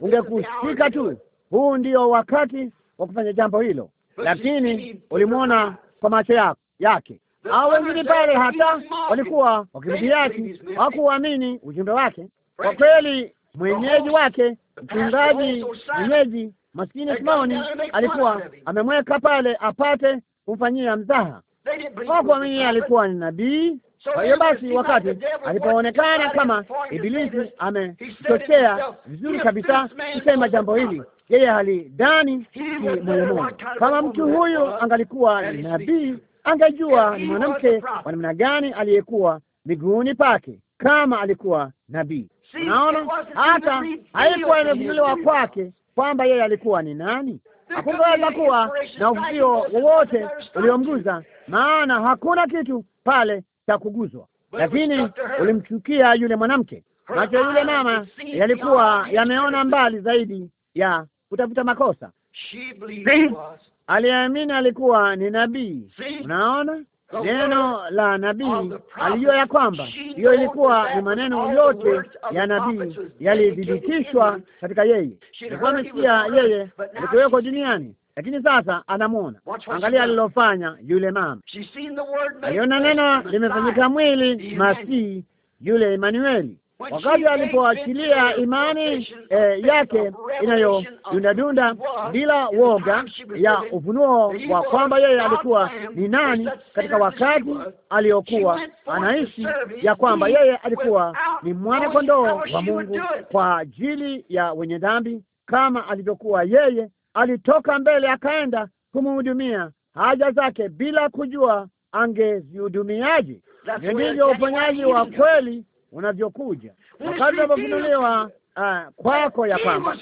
ungekushika tu, huu ndio wakati wa kufanya jambo hilo, lakini ulimwona kwa macho yako yake au wengine pale hata walikuwa wakirudiati, hawakuamini ujumbe wake. Kwa kweli, mwenyeji wake mchungaji mwenyeji Maskini Simoni alikuwa amemweka pale apate kumfanyia mzaha. Wakuamini alikuwa ni nabii. Kwa hiyo basi, wakati alipoonekana kama Ibilisi amechochea vizuri kabisa kusema jambo hili, yeye halidani kimoyomoyo. Kama mtu huyu angalikuwa ni nabii, angejua ni mwanamke wa namna gani aliyekuwa miguuni pake, kama alikuwa nabii. Naona hata haikuwa imevunuliwa kwake kwamba yeye alikuwa ni nani. Hakungeweza kuwa na uvutio wowote uliomguza, maana hakuna kitu pale cha kuguzwa lakini ulimchukia yule mwanamke. Macho yule mama yalikuwa yameona mbali zaidi ya kutafuta makosa. Aliamini alikuwa ni nabii. Unaona, neno la nabii alijua ya kwamba hiyo ilikuwa ni maneno yote ya nabii yalidhibitishwa katika yeye. Alikuwa amesikia yeye alikuweko duniani, lakini sasa anamwona. Angalia alilofanya yule mama, aliona neno limefanyika mwili, masii yule Emanueli wakati alipoachilia imani eh, yake inayodundadunda bila woga ya ufunuo wa kwamba yeye alikuwa ni nani katika wakati aliyokuwa anaishi, ya kwamba yeye alikuwa ni mwana kondoo wa Mungu kwa ajili ya wenye dhambi, kama alivyokuwa yeye. Alitoka mbele akaenda kumhudumia haja zake bila kujua angezihudumiaje. Ndivyo uponyaji wa kweli unavyokuja wakati unavyofunuliwa uh, ah, kwako ya kwamba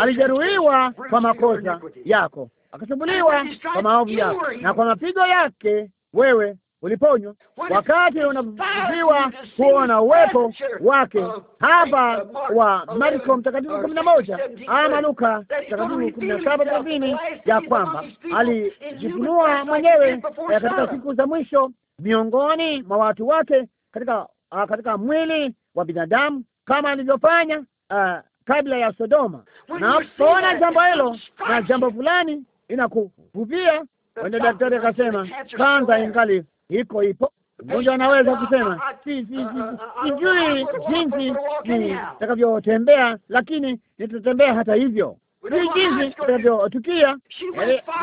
alijeruhiwa kwa makosa yako, akachubuliwa kwa maovu yako, na kwa mapigo yake wewe uliponywa. Wakati unaviwa kuona uwepo wake hapa wa Marko mtakatifu kumi na moja ama Luka mtakatifu kumi na saba thelathini ya kwamba alijifunua mwenyewe eh, katika siku za mwisho miongoni mwa watu wake katika uh, katika mwili wa binadamu kama alivyofanya uh, kabla ya Sodoma. Na unapoona jambo hilo na jambo fulani inakuvuvia, wende daktari akasema, kwanza ingali iko ipo mgonjwa anaweza kusema uh, uh, uh, sijui jinsi nitakavyotembea, lakini nitatembea hata hivyo, sijui jinsi itakavyotukia.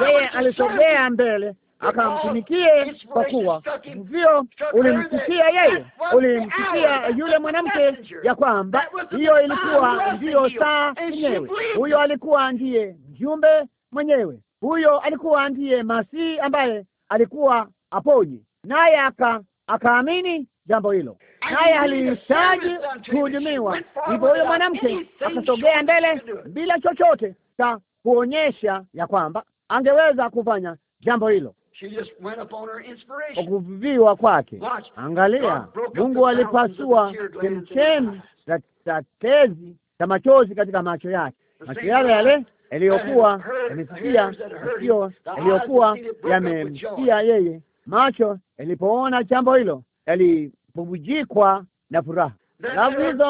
Yeye alisogea mbele akamtumikie kwa kuwa vio ulimsikia yeye, ulimsikia yule mwanamke, ya kwamba hiyo ilikuwa ndiyo saa yenyewe. Huyo alikuwa ndiye mjumbe mwenyewe, huyo alikuwa ndiye Masihi ambaye alikuwa aponye, naye aka akaamini jambo hilo, naye alihitaji kuhudumiwa. Hivyo huyo mwanamke akasogea mbele bila chochote cha kuonyesha ya kwamba angeweza kufanya jambo hilo kwa kuviviwa kwake. Angalia, Mungu alipasua chemchemi za tezi za machozi katika macho yake, macho yale yale yaliyokuwa yamesikia, masikio yaliyokuwa yamemsikia yeye, macho yalipoona jambo hilo yalipubujikwa na furaha. Alafu hizo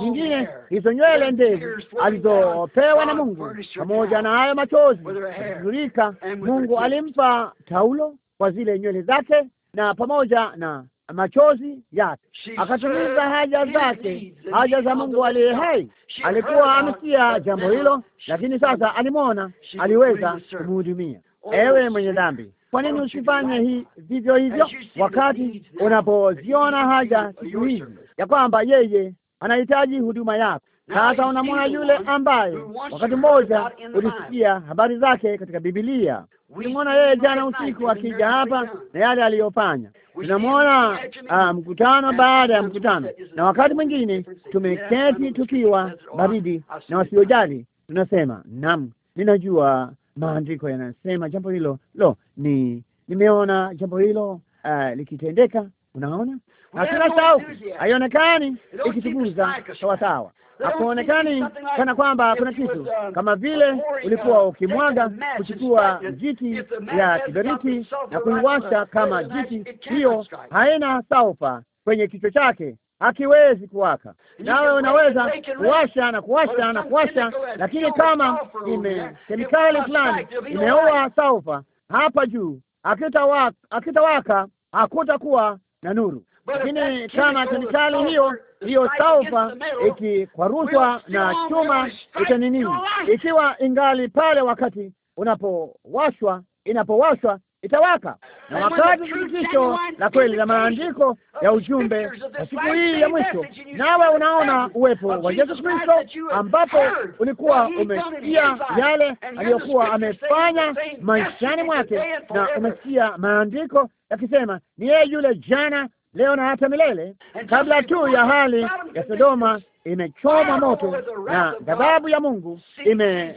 nyingine hizo nywele ndevu alizopewa na Mungu pamoja na hayo machozi yakizurika, Mungu alimpa taulo kwa zile nywele zake na pamoja na machozi yake akatumiza haja zake, haja za Mungu aliye hai. Alikuwa amesikia jambo hilo, lakini sasa alimwona, aliweza kumhudumia. Ewe mwenye dhambi kwa nini usifanye hii vivyo hivyo wakati unapoziona haja siku hizi ya kwamba yeye anahitaji huduma yako? Sasa unamwona yule ambaye wakati mmoja ulisikia habari zake katika Biblia. Ulimwona yeye jana usiku akija hapa na yale aliyofanya. Tunamwona uh, mkutano baada ya mkutano, na wakati mwingine tumeketi tukiwa baridi na wasiojali, tunasema naam, ninajua maandiko yanasema jambo hilo. Lo, ni nimeona jambo hilo uh, likitendeka. Unaona, hakuna sauti, haionekani ikituguza sawasawa, hakuonekani kana kwamba kuna kitu, um, kama vile ulikuwa ukimwaga kuchukua jiti ya kiberiti na kuiwasha kama jiti Hiyo haina saufa kwenye kichwa chake hakiwezi kuwaka. Nawe unaweza kuwasha na kuwasha na kuwasha, lakini kama ime kemikali fulani imeoa saufa hapa juu, akitawaka akitawaka, hakutakuwa na nuru. Lakini kama kemikali hiyo hiyo saufa ikikwaruzwa na chuma itaninini, ikiwa ingali pale wakati unapowashwa, inapowashwa itawaka na wakati thibitisho la kweli la maandiko ya ujumbe wa siku hii ya mwisho, nawe unaona uwepo wa Yesu Kristo, ambapo ulikuwa umesikia yale aliyokuwa amefanya maishani mwake, na umesikia maandiko yakisema ni yeye yule jana, leo na hata milele, kabla tu ya hali ya Sodoma imechoma moto na ghadhabu ya Mungu ime,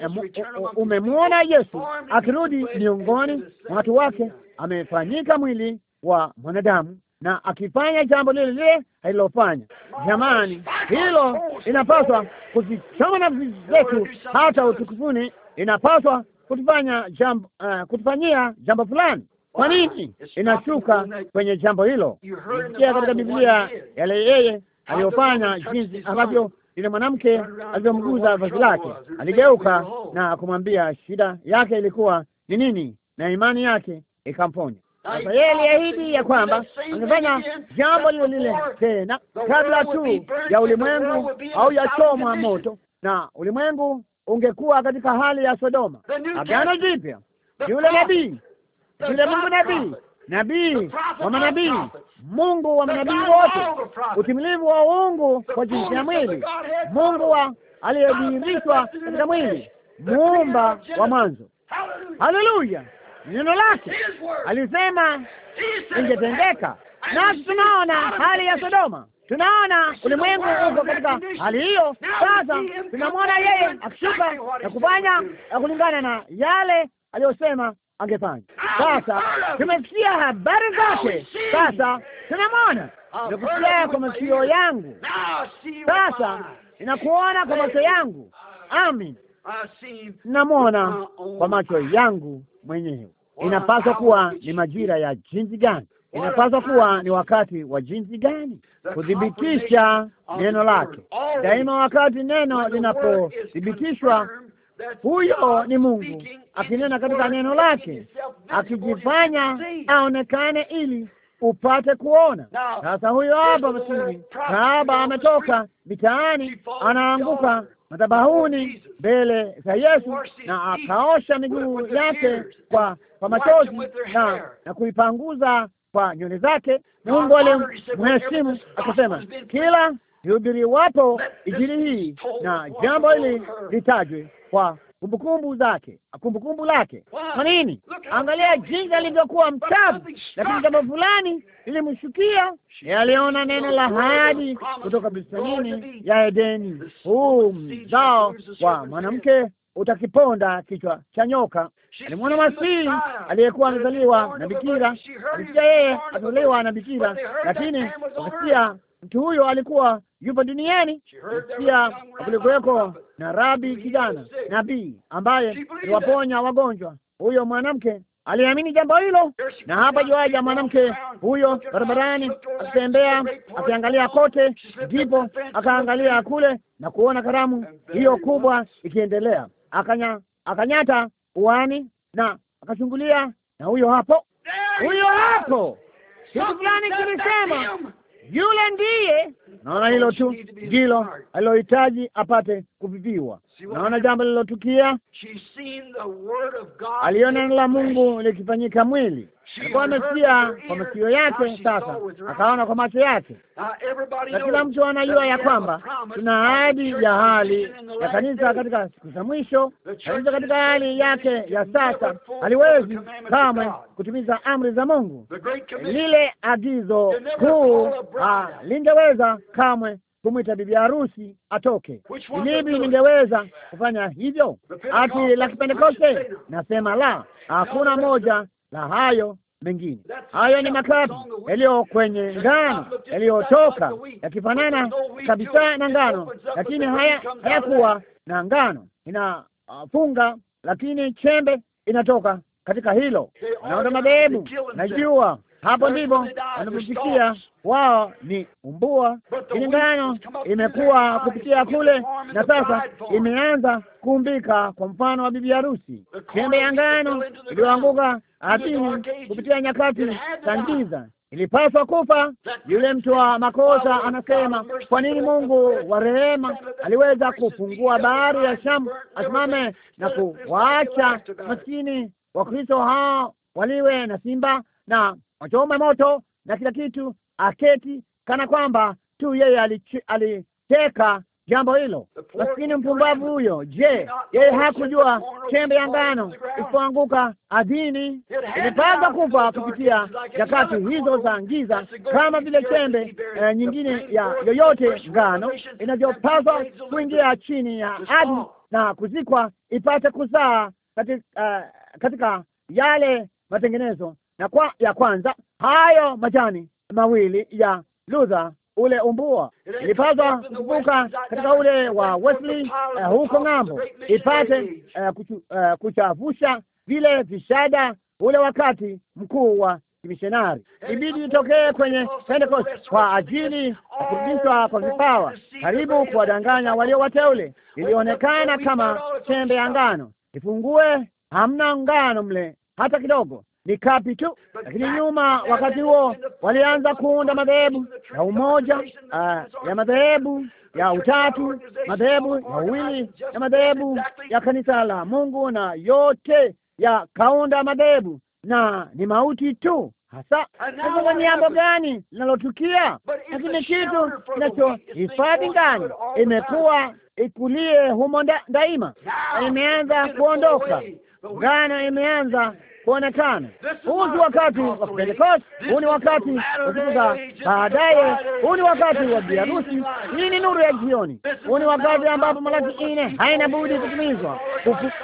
umemwona Yesu akirudi miongoni watu wake, amefanyika mwili wa mwanadamu na akifanya jambo lile lile alilofanya. Jamani, hilo inapaswa kuzichoma nafsi zetu hata utukufuni, inapaswa kutufanya jambo uh, kutufanyia jambo fulani. Kwa nini inashuka kwenye jambo hilo? Sikia katika Biblia yale yeye aliyofanya, jinsi ambavyo yule mwanamke alivyomguza vazi lake. Aligeuka oh. na kumwambia shida yake ilikuwa ni nini, na imani yake ikamponya. Sasa yeye aliahidi ya kwamba angefanya jambo lile lile tena, kabla tu ya ulimwengu au ya moto, na ulimwengu ungekuwa katika hali ya Sodoma. Agano Jipya, yule nabii, yule Mungu nabii nabii wa manabii, Mungu wa manabii wote, utimilivu wa uungu kwa jinsi ya mwili, Mungu wa aliyedhihirishwa katika mwili, muumba wa mwanzo. Haleluya! Neno lake alisema ingetendeka, nasi tunaona hali ya Sodoma, tunaona ulimwengu uko katika hali hiyo. Sasa tunamwona yeye akishuka na kufanya ya kulingana na yale aliyosema angefanya. Ah, sasa ah, ah. tumesikia habari zake, sasa tunamwona. Nakusikia kwa masikio yangu, sasa ninakuona kwa macho yangu. Amin, namwona kwa macho oh. yangu mwenyewe. Inapaswa kuwa ni majira ya jinsi gani? Inapaswa kuwa ni wakati wa jinsi gani kuthibitisha neno lake daima. Wakati neno linapothibitishwa huyo ni Mungu akinena katika neno lake, akijifanya aonekane ili upate kuona. Sasa huyo hapa maskini kahaba ametoka mitaani, anaanguka madhabahuni mbele za Yesu na akaosha miguu yake kwa kwa machozi na, na kuipanguza kwa nywele zake. Mungu alimheshimu akasema kila nihubiri wapo injili hii na jambo hili litajwe kwa kumbukumbu zake, kumbukumbu lake. Kwa nini? Angalia jinsi alivyokuwa mchafu, lakini jambo fulani lilimshukia. Aliona neno la ahadi kutoka bustanini ya Edeni, huu mzao wa mwanamke utakiponda kichwa cha nyoka. Alimwona Masihi aliyekuwa amezaliwa na bikira, alisikia yeye atazaliwa na bikira, lakini wakasikia mtu huyo alikuwa yupo duniani. Pia kulikuweko na rabi kijana nabii ambaye aliwaponya wagonjwa. Huyo mwanamke aliamini jambo hilo, na hapa juaja mwanamke huyo barabarani akitembea, akiangalia kote, ndipo akaangalia kule na kuona karamu hiyo kubwa ikiendelea, akanya akanyata uani na akachungulia, na huyo hapo, huyo hapo, kitu fulani kilisema yule ndiye naona hilo tu ndilo alilohitaji apate kuviviwa. Naona jambo lilotukia, aliona neno la Mungu likifanyika mwili alikuwa amesikia kwa masikio yake, sasa akaona kwa macho yake, na kila mtu anajua ya kwamba tuna ahadi ya hali ya kanisa katika siku za mwisho. Kanisa katika hali yake ya sasa haliwezi kamwe kutimiza amri za Mungu. Lile agizo kuu ah, lingeweza kamwe kumwita bibi harusi atoke. Lipi lingeweza kufanya hivyo? Ati la Kipentekoste? Nasema la, hakuna moja la hayo mengine. Hayo ni makapi yaliyo kwenye ngano yaliyotoka yakifanana kabisa na ngano, lakini haya hayakuwa na ngano. Inafunga uh, lakini chembe inatoka katika hilo. Naona madhehebu najua hapo ndipo wanapofikia wao ni umbua. ngano imekuwa kupitia kule, na sasa imeanza kuumbika kwa mfano wa bibi harusi. Chembe ya ngano iliyoanguka ardhini kupitia nyakati za giza ilipaswa kufa. Yule mtu wa makosa anasema, kwa nini Mungu wa rehema aliweza kufungua bahari ya Shamu asimame na kuwaacha maskini Wakristo hao waliwe na simba na wachoma moto na kila kitu, aketi kana kwamba tu yeye aliteka jambo hilo. Lakini mpumbavu huyo, je, yeye hakujua chembe ya ngano isipoanguka ardhini imepanga kufa kupitia nyakati hizo za ngiza kama vile chembe eh, nyingine ya yoyote ngano inavyopaswa kuingia chini ya ardhi na kuzikwa ipate kuzaa katika, uh, katika yale matengenezo na kwa ya kwanza hayo majani mawili ya ludha ule umbua ilipaswa kuvuka katika ule wa Wesley uh, huko ng'ambo ipate uh, uh, kuchavusha vile vishada. Ule wakati mkuu wa kimishonari ibidi itokee kwenye Pentecost kwa ajili ya kurudishwa kwa vipawa, karibu kuwadanganya walio wateule. Ilionekana kama chembe ya ngano, ifungue, hamna ngano mle hata kidogo, vikapi tu, lakini nyuma, wakati huo walianza kuunda madhehebu ya umoja uh, ya madhehebu ya utatu, madhehebu ya uwili, ya madhehebu ya kanisa la Mungu, na yote yakaunda madhehebu na ni mauti tu. Hasa sasa, ni jambo gani linalotukia? Lakini kitu kinachohifadhi ngani imekuwa ikulie humo daima, imeanza kuondoka ngano imeanza kuonekana. Huu si wakati wa Pentekoste, huu ni wakati wa siku za baadaye, huu ni wakati wa biarusi. Hii ni nuru ya jioni, huu ni wakati ambapo Malaki nne haina budi kutimizwa,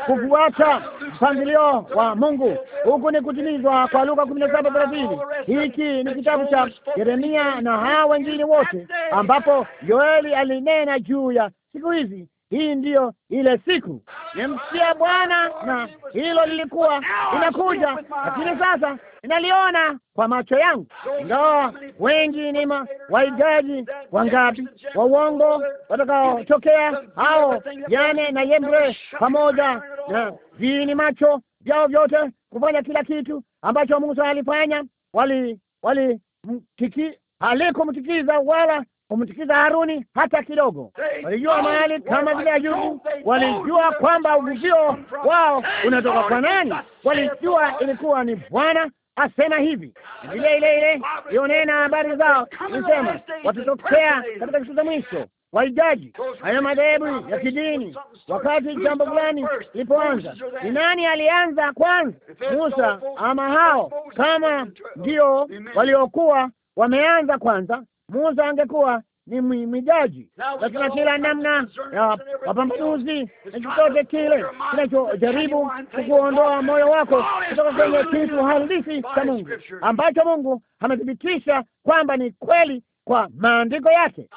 kufuata mpangilio wa Mungu. Huku ni kutimizwa kwa Luka kumi na saba thelathini. Hiki ni kitabu cha Yeremia na hawa wengine wote, ambapo Yoeli alinena juu ya siku hizi hii ndiyo ile siku nimsikia Bwana, na hilo lilikuwa inakuja, lakini sasa inaliona kwa macho yangu. Ingawa wengi ni waigaji wangapi wa uongo watakaotokea hao Yane na Yembre pamoja na viini macho vyao vyote kufanya kila kitu ambacho Musa alifanya, wali wali mtiki halikumtikiza wala kumtikiza Haruni hata kidogo. Walijua mahali kama vile Ayubu, walijua kwamba uvuvio wao unatoka kwa nani, walijua ilikuwa ni Bwana asema hivi. Vile ile ile ilionena habari zao ilisema watatokea katika siku za mwisho waijaji haya madhehebu ya kidini. Wakati jambo fulani ilipoanza, ni nani alianza kwanza? Musa ama hao? Kama ndio waliokuwa wameanza kwanza, Musa angekuwa ni mwijaji, lakini kila namna ya wapambanuzi na chochote kile kinachojaribu kukuondoa moyo wako kutoka kwenye kitu halisi cha Mungu ambacho Mungu amethibitisha kwamba ni kweli kwa maandiko yake.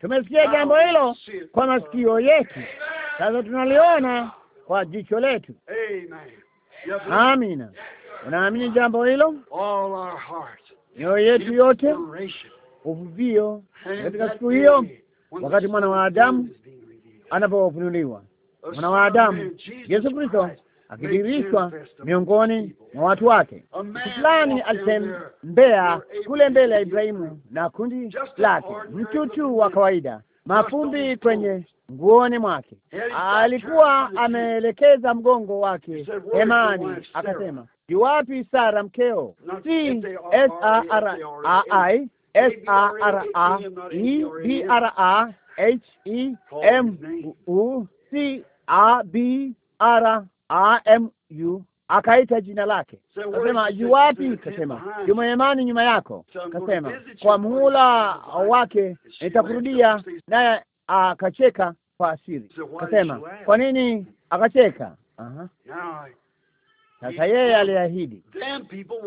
Tumesikia jambo hilo kwa masikio yetu, sasa tunaliona kwa jicho letu. Amina. Unaamini jambo hilo? Mioyo yetu yote uvuvio katika siku hiyo, wakati mwana wa Adamu anapofunuliwa, mwana wa Adamu Yesu Kristo akidirishwa miongoni mwa watu wake. Mtu fulani alitembea kule mbele ya Ibrahimu na kundi lake, mtu tu wa kawaida, mafumbi kwenye nguoni mwake. Alikuwa ameelekeza mgongo wake hemani, akasema Yuwapi Sara mkeo? Si S A R A I S A R A E B R A H E M U C A B R A M U akaita jina lake, kasema yuwapi? Kasema yumayemani nyuma yako. Kasema kwa muhula wake nitakurudia. Naye akacheka kwa asiri. Kasema kwa nini akacheka? Sasa yeye aliahidi.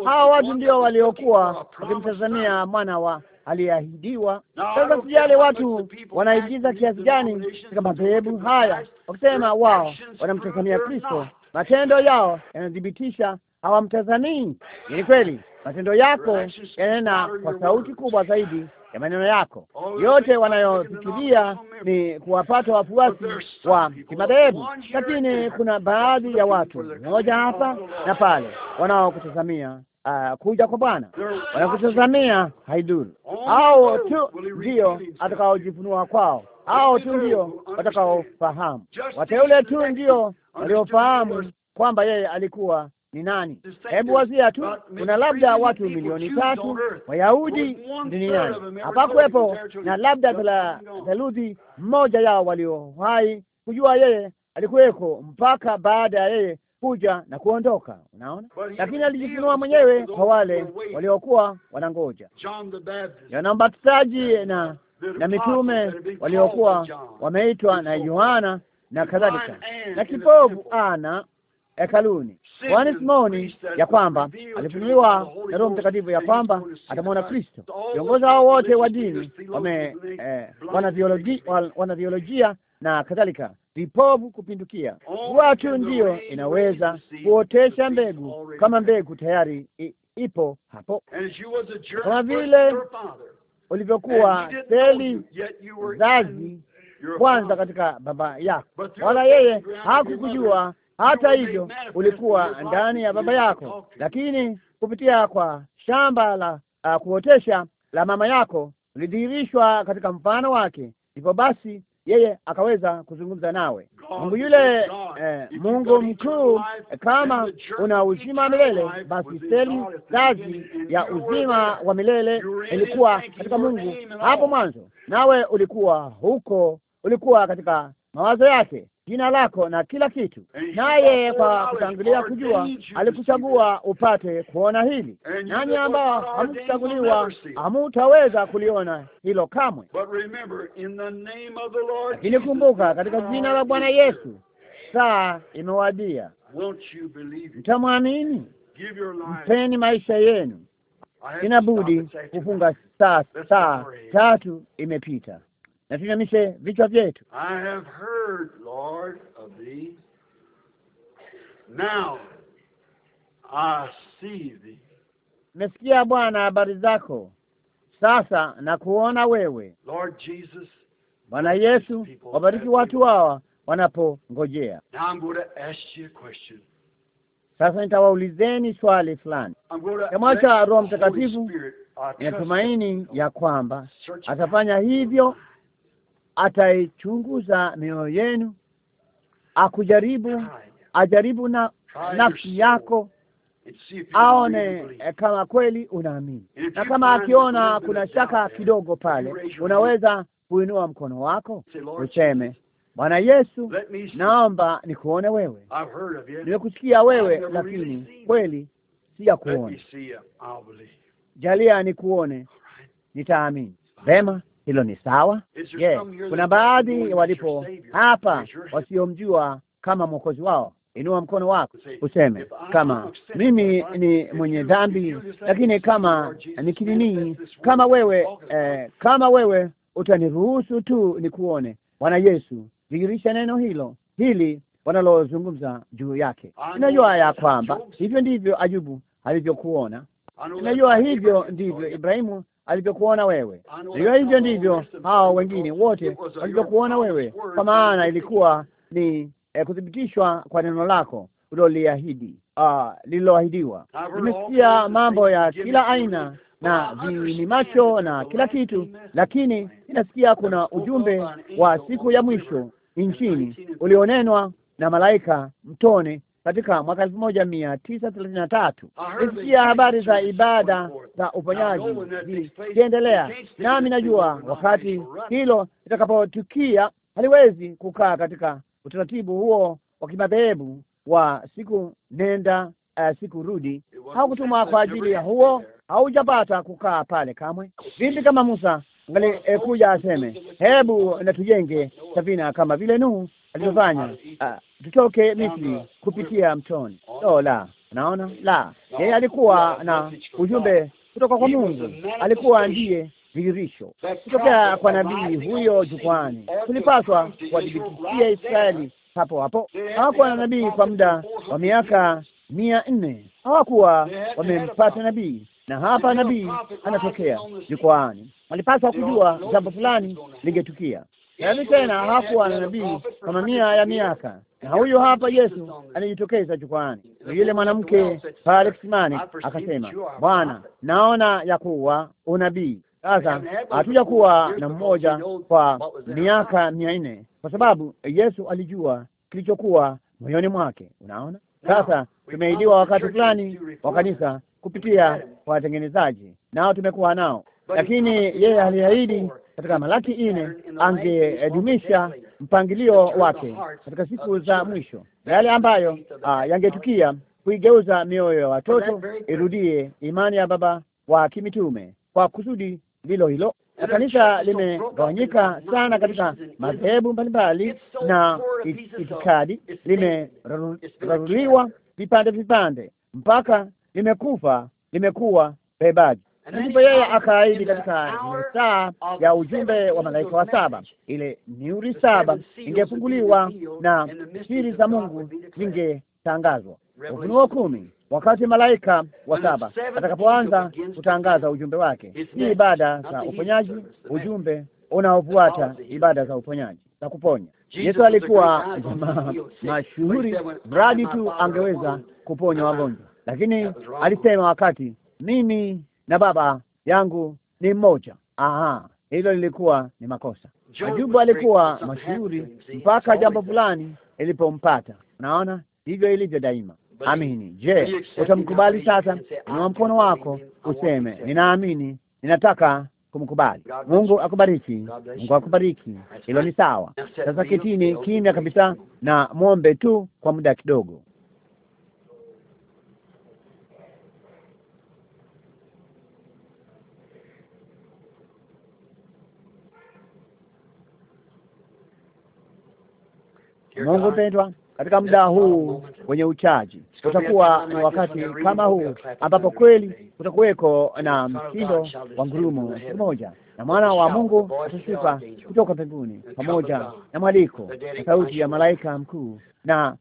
Hawa watu ndio waliokuwa wakimtazamia mwana wa aliyeahidiwa. Sasa sijale watu wanaigiza kiasi gani katika madhehebu haya, wakisema wao wanamtazamia Kristo. Matendo yao yanathibitisha hawamtazamii. Ni kweli matendo yako yanena kwa sauti kubwa zaidi ya maneno yako yote. Wanayofikiria ni kuwapata wafuasi wa kimadhehebu, lakini kuna baadhi ya watu mmoja hapa na pale wanaokutazamia Uh, kuja kwa Bwana wanakutazamia, haiduru Au tu ndio atakaojifunua kwao, au tu ndio watakaofahamu, wateule tu ndio waliofahamu kwamba yeye alikuwa ni nani? Hebu wazia tu, kuna labda watu milioni tatu Wayahudi duniani, hapakuwepo na labda theluthi mmoja yao walio hai kujua yeye alikuweko mpaka baada ya yeye kuja na kuondoka, unaona. Lakini alijifunua mwenyewe kwa wale waliokuwa wanangoja. Yohana Mbatizaji na na mitume waliokuwa wameitwa na Yohana na kadhalika, na kipofu ana hekaluni Yohana Simoni ya kwamba alifunuliwa na Roho Mtakatifu ya kwamba atamwona Kristo. Viongozi hao wote wa dini wame eh, wanabiolojia na kadhalika vipovu kupindukia. Watu ndio ndiyo inaweza kuotesha mbegu, kama mbegu tayari ipo hapo, kama vile ulivyokuwa seli zazi kwanza katika baba yako, wala yeye hakukujua hata hivyo ulikuwa ndani ya baba yako, lakini kupitia kwa shamba la uh, kuotesha la mama yako ulidhihirishwa katika mfano wake, ndipo basi yeye akaweza kuzungumza nawe. Mungu yule eh, Mungu mkuu. Kama una uzima wa milele, basi seli zazi ya uzima wa milele ilikuwa katika Mungu hapo mwanzo, nawe ulikuwa huko, ulikuwa katika mawazo yake, jina lako na kila kitu, naye kwa kutangulia kujua alikuchagua upate kuona hili, nanyi ambao hamkuchaguliwa hamutaweza kuliona hilo kamwe. Lakini kumbuka, katika jina la Bwana Yesu saa imewadia. Mtamwamini? Mpeni maisha yenu. Inabudi kufunga saa, saa tatu imepita nasimamishe vichwa vyetu. Nimesikia Bwana habari zako, sasa wewe Lord wewe. Bwana Yesu, wabariki watu hawa wanapongojea. Sasa nitawaulizeni swali fulani. Kamwacha Roho Mtakatifu, inatumaini ya kwamba atafanya hivyo ataichunguza mioyo yenu, akujaribu, ajaribu na nafsi yako aone eh, kama kweli unaamini, na kama akiona kuna shaka kidogo pale, unaweza kuinua mkono wako useme, Bwana Yesu, naomba nikuone wewe. Nimekusikia wewe, lakini kweli sijakuona. Jalia nikuone, nitaamini. Vema hilo ni sawa. Je, kuna baadhi walipo hapa wasiomjua kama mwokozi wao? Inua mkono wako useme, kama mimi ni mwenye dhambi, lakini kama nikininii, kama wewe eh, kama wewe utaniruhusu tu nikuone. Bwana Yesu, dhihirisha neno hilo hili wanalozungumza juu yake. Unajua ya kwamba hivyo ndivyo ajubu alivyokuona. Unajua hivyo ndivyo Ibrahimu alivyokuona wewe, vivyo hivyo ndivyo hao wengine wote walivyokuona wewe, kwa maana ilikuwa ni eh, kuthibitishwa kwa neno lako uliloliahidi, uh, ah, lililoahidiwa. Nimesikia mambo ya kila aina na vini macho na kila kitu, lakini ninasikia kuna ujumbe wa siku ya mwisho nchini ulionenwa na malaika mtone katika mwaka elfu moja mia tisa thelathini na tatu nisikia habari za ibada za uponyaji zikiendelea, nami najua wakati hilo litakapotukia haliwezi kukaa katika utaratibu huo wa kimadhehebu wa siku nenda uh, siku rudi. haukutumwa kwa ajili ya huo, haujapata kukaa pale kamwe. Vipi kama Musa angalikuja aseme, hebu natujenge safina kama vile Nuhu alivyofanya tutoke ah, ah, Misri kupitia mtoni. Oh, la, naona la, yeye alikuwa na ujumbe kutoka kwa Mungu, alikuwa ndiye dhihirisho kutokea kwa nabii huyo jukwani. Tulipaswa kuwadhibitishia Israeli hapo hapo. Hawakuwa na nabii kwa muda wa miaka mia nne hawakuwa wamempata nabii, na hapa nabii anatokea jukwani Walipaswa kujua jambo fulani lingetukia yaani tena hakuwa na nabii kwa mamia ya miaka, na huyu hapa Yesu alijitokeza jukwani. Yule mwanamke pale kisimani akasema, Bwana, naona ya kuwa unabii. Sasa hatujakuwa kuwa na mmoja kwa miaka mia nne kwa sababu Yesu alijua kilichokuwa moyoni mwake. Unaona, sasa tumeidiwa wakati fulani wa kanisa kupitia watengenezaji, nao tumekuwa nao, lakini yeye aliahidi katika Malaki nne angedumisha mpangilio wake katika siku za mwisho yale ambayo ah, yangetukia kuigeuza mioyo ya watoto irudie imani ya baba wa kimitume kwa kusudi lilo hilo. Na kanisa limegawanyika sana katika madhehebu mbalimbali na itikadi, limeraruliwa vipande vipande mpaka limekufa, limekuwa bebaji ndipo yeye akaahidi katika saa ya ujumbe wa malaika wa saba, ile miuri saba ingefunguliwa na siri za Mungu zingetangazwa. Ufunuo kumi, wakati malaika wa saba atakapoanza kutangaza ujumbe wake. Ni ibada za uponyaji, ujumbe unaofuata ibada za uponyaji za kuponya. Yesu alikuwa jamaa mashuhuri, mradi tu angeweza kuponya wagonjwa, lakini alisema wakati mimi na baba yangu ni mmoja. Aha, hilo lilikuwa ni makosa. Ajubu alikuwa mashuhuri mpaka jambo fulani ilipompata. Unaona, hivyo ilivyo daima. Amini. Je, utamkubali sasa? Inua mkono wako useme, ninaamini, ninataka kumkubali. Mungu akubariki. Mungu akubariki. Hilo ni sawa. Sasa kitini kimya kabisa na mwombe tu kwa muda kidogo. Mungu pendwa, katika muda huu wenye uchaji utakuwa na wakati kama huu ambapo kweli kutakuweko na mtindo wa ngurumo siku moja, na mwana wa Mungu atashuka kutoka mbinguni pamoja na mwaliko na sauti ya malaika mkuu na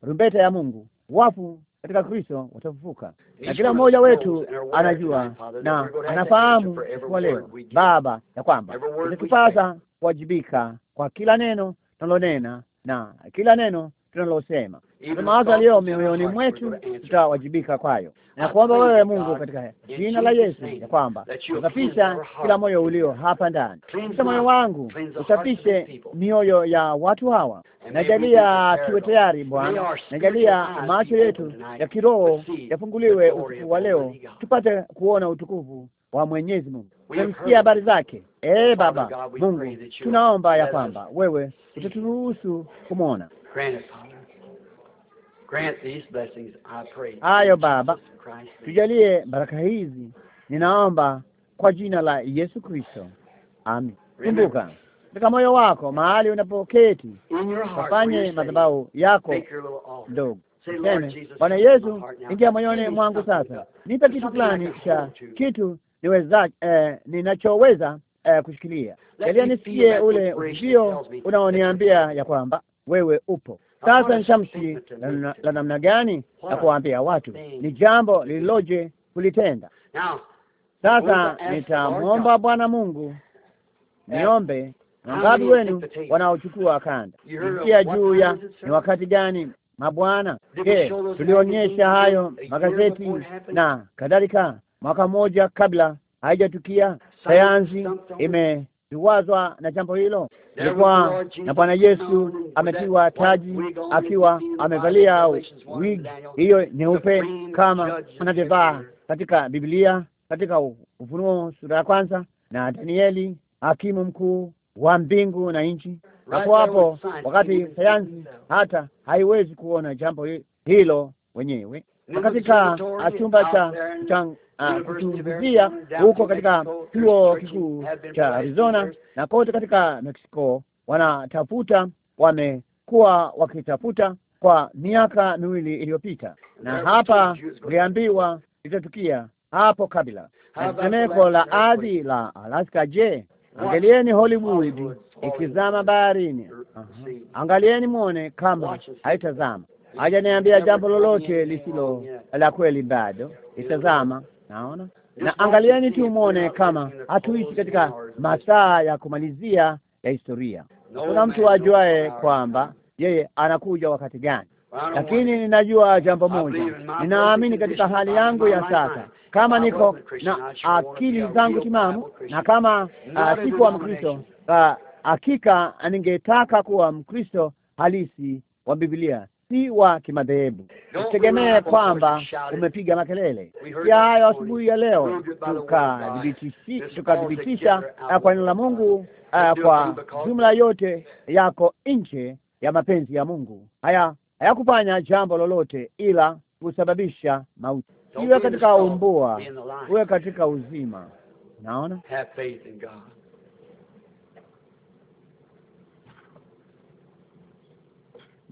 tarumbeta ya Mungu. Wafu katika Kristo watafufuka, na kila mmoja wetu anajua na anafahamu kwa leo Baba ya kwamba itatupasa kuwajibika kwa kila neno tunalonena na kila neno tunalosema, mawazo aliyo mioyoni mwetu tutawajibika kwayo, na wewe Mungu katika jina la Yesu ya kwamba usafisha kila moyo ulio hapa ndani. Kisha moyo wangu usafishe mioyo ya watu hawa, najalia tuwe tayari Bwana, najalia macho yetu ya kiroho yafunguliwe usiku wa leo, tupate kuona utukufu wa Mwenyezi Mungu. Tumesikia habari zake. Ee Baba Mungu, tunaomba ya kwamba wewe utaturuhusu kumwona hayo. Baba, tujalie baraka hizi, ninaomba kwa jina la Yesu Kristo, amin. Kumbuka katika moyo wako mahali unapoketi, wafanye madhabahu yako ndogo Bwana Yesu, ingia moyoni mwangu sasa, nipe kitu fulani cha kitu niweza eh, ninachoweza eh, kushikilia. Jalia nisikie ule ujio unaoniambia ya kwamba wewe upo sasa. Ni shamsi la namna gani la kuwaambia watu ni jambo lililoje kulitenda? Sasa nitamwomba Bwana Mungu niombe wangapi wenu wanaochukua kanda nisikia juu ya ni wakati gani mabwana? Je, tulionyesha hayo magazeti na kadhalika mwaka mmoja kabla haijatukia, sayansi imeliwazwa na jambo hilo. Ilikuwa na Bwana Yesu ametiwa taji akiwa amevalia wig hiyo nyeupe kama anavyovaa katika Biblia, katika Ufunuo sura ya kwanza na Danieli, hakimu mkuu wa mbingu na nchi. Hapo hapo wakati sayansi hata haiwezi kuona jambo hilo wenyewe na katika ah, chumba cha cha ah, huko katika chuo kikuu cha Arizona na kote katika Mexico, wanatafuta wamekuwa wakitafuta kwa miaka miwili iliyopita, na hapa uliambiwa litatukia hapo kabla na tetemeko la ardhi la Alaska. Je, angalieni Hollywood ikizama baharini, angalieni mwone kama haitazama hajaniambia jambo lolote lisilo la kweli bado. Itazama, naona na angalieni tu mwone kama hatuishi katika masaa ya kumalizia ya historia. Kuna mtu ajuae kwamba yeye anakuja wakati gani, lakini ninajua jambo moja, ninaamini katika hali yangu ya sasa, kama niko na akili zangu timamu na kama uh, sikuwa Mkristo uh, hakika, uh, ningetaka kuwa Mkristo halisi wa Biblia si wa kimadhehebu. Usitegemee kwamba umepiga makelele ya hayo asubuhi ya leo. tukadhibitisha ah, kwa neno la Mungu ah, kwa jumla yote yako nje ya mapenzi ya Mungu. Haya hayakufanya jambo lolote ila kusababisha mauti. Iwe katika umbua, uwe katika uzima. naona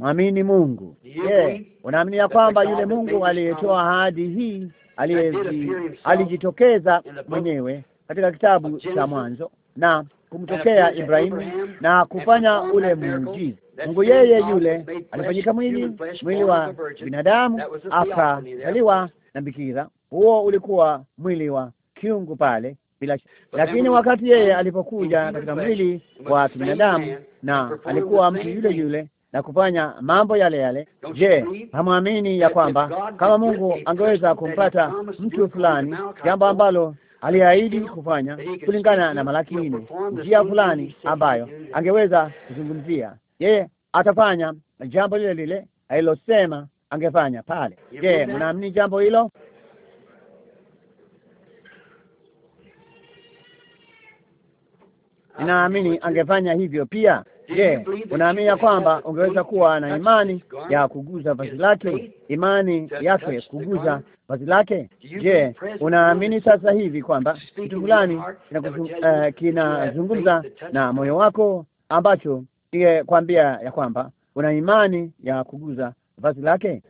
mwamini Mungu. Je, unaamini ya kwamba yule Mungu aliyetoa ahadi hii alijitokeza mwenyewe katika kitabu cha Mwanzo na kumtokea Ibrahimu na kufanya ule muujiza. Mungu yeye yule alifanyika mwili, mwili wa binadamu, akazaliwa na bikira. Huo ulikuwa mwili wa kiungu pale bila, lakini wakati yeye alipokuja katika mwili wa kibinadamu na alikuwa mtu yule yule na kufanya mambo yale yale. Je, hamwamini ya kwamba kama Mungu angeweza kumpata mtu fulani jambo ambalo aliahidi kufanya kulingana na Malaki nne, njia fulani ambayo angeweza kuzungumzia, yeye atafanya jambo lile lile alilosema angefanya pale. Je, mnaamini jambo hilo? Ninaamini angefanya hivyo pia. Je, unaamini ya kwamba ungeweza kuwa na imani ya kuguza vazi lake, imani yake kuguza vazi lake? Je, unaamini sasa hivi kwamba kitu fulani eh, kinazungumza na moyo wako ambacho kwambia ya kwamba una imani ya kuguza vazi lake?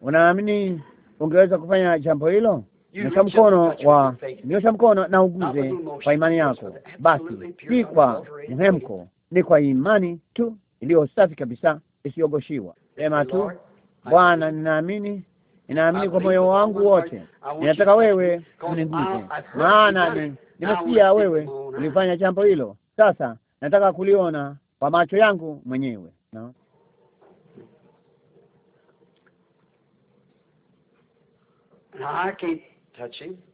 Unaamini ungeweza kufanya jambo hilo? nyosha mkono wa nyosha mkono na uguze kwa imani yako, basi si kwa mhemko, ni kwa imani tu iliyo safi kabisa isiyogoshiwa. Sema tu, Bwana, ninaamini ninaamini kwa moyo wangu wote, ninataka wewe uniguze, maana nimesikia wewe ulifanya jambo hilo. Sasa nataka kuliona kwa macho yangu mwenyewe no?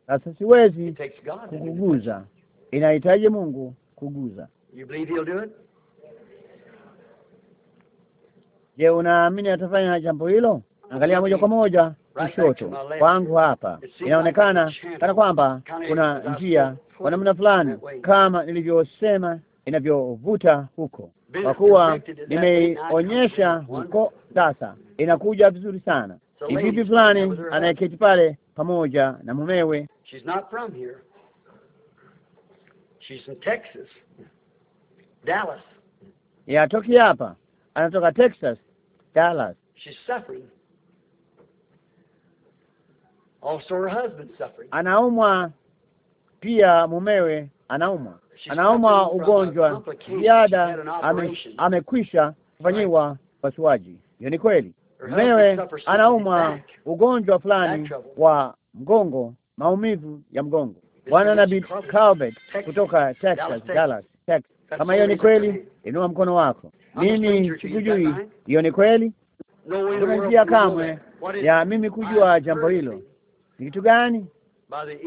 Sasa siwezi kukuguza, inahitaji Mungu kuguza. Je, unaamini atafanya jambo hilo? Angalia moja kwa moja kushoto kwangu hapa, inaonekana kana kwamba kuna njia kwa namna fulani, kama nilivyosema, inavyovuta huko, kwa kuwa nimeonyesha huko. Sasa inakuja vizuri sana. Ni bibi fulani anayeketi pale pamoja na mumewe. She's not from here. She's in Texas. Dallas. Yatoki hapa, anatoka Texas, Dallas. She's suffering. Also her husband suffering. Anaumwa pia mumewe anaumwa, anaumwa ugonjwa ziada, amekwisha kufanyiwa upasuaji. Hiyo ni kweli mmewe anaumwa ugonjwa fulani wa mgongo, maumivu ya mgongo. Bwana Nabii Calvert kutoka Texas, Dallas, Texas. Kama hiyo ni kweli, inua mkono wako. Mimi sikujui hiyo ni kweli, kuna njia kamwe ya mimi kujua jambo hilo. Ni kitu gani?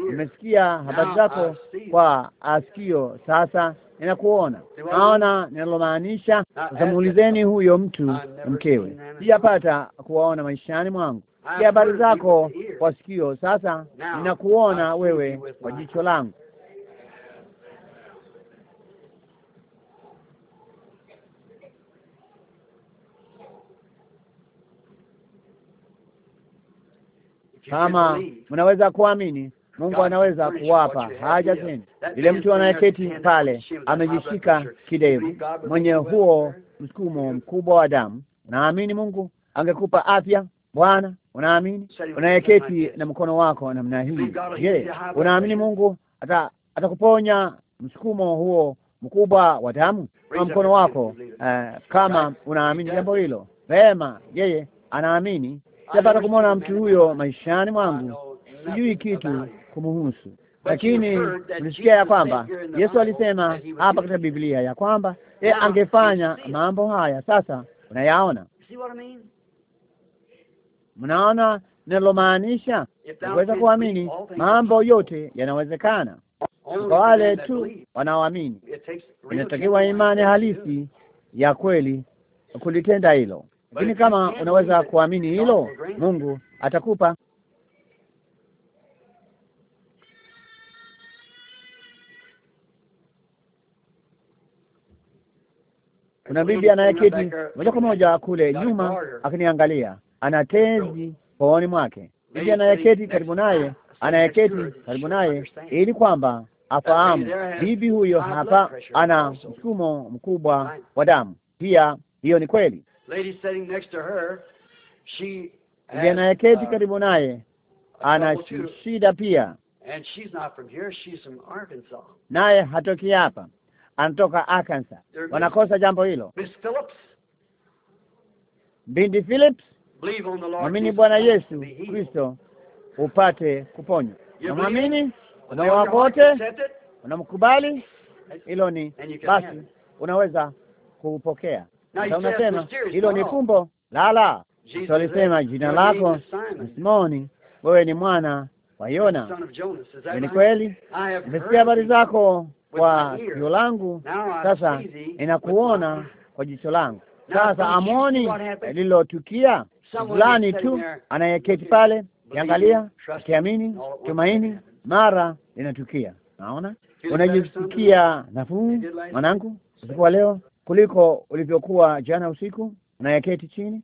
Nimesikia habari zako kwa asikio, sasa ninakuona. Naona ninalomaanisha. Sasa muulizeni huyo mtu mkewe, sijapata kuwaona maishani mwangu. Sikia habari zako kwa sikio, sasa ninakuona wewe kwa jicho langu. Kama mnaweza kuamini, Mungu anaweza kuwapa haja zenu. Yule mtu anayeketi pale amejishika kidevu, mwenye huo msukumo mkubwa wa damu, naamini Mungu angekupa afya. Bwana, unaamini? Unayeketi na mkono wako namna hii, je, unaamini Mungu atakuponya ata msukumo huo mkubwa wa damu kwa mkono wako? Uh, kama unaamini jambo hilo vema, yeye anaamini sijapata kumwona mtu huyo maishani mwangu, sijui kitu kumuhusu, lakini nilisikia ya kwamba Yesu alisema hapa katika Biblia ya kwamba e, angefanya mambo haya. Sasa unayaona, mnaona ninalomaanisha? Naweza kuamini mambo yote yanawezekana kwa wale tu wanaoamini. Inatakiwa imani halisi ya kweli kulitenda hilo. Lakini kama unaweza kuamini hilo, Mungu atakupa Kuna bibi anayeketi moja kwa moja kule nyuma akiniangalia, ana tezi pooni mwake. Bibi anayeketi karibu naye, anayeketi karibu naye, ili kwamba afahamu bibi huyo hapa ana msukumo mkubwa wa damu. Pia hiyo ni kweli. Kijana yaketi uh, karibu naye ana shida pia, naye hatoki hapa, anatoka Arkansas. Wanakosa jambo hilo. Bindi Phillips, mwamini Bwana Yesu Kristo upate kuponywa. Unamwamini? Unawapa wote, unamkubali? Hilo ni basi, unaweza kuupokea na unasema hilo ni fumbo la la. Yesu alisema jina lako ni Simoni, wewe ni mwana wa Yona. Ni kweli, nimesikia habari zako kwa sikio langu, sasa ninakuona kwa jicho langu. Sasa amoni lililotukia fulani tu anayeketi pale, kiangalia, kiamini, tumaini, mara linatukia. Naona unajisikia nafuu mwanangu, sikuwa leo kuliko ulivyokuwa jana usiku. Unayeketi chini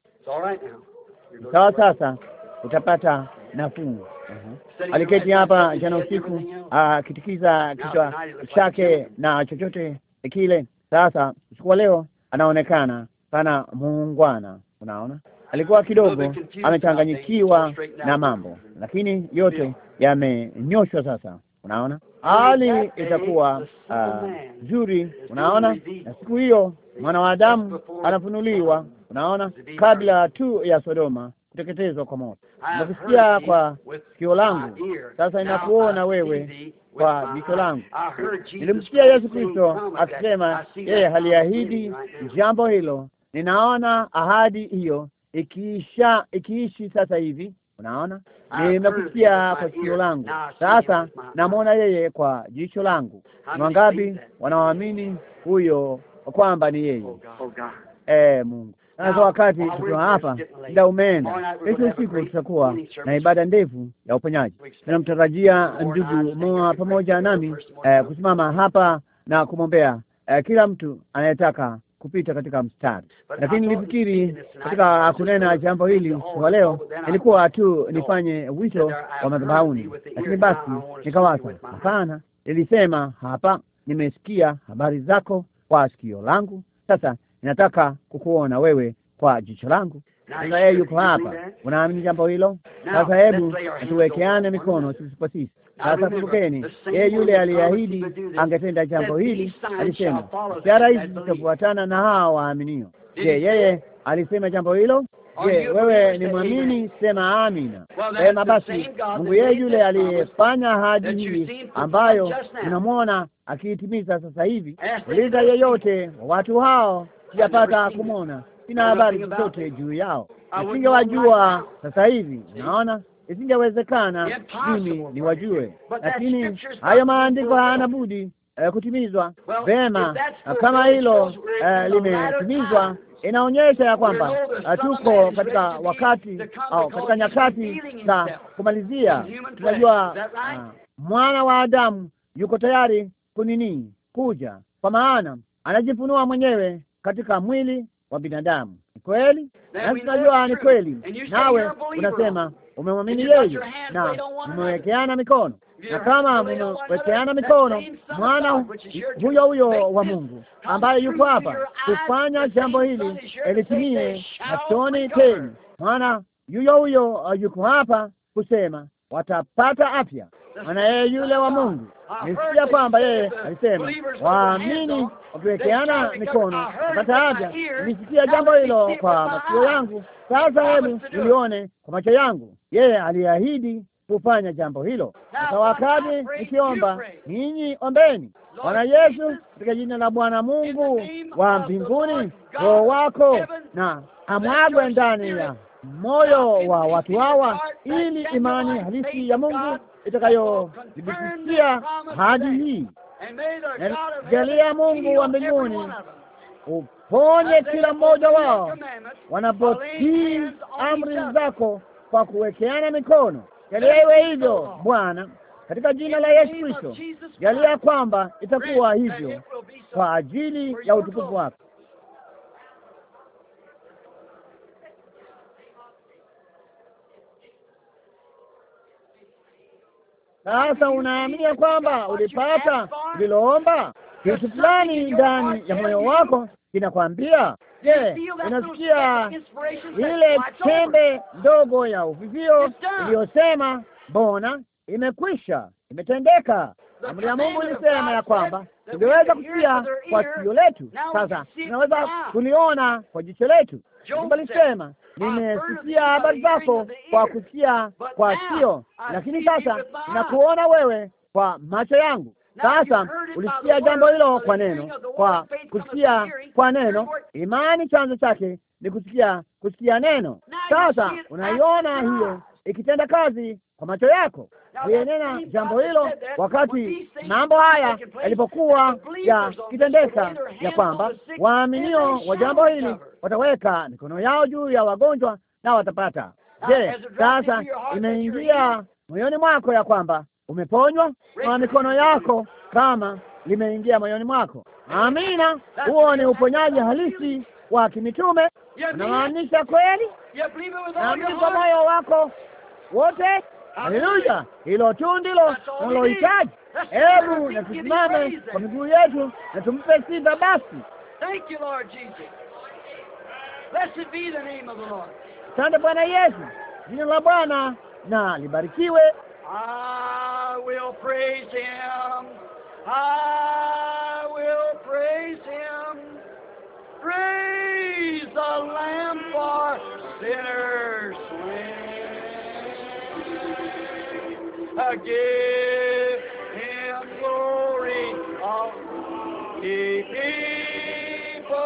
sawa, sasa utapata nafuu. Uh-huh. Aliketi hapa jana usiku akitikiza kichwa chake na chochote kile. Sasa usiku wa leo anaonekana pana muungwana, unaona alikuwa kidogo amechanganyikiwa na mambo, lakini yote yamenyoshwa sasa, unaona hali itakuwa uh, nzuri uh, unaona. Na siku hiyo mwana wa Adamu anafunuliwa, unaona, kabla tu ya Sodoma kuteketezwa kwa moto. Nakusikia kwa sikio langu, sasa ninakuona wewe kwa jicho langu. Nilimsikia Yesu Kristo akisema yeye haliahidi jambo hilo, ninaona ahadi hiyo ikiisha ikiishi sasa hivi Unaona, ah, nimekusikia kwa sikio langu, ah, sasa namwona yeye kwa jicho langu. Ni wangapi wanaoamini huyo kwamba ni yeye? Eh, Mungu sasa wakati tukiwa hapa muda umeenda. Kesho usiku tutakuwa na ibada ndefu ya uponyaji. Tunamtarajia ndugu Moa pamoja nami eh, kusimama hapa na kumwombea eh, kila mtu anayetaka kupita katika mstari, lakini nilifikiri katika kunena jambo hili kwa leo, ilikuwa tu nifanye wito wa madhabahuni, lakini basi nikawaza, hapana, nilisema hapa, nimesikia habari zako kwa sikio langu, sasa ninataka kukuona wewe kwa jicho langu. Sasa yeye yuko hapa. Unaamini jambo hilo? Sasa hebu tuwekeane mikono sisi kwa sisi. Sasa kumbukeni, yeye yule aliyeahidi angetenda jambo hili alisema, ishara hizi zitafuatana na hawa waaminio. Je, yeye alisema jambo hilo? Je, wewe ni mwamini? Sema amina. Sema basi, Mungu yeye yule aliyefanya ahadi hii ambayo unamwona akiitimiza sasa hivi, uliza yeyote wa watu hao, sijapata kumwona sina habari zozote juu yao, isingewajua sasa hivi. Naona isingewezekana mimi niwajue, lakini hayo maandiko hayana budi uh, kutimizwa vema. Kama hilo uh, limetimizwa inaonyesha ya kwamba eh, tuko katika wakati au katika nyakati za kumalizia. Tunajua uh, ah, mwana wa Adamu yuko tayari kunini kuja, kwa maana anajifunua mwenyewe katika mwili wa binadamu. Ni kweli, nasi tunajua ni kweli, nawe unasema umemwamini yeye na mmewekeana mikono, na kama mmewekeana mikono, mwana huyo huyo wa Mungu ambaye yuko hapa kufanya jambo hili elitimie machoni tenu, mwana yuyo huyo uh, yuko hapa kusema watapata afya maana yeye yule wa Mungu. Nisikia kwamba yeye alisema waamini wakiwekeana mikono wapata haja. Nisikia jambo hilo kwa masikio yangu, sasa hebu nilione kwa macho yangu. Yeye aliahidi kufanya jambo hilo. Sasa wakati nikiomba, ninyi ombeni. Bwana Yesu, katika jina la Bwana Mungu wa mbinguni, roho wako na amwagwe ndani ya moyo wa watu hawa, ili imani halisi ya Mungu itakayothibitisha hadi hii. Jalia Mungu wa mbinguni uponye kila mmoja wao wanapotii amri zako kwa kuwekeana mikono. Jalia iwe hivyo Bwana, katika jina la Yesu Kristo. Jalia kwamba itakuwa hivyo kwa ajili ya utukufu wako. Sasa unaamini ya kwamba ulipata uliloomba? Kitu fulani ndani ya moyo wako kinakwambia. Je, unasikia ile chembe ndogo ya uvivio iliyosema, mbona imekwisha, imetendeka? Amri ya Mungu ilisema ya kwamba tungeweza kusikia kwa sikio letu, sasa tunaweza kuliona kwa jicho letu. alisema nimesikia habari zako kwa kusikia kwa sikio, lakini sasa nakuona wewe kwa macho yangu. Sasa ulisikia jambo hilo kwa neno, kwa kusikia kwa neno. Imani chanzo chake ni kusikia, kusikia neno. Sasa unaiona hiyo ikitenda kazi kwa macho yako uyenena jambo hilo wakati mambo haya yalipokuwa yakitendeka, ya kwamba waaminio wa jambo hili wataweka mikono yao juu ya wagonjwa na watapata. Je, sasa imeingia moyoni mwako ya kwamba umeponywa na mikono yako kama limeingia moyoni mwako? Amina, huo ni uponyaji halisi wa kimitume. Unamaanisha kweli? Naamini kwa moyo wako wote Haleluya! Hilo tu ndilo unalohitaji. Hebu na tusimame kwa miguu yetu na tumpe sifa basi. Asante Bwana Yesu, jina la Bwana na libarikiwe. Praise the Lamb for sinners. give him glory of the people,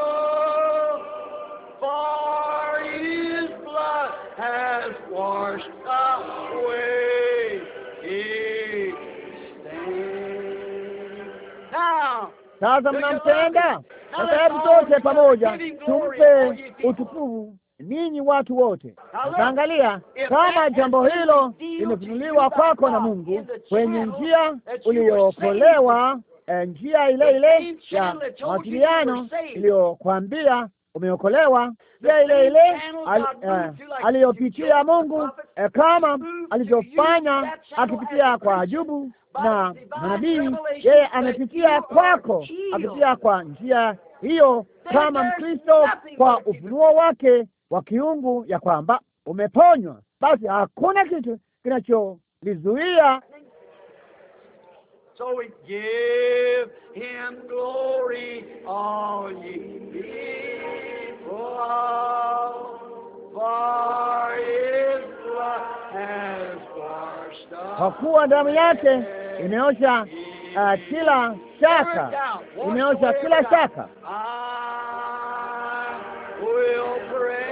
for his blood has washed away his stain. Now, now, let sasa mnamtenda sasa, hebu sote pamoja tumpe utukufu ninyi watu wote. Angalia kama jambo hilo limefunuliwa kwako na Mungu kwenye njia uliyookolewa, eh, njia ile ile ya mawasiliano iliyokwambia umeokolewa, njia ile ile eh, aliyopitia Mungu eh, kama alivyofanya akipitia kwa Ajubu na manabii, yeye amepitia kwako, akipitia kwa njia hiyo kama Mkristo kwa ufunuo wake wa kiungu ya kwamba umeponywa, basi hakuna kitu kinacholizuia. So we give him glory, all ye people, for his blood has washed us. Kwa kuwa damu yake imeosha uh, kila shaka, imeosha kila shaka. I will pray.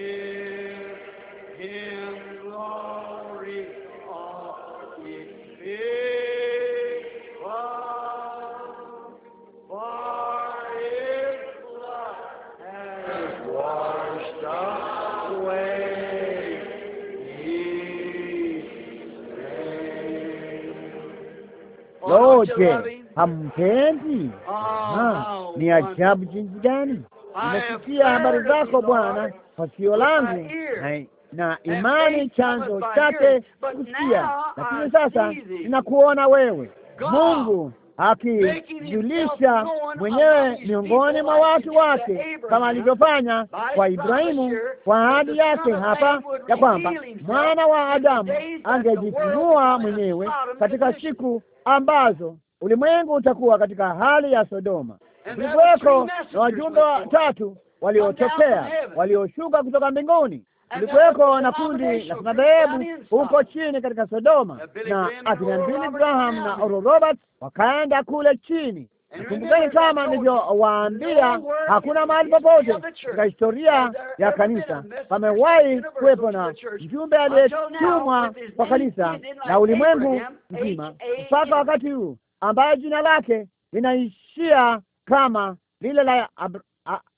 Lo, je, hampendi? Ah, ni ajabu jinsi gani! Nimesikia habari zako Bwana, pasio langu na imani chanzo chake kusikia, lakini uh, sasa ninakuona wewe Mungu akijulisha mwenyewe miongoni mwa watu wake, kama alivyofanya kwa Ibrahimu kwa ahadi yake hapa ya kwamba mwana wa Adamu angejifunua mwenyewe katika siku ambazo ulimwengu utakuwa katika hali ya Sodoma. Kulikuweko na wajumbe watatu waliotokea walioshuka kutoka mbinguni kulikuweko na kundi la kimadhehebu huko chini katika Sodoma, na akina Billy na Oral Roberts wakaenda kule chini. Nakumbukeni kama nilivyowaambia, hakuna mahali popote katika historia ya kanisa pamewahi kuwepo na mjumbe aliyetumwa kwa kanisa na ulimwengu mzima mpaka wakati huu, ambaye jina lake linaishia kama lile la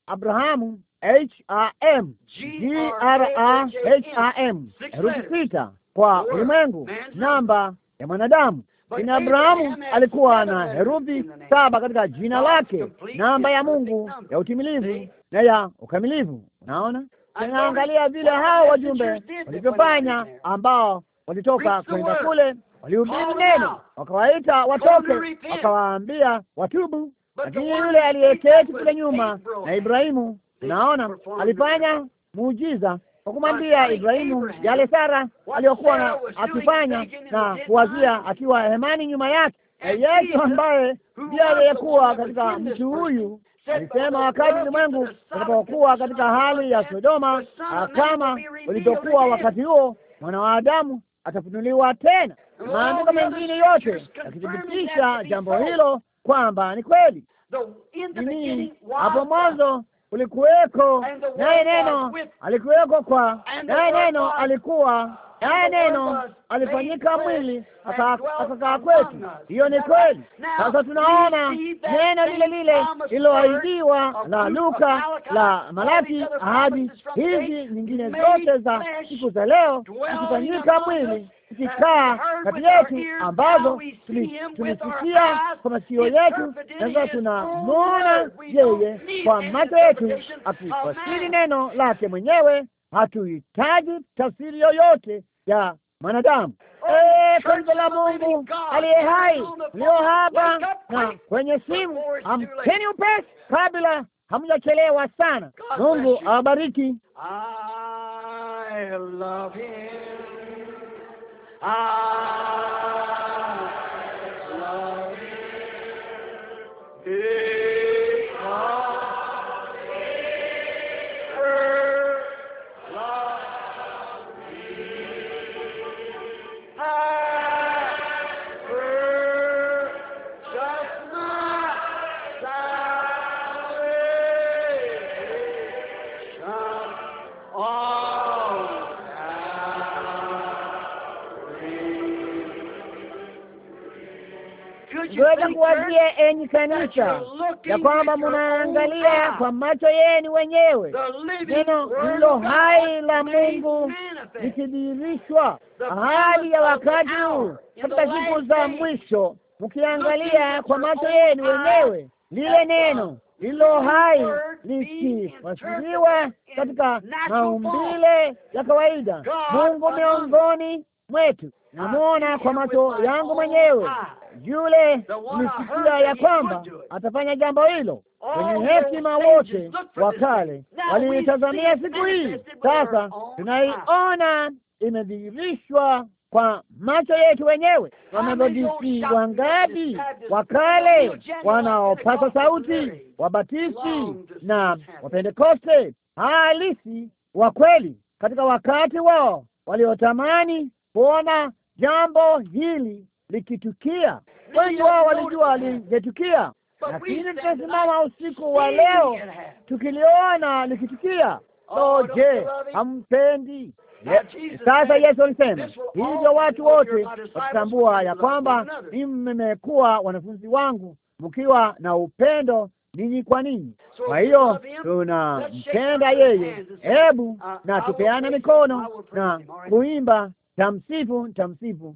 Abrahamu H-A-M, G-R-A-H-A-M, herufi sita kwa ulimwengu, namba ya mwanadamu. Lakini Abrahamu alikuwa na herufi saba katika jina lake, namba ya Mungu ya utimilivu na ya ukamilivu Unaona, tunaangalia vile hao wajumbe walivyofanya, ambao walitoka kwenda kule, walihubiri neno, wakawaita watoke, wakawaambia watubu. Lakini yule aliyeketi kule nyuma na Ibrahimu Naona alifanya muujiza kwa kumwambia Ibrahimu yale Sara aliyokuwa akifanya na kuwazia akiwa hemani nyuma yake. Yesu ambaye ndiye aliyekuwa katika mtu huyu alisema wakati ulimwengu utakapokuwa katika hali ya Sodoma, kama ulivyokuwa wakati huo, mwana wa Adamu atafunuliwa tena. Oh, Maandiko mengine yote yakithibitisha jambo hilo kwamba ni kweli. hapo mwanzo kulikuweko naye neno alikuweko kwa naye neno alikuwa naye neno alifanyika mwili akakaa kwetu. Hiyo ni kweli. Sasa tunaona neno lile lile lililoahidiwa la Luka la Malaki, ahadi hizi nyingine zote za siku za leo, zikifanyika mwili zikaa kati yetu ambazo tumesikia kwa masikio yetu, sasa tunamwona yeye kwa macho yetu akifasiri neno lake mwenyewe. Hatuhitaji tafsiri yoyote ya mwanadamu. Oh, ee, kanisa la Mungu aliye hai lio hapa na kwenye simu, amkeni upesi kabla hamjachelewa sana. Mungu awabariki. Ah, ninaweza kuwazia enyi kanisa, ya kwamba mnaangalia kwa macho yenu wenyewe neno hilo hai la Mungu likidhihirishwa hali ya wakati huu katika siku za mwisho, mkiangalia kwa macho yenu wenyewe lile neno lilo hai likiwasiliwa katika maumbile ya kawaida. Mungu miongoni mwetu, namwona kwa macho yangu mwenyewe yule nisikia ya kwamba atafanya jambo hilo. Wenye hekima wote wa kale waliitazamia siku hii, sasa tunaiona imedhihirishwa kwa macho yetu wenyewe. Wamethodisti wangapi wa kale wanaopata sauti, Wabatisti na Wapentekoste halisi wa kweli katika wakati wao waliotamani kuona jambo hili likitukia. Wengi wao walijua lingetukia, lakini tutasimama usiku wa leo tukiliona likitukia. Oh, Lo, je, hampendi? Sasa Yesu alisema hivyo, watu wote watatambua ya kwamba mimi mmekuwa wanafunzi wangu mkiwa na upendo ninyi kwa ninyi. Kwa hiyo tunampenda yeye, hebu uh, na tupeane mikono na kuimba tamsifu, tamsifu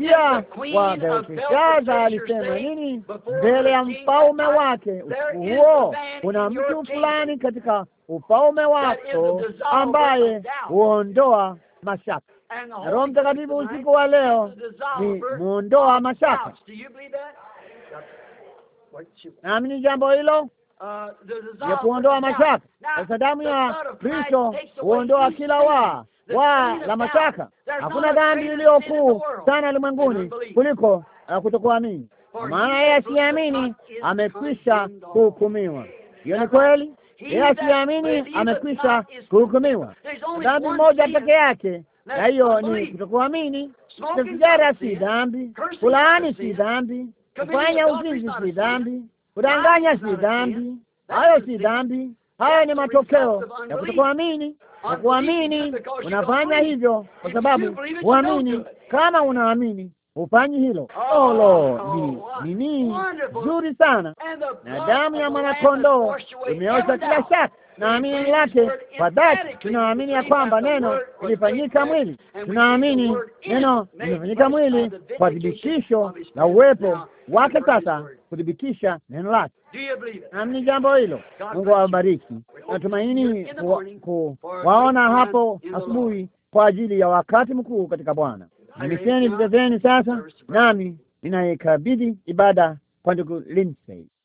Malkia wa Belshaza alisema nini mbele ya mfalme wake usiku huo? Kuna mtu fulani katika ufalme wako ambaye huondoa mashaka. Roho Mtakatifu usiku wa leo ni muondoa mashaka. Naamini jambo hilo uh, ya kuondoa mashaka. Sasa damu ya Kristo huondoa kila waa wa la mashaka. Hakuna dhambi iliyokuu sana ulimwenguni kuliko uh, kutokuamini. Maana yeye asiamini amekwisha kuhukumiwa. Hiyo ni kweli, yeye asiamini amekwisha kuhukumiwa. Dhambi moja peke yake, na hiyo ni kutokuamini. Sigara si dhambi, kulaani si dhambi, kufanya uzinzi si dhambi, kudanganya si dhambi, hayo si dhambi. Haya ni matokeo ya kutokuamini, na kuamini. Unafanya hivyo kwa sababu huamini. Kama unaamini hufanyi hilo. Oh, oh lo, ni nini nzuri sana, na damu ya mwanakondoo imeosha kila shaka na amini lake kwa dhati. Tunaamini ya kwamba neno lilifanyika mwili, tunaamini neno lilifanyika mwili kwa thibitisho la uwepo wake sasa kuthibitisha neno lake. Amini jambo hilo. Mungu awabariki. Natumaini kuwaona hapo asubuhi kwa ajili ya wakati mkuu katika Bwana. Nimisheni vitezeni sasa, nami ninaikabidhi ibada kwa ndugu Lindsay.